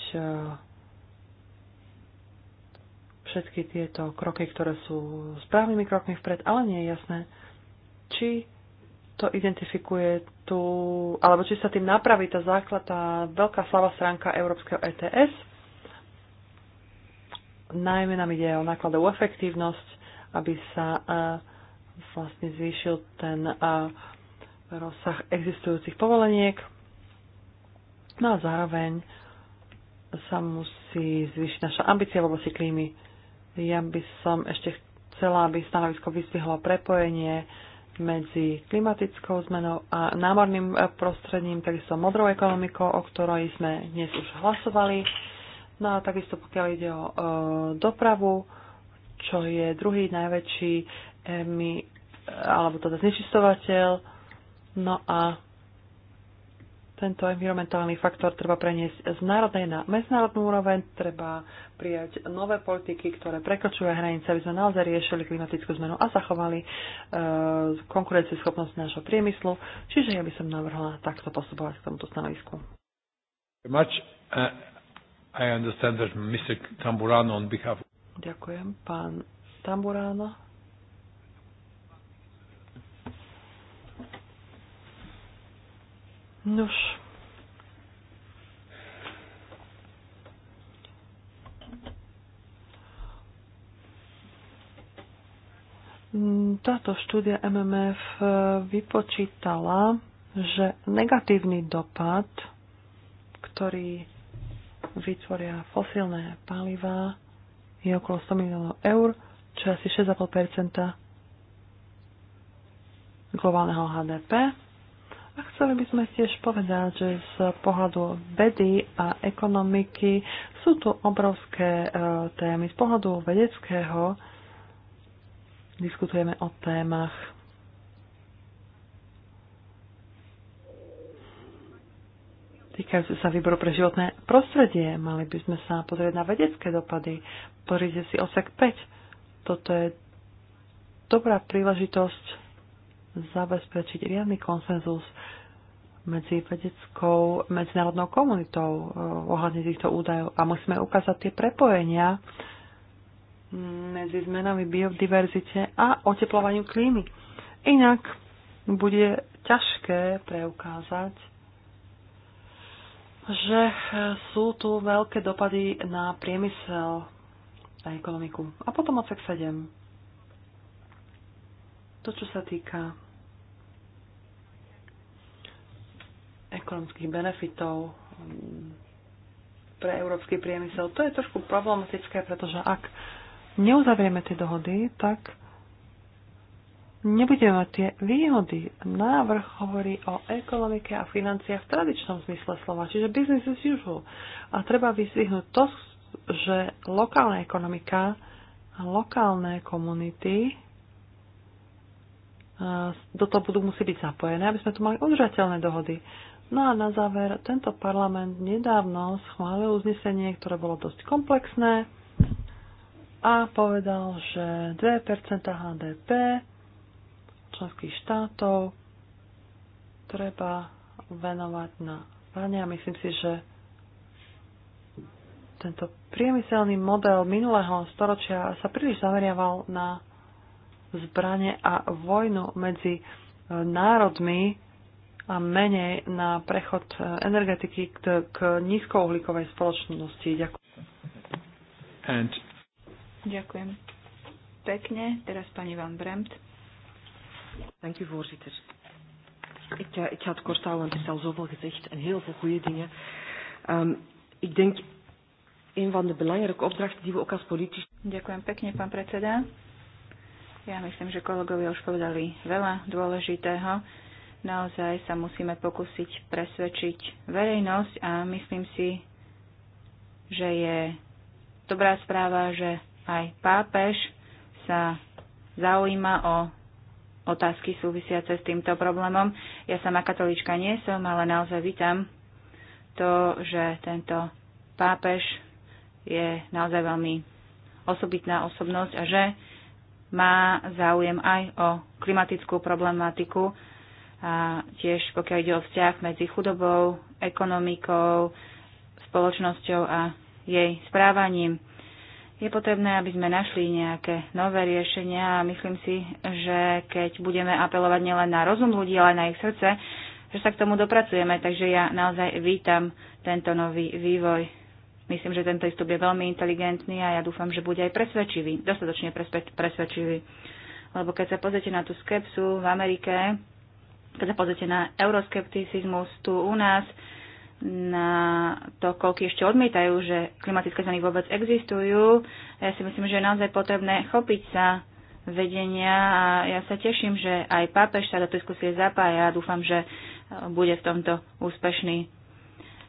všetky tieto kroky, ktoré sú správnymi krokmi vpred, ale nie je jasné, či to identifikuje tu, alebo či sa tým napraví tá základ, tá veľká slava stránka európskeho ETS. Najmä nám ide o nákladovú efektívnosť, aby sa uh, vlastne zvýšil ten uh, rozsah existujúcich povoleniek. No a zároveň sa musí zvýšiť naša ambícia v oblasti klímy. Ja by som ešte chcela, aby stanovisko vystihlo prepojenie uh, medzi klimatickou zmenou a námorným eh, prostredím, takisto modrou ekonomikou, o ktorej sme dnes už hlasovali. No a takisto pokiaľ ide o e, dopravu, čo je druhý najväčší emi, alebo teda znečistovateľ. No a tento environmentálny faktor treba preniesť z národnej na medzinárodnú úroveň, treba prijať nové politiky, ktoré prekračujú hranice, aby sme naozaj riešili klimatickú zmenu a zachovali e, konkurencieschopnosť nášho priemyslu. Čiže ja by som navrhla takto postupovať k tomuto stanovisku. Uh, Ďakujem, pán Tamburano Nuž. Táto štúdia MMF vypočítala, že negatívny dopad, ktorý vytvoria fosílne palivá, je okolo 100 miliónov eur, čo je asi 6,5 globálneho HDP. A chceli by sme tiež povedať, že z pohľadu vedy a ekonomiky sú tu obrovské e, témy. Z pohľadu vedeckého diskutujeme o témach týkajúce sa výboru pre životné prostredie. Mali by sme sa pozrieť na vedecké dopady. Pozrite si osek 5. Toto je dobrá príležitosť zabezpečiť riadny konsenzus medzi vedeckou medzinárodnou komunitou e, ohľadne týchto údajov a musíme ukázať tie prepojenia medzi zmenami biodiverzite a oteplovaním klímy. Inak bude ťažké preukázať, že sú tu veľké dopady na priemysel a ekonomiku. A potom odsek 7. To, čo sa týka ekonomických benefitov mm, pre európsky priemysel. To je trošku problematické, pretože ak neuzavrieme tie dohody, tak nebudeme mať tie výhody. Návrh hovorí o ekonomike a financiách v tradičnom zmysle slova, čiže business as usual. A treba vyzvihnúť to, že lokálna ekonomika a lokálne komunity do toho budú musieť byť zapojené, aby sme tu mali udržateľné dohody. No a na záver, tento parlament nedávno schválil uznesenie, ktoré bolo dosť komplexné a povedal, že 2% HDP členských štátov treba venovať na dane a myslím si, že tento priemyselný model minulého storočia sa príliš zameriaval na zbranie a vojnu medzi národmi, a menej na prechod energetiky k, k nízkouhlíkovej spoločnosti. Ďakujem. And... Ďakujem. Pekne. Teraz pani Van Bremt. Thank you, voorzitter. Ik, uh, ik ga het kort houden, want er is al zoveel gezegd en heel veel goede dingen. Um, ik denk een van de belangrijke opdrachten die we ook als politici... Ďakujem pekne, pán predseda. Ja myslím, že kolegovia už povedali veľa dôležitého. Naozaj sa musíme pokúsiť presvedčiť verejnosť a myslím si, že je dobrá správa, že aj pápež sa zaujíma o otázky súvisiace s týmto problémom. Ja sama katolička nie som, ale naozaj vítam to, že tento pápež je naozaj veľmi osobitná osobnosť a že má záujem aj o klimatickú problematiku a tiež pokiaľ ide o vzťah medzi chudobou, ekonomikou, spoločnosťou a jej správaním. Je potrebné, aby sme našli nejaké nové riešenia a myslím si, že keď budeme apelovať nielen na rozum ľudí, ale na ich srdce, že sa k tomu dopracujeme. Takže ja naozaj vítam tento nový vývoj. Myslím, že tento istup je veľmi inteligentný a ja dúfam, že bude aj presvedčivý, dostatočne presvedčivý. Lebo keď sa pozrite na tú skepsu v Amerike, keď sa pozrite na euroskepticizmus tu u nás, na to, koľko ešte odmietajú, že klimatické zmeny vôbec existujú. Ja si myslím, že je naozaj potrebné chopiť sa vedenia a ja sa teším, že aj pápež sa do diskusie zapája a dúfam, že e, bude v tomto úspešný.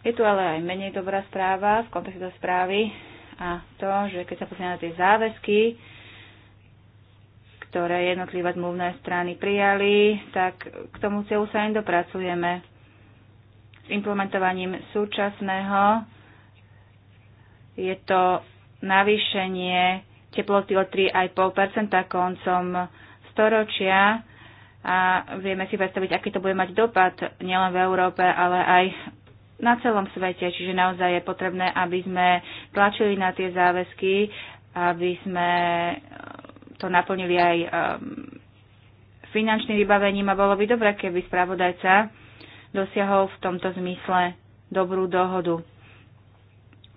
Je tu ale aj menej dobrá správa v kontexte správy a to, že keď sa pozrieme na tie záväzky, ktoré jednotlivé zmluvné strany prijali, tak k tomu cieľu sa aj dopracujeme. S implementovaním súčasného je to navýšenie teploty o 3,5 koncom storočia a vieme si predstaviť, aký to bude mať dopad nielen v Európe, ale aj na celom svete. Čiže naozaj je potrebné, aby sme tlačili na tie záväzky, aby sme to naplnili aj um, finančným vybavením a bolo by dobré, keby spravodajca dosiahol v tomto zmysle dobrú dohodu.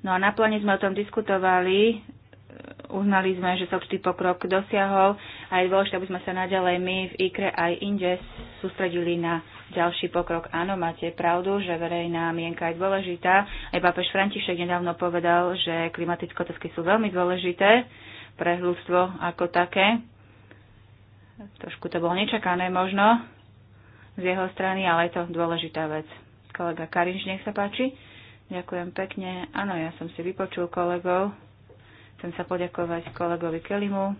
No a na plane sme o tom diskutovali, uznali sme, že sa určitý pokrok dosiahol a je dôležité, aby sme sa naďalej my v IKRE aj inde sústredili na ďalší pokrok. Áno, máte pravdu, že verejná mienka je dôležitá. Aj pápež František nedávno povedal, že klimatické otázky sú veľmi dôležité pre ľudstvo ako také. Trošku to bolo nečakané možno z jeho strany, ale je to dôležitá vec. Kolega Karinč, nech sa páči. Ďakujem pekne. Áno, ja som si vypočul kolegov. Chcem sa poďakovať kolegovi Kelimu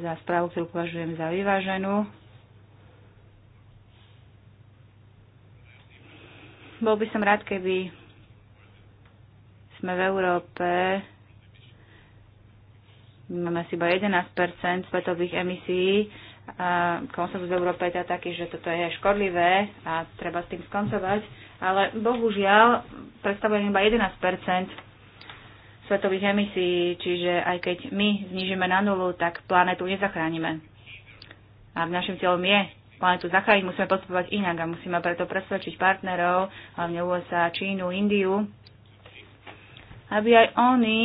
za správu, ktorú považujem za vyváženú. Bol by som rád, keby sme v Európe Máme asi iba 11 svetových emisí. Konsenzus v Európe je teda taký, že toto je škodlivé a treba s tým skoncovať. Ale bohužiaľ predstavujeme iba 11 svetových emisí, čiže aj keď my znižíme na nulu, tak planetu nezachránime. A našim cieľom je planetu zachrániť, musíme postupovať inak a musíme preto presvedčiť partnerov, hlavne USA, Čínu, Indiu, aby aj oni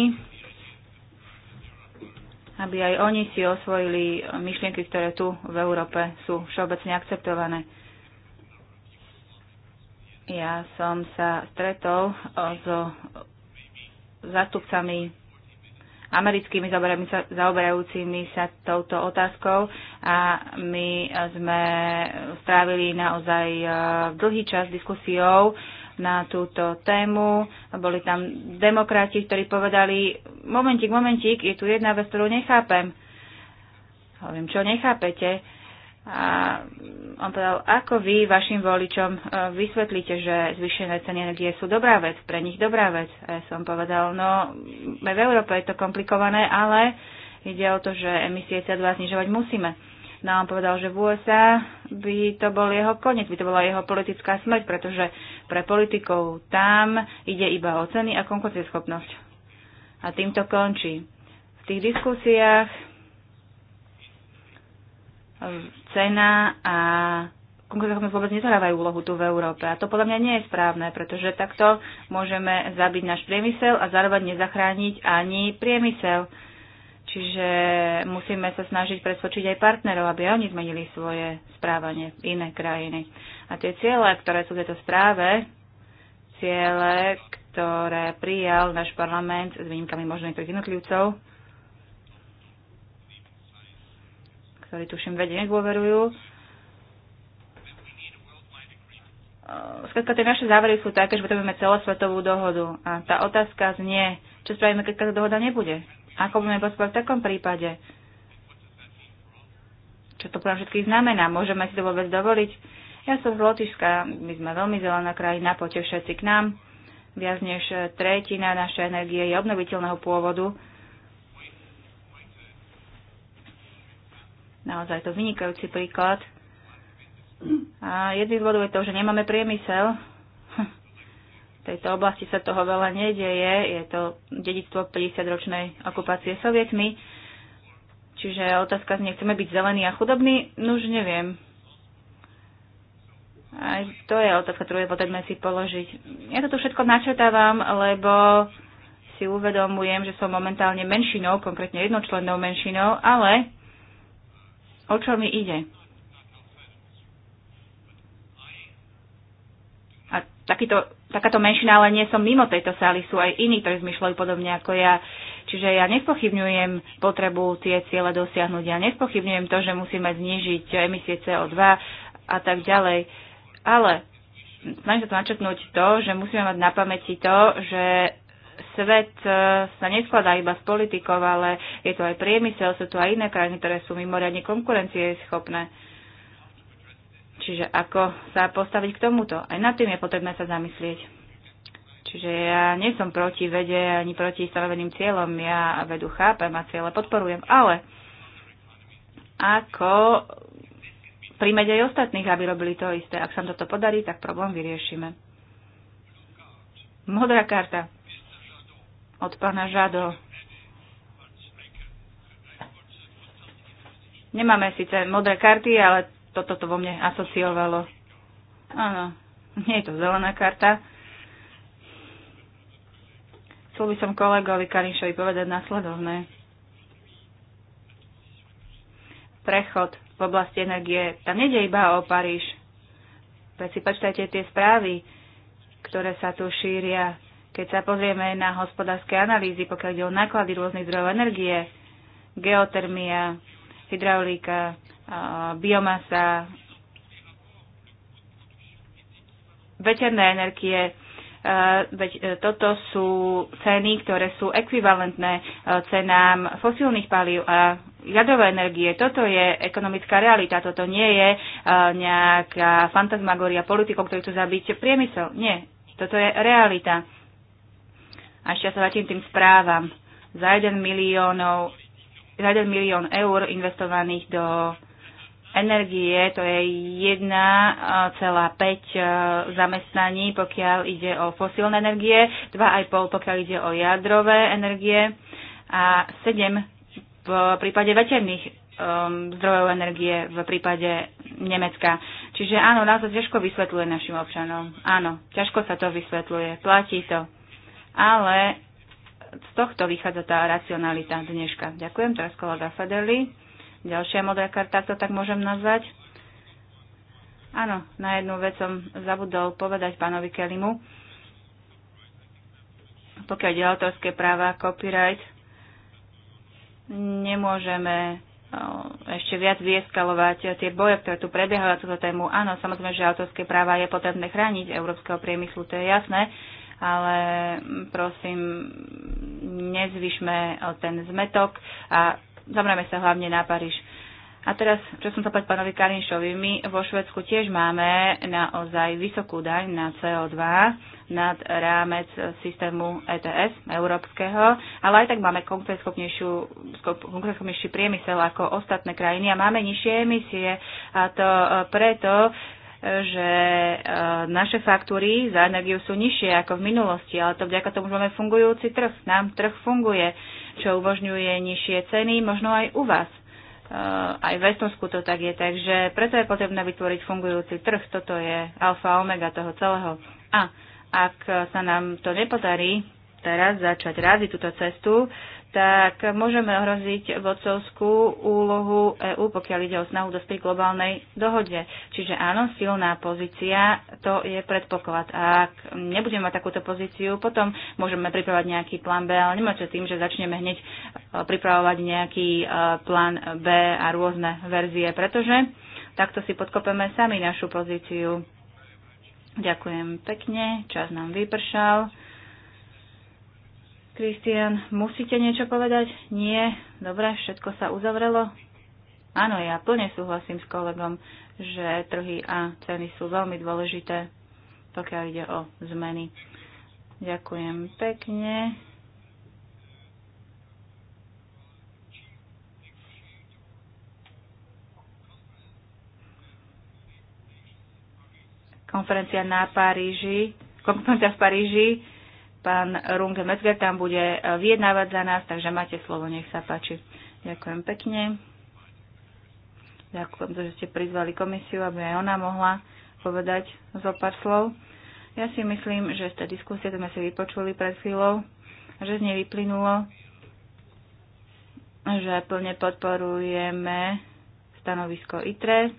aby aj oni si osvojili myšlienky, ktoré tu v Európe sú všeobecne akceptované. Ja som sa stretol e, so zástupcami americkými zaoberajúcimi sa touto otázkou a my sme strávili naozaj e, dlhý čas diskusiou na túto tému. Boli tam demokrati, ktorí povedali, momentík, momentík, je tu jedna vec, ktorú nechápem. Hovorím, čo nechápete? A on povedal, ako vy vašim voličom e, vysvetlíte, že zvýšené ceny energie sú dobrá vec, pre nich dobrá vec. A ja som povedal, no v Európe je to komplikované, ale ide o to, že emisie CO2 znižovať musíme. No a on povedal, že v USA by to bol jeho koniec, by to bola jeho politická smrť, pretože pre politikov tam ide iba o ceny a konkurencieschopnosť. A týmto končí. V tých diskusiách cena a konkurencieschopnosť vôbec nezahrávajú úlohu tu v Európe. A to podľa mňa nie je správne, pretože takto môžeme zabiť náš priemysel a zároveň nezachrániť ani priemysel. Čiže musíme sa snažiť presvedčiť aj partnerov, aby oni zmenili svoje správanie, v iné krajiny. A tie ciele, ktoré sú v tejto správe, ciele, ktoré prijal náš parlament s výnimkami možno niektorých jednotlivcov, ktorí tuším vedie dôverujú, Skladka, tie naše závery sú také, že potrebujeme celosvetovú dohodu. A tá otázka znie, čo spravíme, keď tá dohoda nebude ako budeme postupovať v takom prípade? Čo to pre všetkých znamená? Môžeme si to vôbec dovoliť? Ja som z Lotyšska, my sme veľmi zelená krajina, poďte všetci k nám. Viac než tretina našej energie je obnoviteľného pôvodu. Naozaj to vynikajúci príklad. A jedný z bodov je to, že nemáme priemysel, tejto oblasti sa toho veľa nedieje. Je to dedictvo 50-ročnej okupácie sovietmi. Čiže otázka znie, nechceme byť zelení a chudobní? No už neviem. Aj to je otázka, ktorú je potrebné si položiť. Ja to tu všetko načetávam, lebo si uvedomujem, že som momentálne menšinou, konkrétne jednočlennou menšinou, ale o čo mi ide? A takýto takáto menšina, ale nie som mimo tejto sály, sú aj iní, ktorí zmyšľajú podobne ako ja. Čiže ja nespochybňujem potrebu tie ciele dosiahnuť, ja nespochybňujem to, že musíme znížiť emisie CO2 a tak ďalej. Ale snažím sa to načrtnúť to, že musíme mať na pamäti to, že svet e, sa neskladá iba z politikov, ale je to aj priemysel, sú tu aj iné krajiny, ktoré sú mimoriadne konkurencieschopné. schopné Čiže ako sa postaviť k tomuto? Aj nad tým je potrebné sa zamyslieť. Čiže ja nie som proti vede ani proti stanoveným cieľom. Ja vedu chápem a cieľe podporujem. Ale ako príjmeť aj ostatných, aby robili to isté. Ak sa toto podarí, tak problém vyriešime. Modrá karta od pána Žado. Nemáme síce modré karty, ale toto to vo mne asociovalo. Áno, nie je to zelená karta. Chcel by som kolegovi Karinšovi povedať následovné. Prechod v oblasti energie, tam nede iba o Paríž. Veď si počtajte tie správy, ktoré sa tu šíria. Keď sa pozrieme na hospodárske analýzy, pokiaľ ide o náklady rôznych zdrojov energie, geotermia, hydraulika biomasa, veterné energie, veď e, toto sú ceny, ktoré sú ekvivalentné e, cenám fosílnych palív a jadrové energie. Toto je ekonomická realita, toto nie je e, nejaká fantasmagoria politikov, ktorí chcú zabiť priemysel. Nie, toto je realita. A ešte ja sa zatím tým správam. Za 1 miliónov za 1 milión eur investovaných do energie, to je 1,5 zamestnaní, pokiaľ ide o fosílne energie, 2,5 pokiaľ ide o jadrové energie a 7 v prípade veterných um, zdrojov energie v prípade Nemecka. Čiže áno, nás to ťažko vysvetľuje našim občanom. Áno, ťažko sa to vysvetľuje, platí to. Ale z tohto vychádza tá racionalita dneška. Ďakujem, teraz kolega Fadeli. Ďalšia modrá karta, ak to tak môžem nazvať. Áno, na jednu vec som zabudol povedať pánovi Kelimu. Pokiaľ je autorské práva, copyright, nemôžeme ešte viac vieskalovať tie boje, ktoré tu prebiehajú na túto tému. Áno, samozrejme, že autorské práva je potrebné chrániť európskeho priemyslu, to je jasné, ale prosím, nezvyšme ten zmetok a zamrame sa hlavne na Paríž. A teraz, čo som sa povedal pánovi Karinšovi, my vo Švedsku tiež máme naozaj vysokú daň na CO2 nad rámec systému ETS európskeho, ale aj tak máme konkurenceschopnejší priemysel ako ostatné krajiny a máme nižšie emisie. A to e, preto, e, že e, naše faktúry za energiu sú nižšie ako v minulosti, ale to vďaka tomu, že máme fungujúci trh. Nám trh funguje čo umožňuje nižšie ceny, možno aj u vás. Uh, aj v Estonsku to tak je, takže preto je potrebné vytvoriť fungujúci trh. Toto je alfa omega toho celého. A ak sa nám to nepodarí teraz začať ráziť túto cestu, uh, tak môžeme ohroziť vodcovskú úlohu EÚ, pokiaľ ide o snahu dospieť globálnej dohode. Čiže áno, silná pozícia, to je predpoklad. A ak nebudeme mať takúto pozíciu, potom môžeme pripravať nejaký plán B, ale nemáte tým, že začneme hneď e, pripravovať nejaký e, plán B a rôzne verzie, pretože takto si podkopeme sami našu pozíciu. Ďakujem pekne, čas nám vypršal. Kristian, musíte niečo povedať? Nie. Dobre, všetko sa uzavrelo. Áno, ja plne súhlasím s kolegom, že trhy a ceny sú veľmi dôležité, pokiaľ ide o zmeny. Ďakujem pekne. Konferencia na Paríži, konferencia v Paríži Pán Runge Metzger tam bude eh, vyjednávať za nás, takže máte slovo, nech sa páči. Ďakujem pekne. Ďakujem, že ste prizvali komisiu, aby aj ona mohla povedať zo pár slov. Ja si myslím, že z tej diskusie, to sme si vypočuli pred chvíľou, že z nej vyplynulo, že plne podporujeme stanovisko ITRE,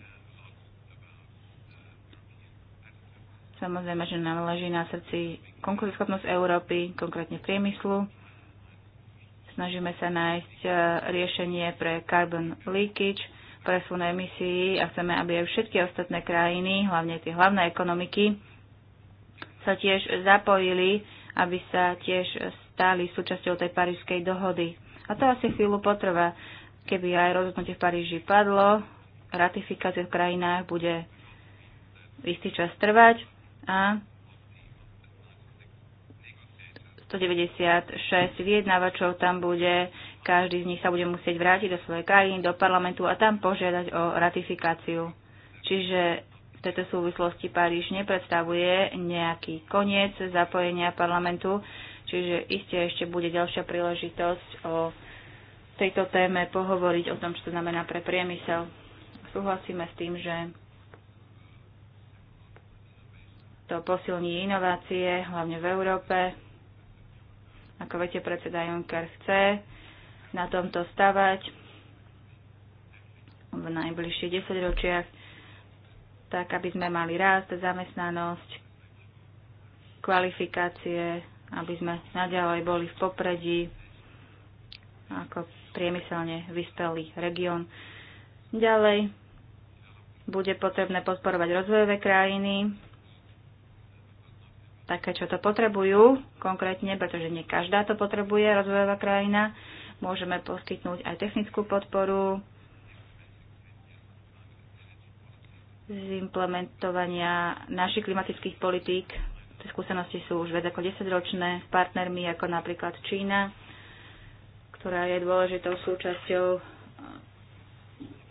Samozrejme, že nám leží na srdci konkurenceschopnosť Európy, konkrétne priemyslu. Snažíme sa nájsť e, riešenie pre carbon leakage, presun emisí a chceme, aby aj všetky ostatné krajiny, hlavne tie hlavné ekonomiky, sa tiež zapojili, aby sa tiež stali súčasťou tej parížskej dohody. A to asi chvíľu potrvá. Keby aj rozhodnutie v Paríži padlo, ratifikácia v krajinách bude istý čas trvať a 196 vyjednávačov tam bude, každý z nich sa bude musieť vrátiť do svojej krajiny, do parlamentu a tam požiadať o ratifikáciu. Čiže v tejto súvislosti Paríž nepredstavuje nejaký koniec zapojenia parlamentu, čiže iste ešte bude ďalšia príležitosť o tejto téme pohovoriť o tom, čo to znamená pre priemysel. Súhlasíme s tým, že to posilní inovácie, hlavne v Európe. Ako viete, predseda Juncker chce na tomto stavať v najbližších 10 ročiach, tak aby sme mali rast, zamestnanosť, kvalifikácie, aby sme naďalej boli v popredí ako priemyselne vyspelý región. Ďalej bude potrebné podporovať rozvojové krajiny, také, čo to potrebujú konkrétne, pretože nie každá to potrebuje, rozvojová krajina. Môžeme poskytnúť aj technickú podporu z implementovania našich klimatických politík. Tie skúsenosti sú už viac ako 10-ročné s partnermi ako napríklad Čína, ktorá je dôležitou súčasťou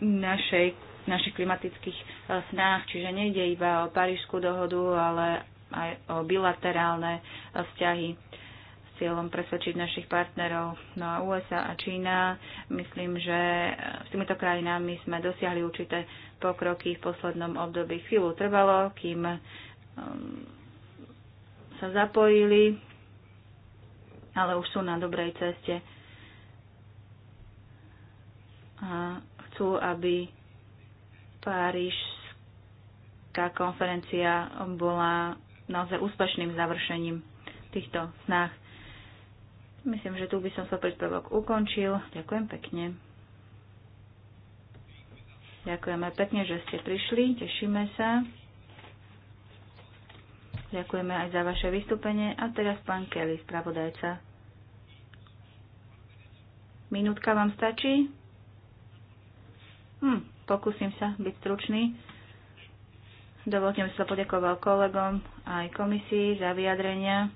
našej, našich klimatických eh, snách. Čiže nejde iba o Parížskú dohodu, ale aj o bilaterálne vzťahy s cieľom presvedčiť našich partnerov. No a USA a Čína, myslím, že s týmito krajinami sme dosiahli určité pokroky v poslednom období. Chvíľu trvalo, kým um, sa zapojili, ale už sú na dobrej ceste. A chcú, aby Párižská konferencia bola naozaj úspešným završením týchto snách. Myslím, že tu by som svoj príspevok ukončil. Ďakujem pekne. Ďakujeme pekne, že ste prišli. Tešíme sa. Ďakujeme aj za vaše vystúpenie. A teraz pán Kelly, spravodajca. Minútka vám stačí? Hm, pokúsim sa byť stručný. Dovolte mi sa poďakoval kolegom aj komisii za vyjadrenia.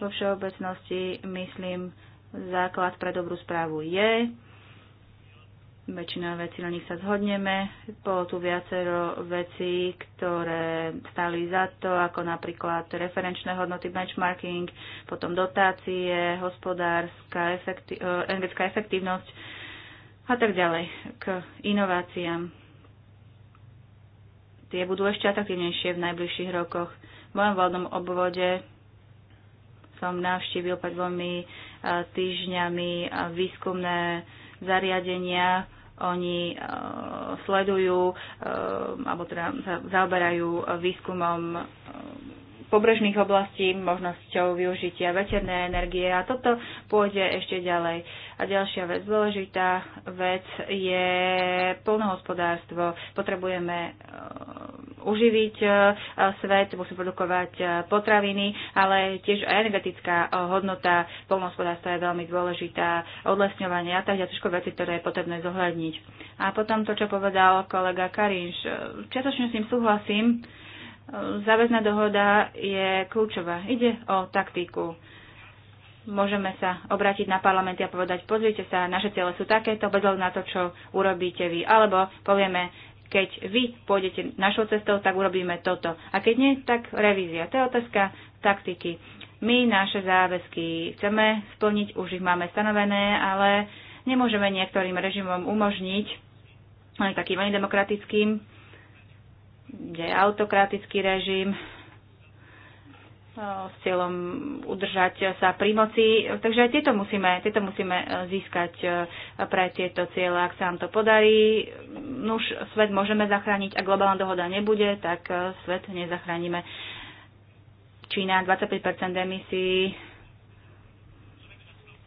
Vo všeobecnosti myslím, základ pre dobrú správu je. Väčšina vecí, na nich sa zhodneme. Bolo tu viacero vecí, ktoré stali za to, ako napríklad referenčné hodnoty benchmarking, potom dotácie, hospodárska efekti- eh, energetická efektívnosť a tak ďalej k inováciám Tie budú ešte atraktívnejšie v najbližších rokoch. V mojom voľnom obvode som navštívil pred dvomi eh, týždňami eh, výskumné zariadenia. Oni eh, sledujú alebo teda zaoberajú výskumom pobrežných oblastí, možnosťou využitia veternej energie a toto pôjde ešte ďalej. A ďalšia vec, dôležitá vec je plnohospodárstvo. Potrebujeme e, uživiť e, svet, musí produkovať e, potraviny, ale tiež aj energetická hodnota polnohospodárstva je veľmi dôležitá, odlesňovanie a tak ďalej, všetko veci, ktoré je potrebné zohľadniť. A potom to, čo povedal kolega Karinš, čiatočne s ním súhlasím, Záväzná dohoda je kľúčová. Ide o taktiku. Môžeme sa obrátiť na parlamenty a povedať, pozrite sa, naše ciele sú takéto, bez na to, čo urobíte vy. Alebo povieme, keď vy pôjdete našou cestou, tak urobíme toto. A keď nie, tak revízia. To je otázka taktiky. My naše záväzky chceme splniť, už ich máme stanovené, ale nemôžeme niektorým režimom umožniť, aj takým ani demokratickým, kde je autokratický režim e, s cieľom udržať sa pri moci. Takže aj tieto musíme, tieto musíme e, získať e, pre tieto cieľe, Ak sa nám to podarí, už svet môžeme zachrániť. Ak globálna dohoda nebude, tak svet nezachránime. Čína 25% emisí,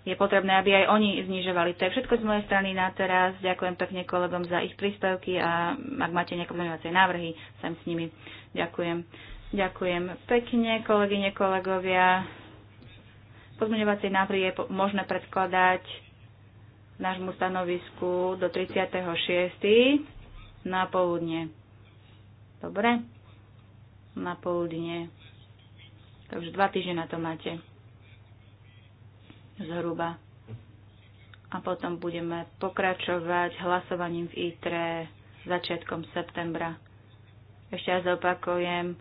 je potrebné, aby aj oni znižovali. To je všetko z mojej strany na teraz. Ďakujem pekne kolegom za ich príspevky a ak máte nejaké pozmeňovacie návrhy, sem s nimi. Ďakujem. Ďakujem pekne, kolegyne, kolegovia. Pozmeňovacie návrhy je možné predkladať nášmu stanovisku do 36. na poludne. Dobre? Na poludne. Takže dva týždne na to máte zhruba. A potom budeme pokračovať hlasovaním v ITRE začiatkom septembra. Ešte raz opakujem,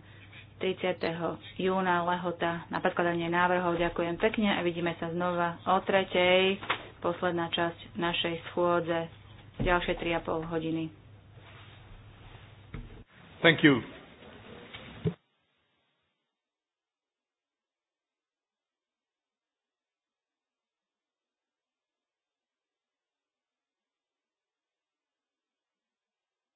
30. júna lehota na predkladanie návrhov. Ďakujem pekne a vidíme sa znova o tretej, posledná časť našej schôdze, ďalšie 3,5 hodiny. Thank you.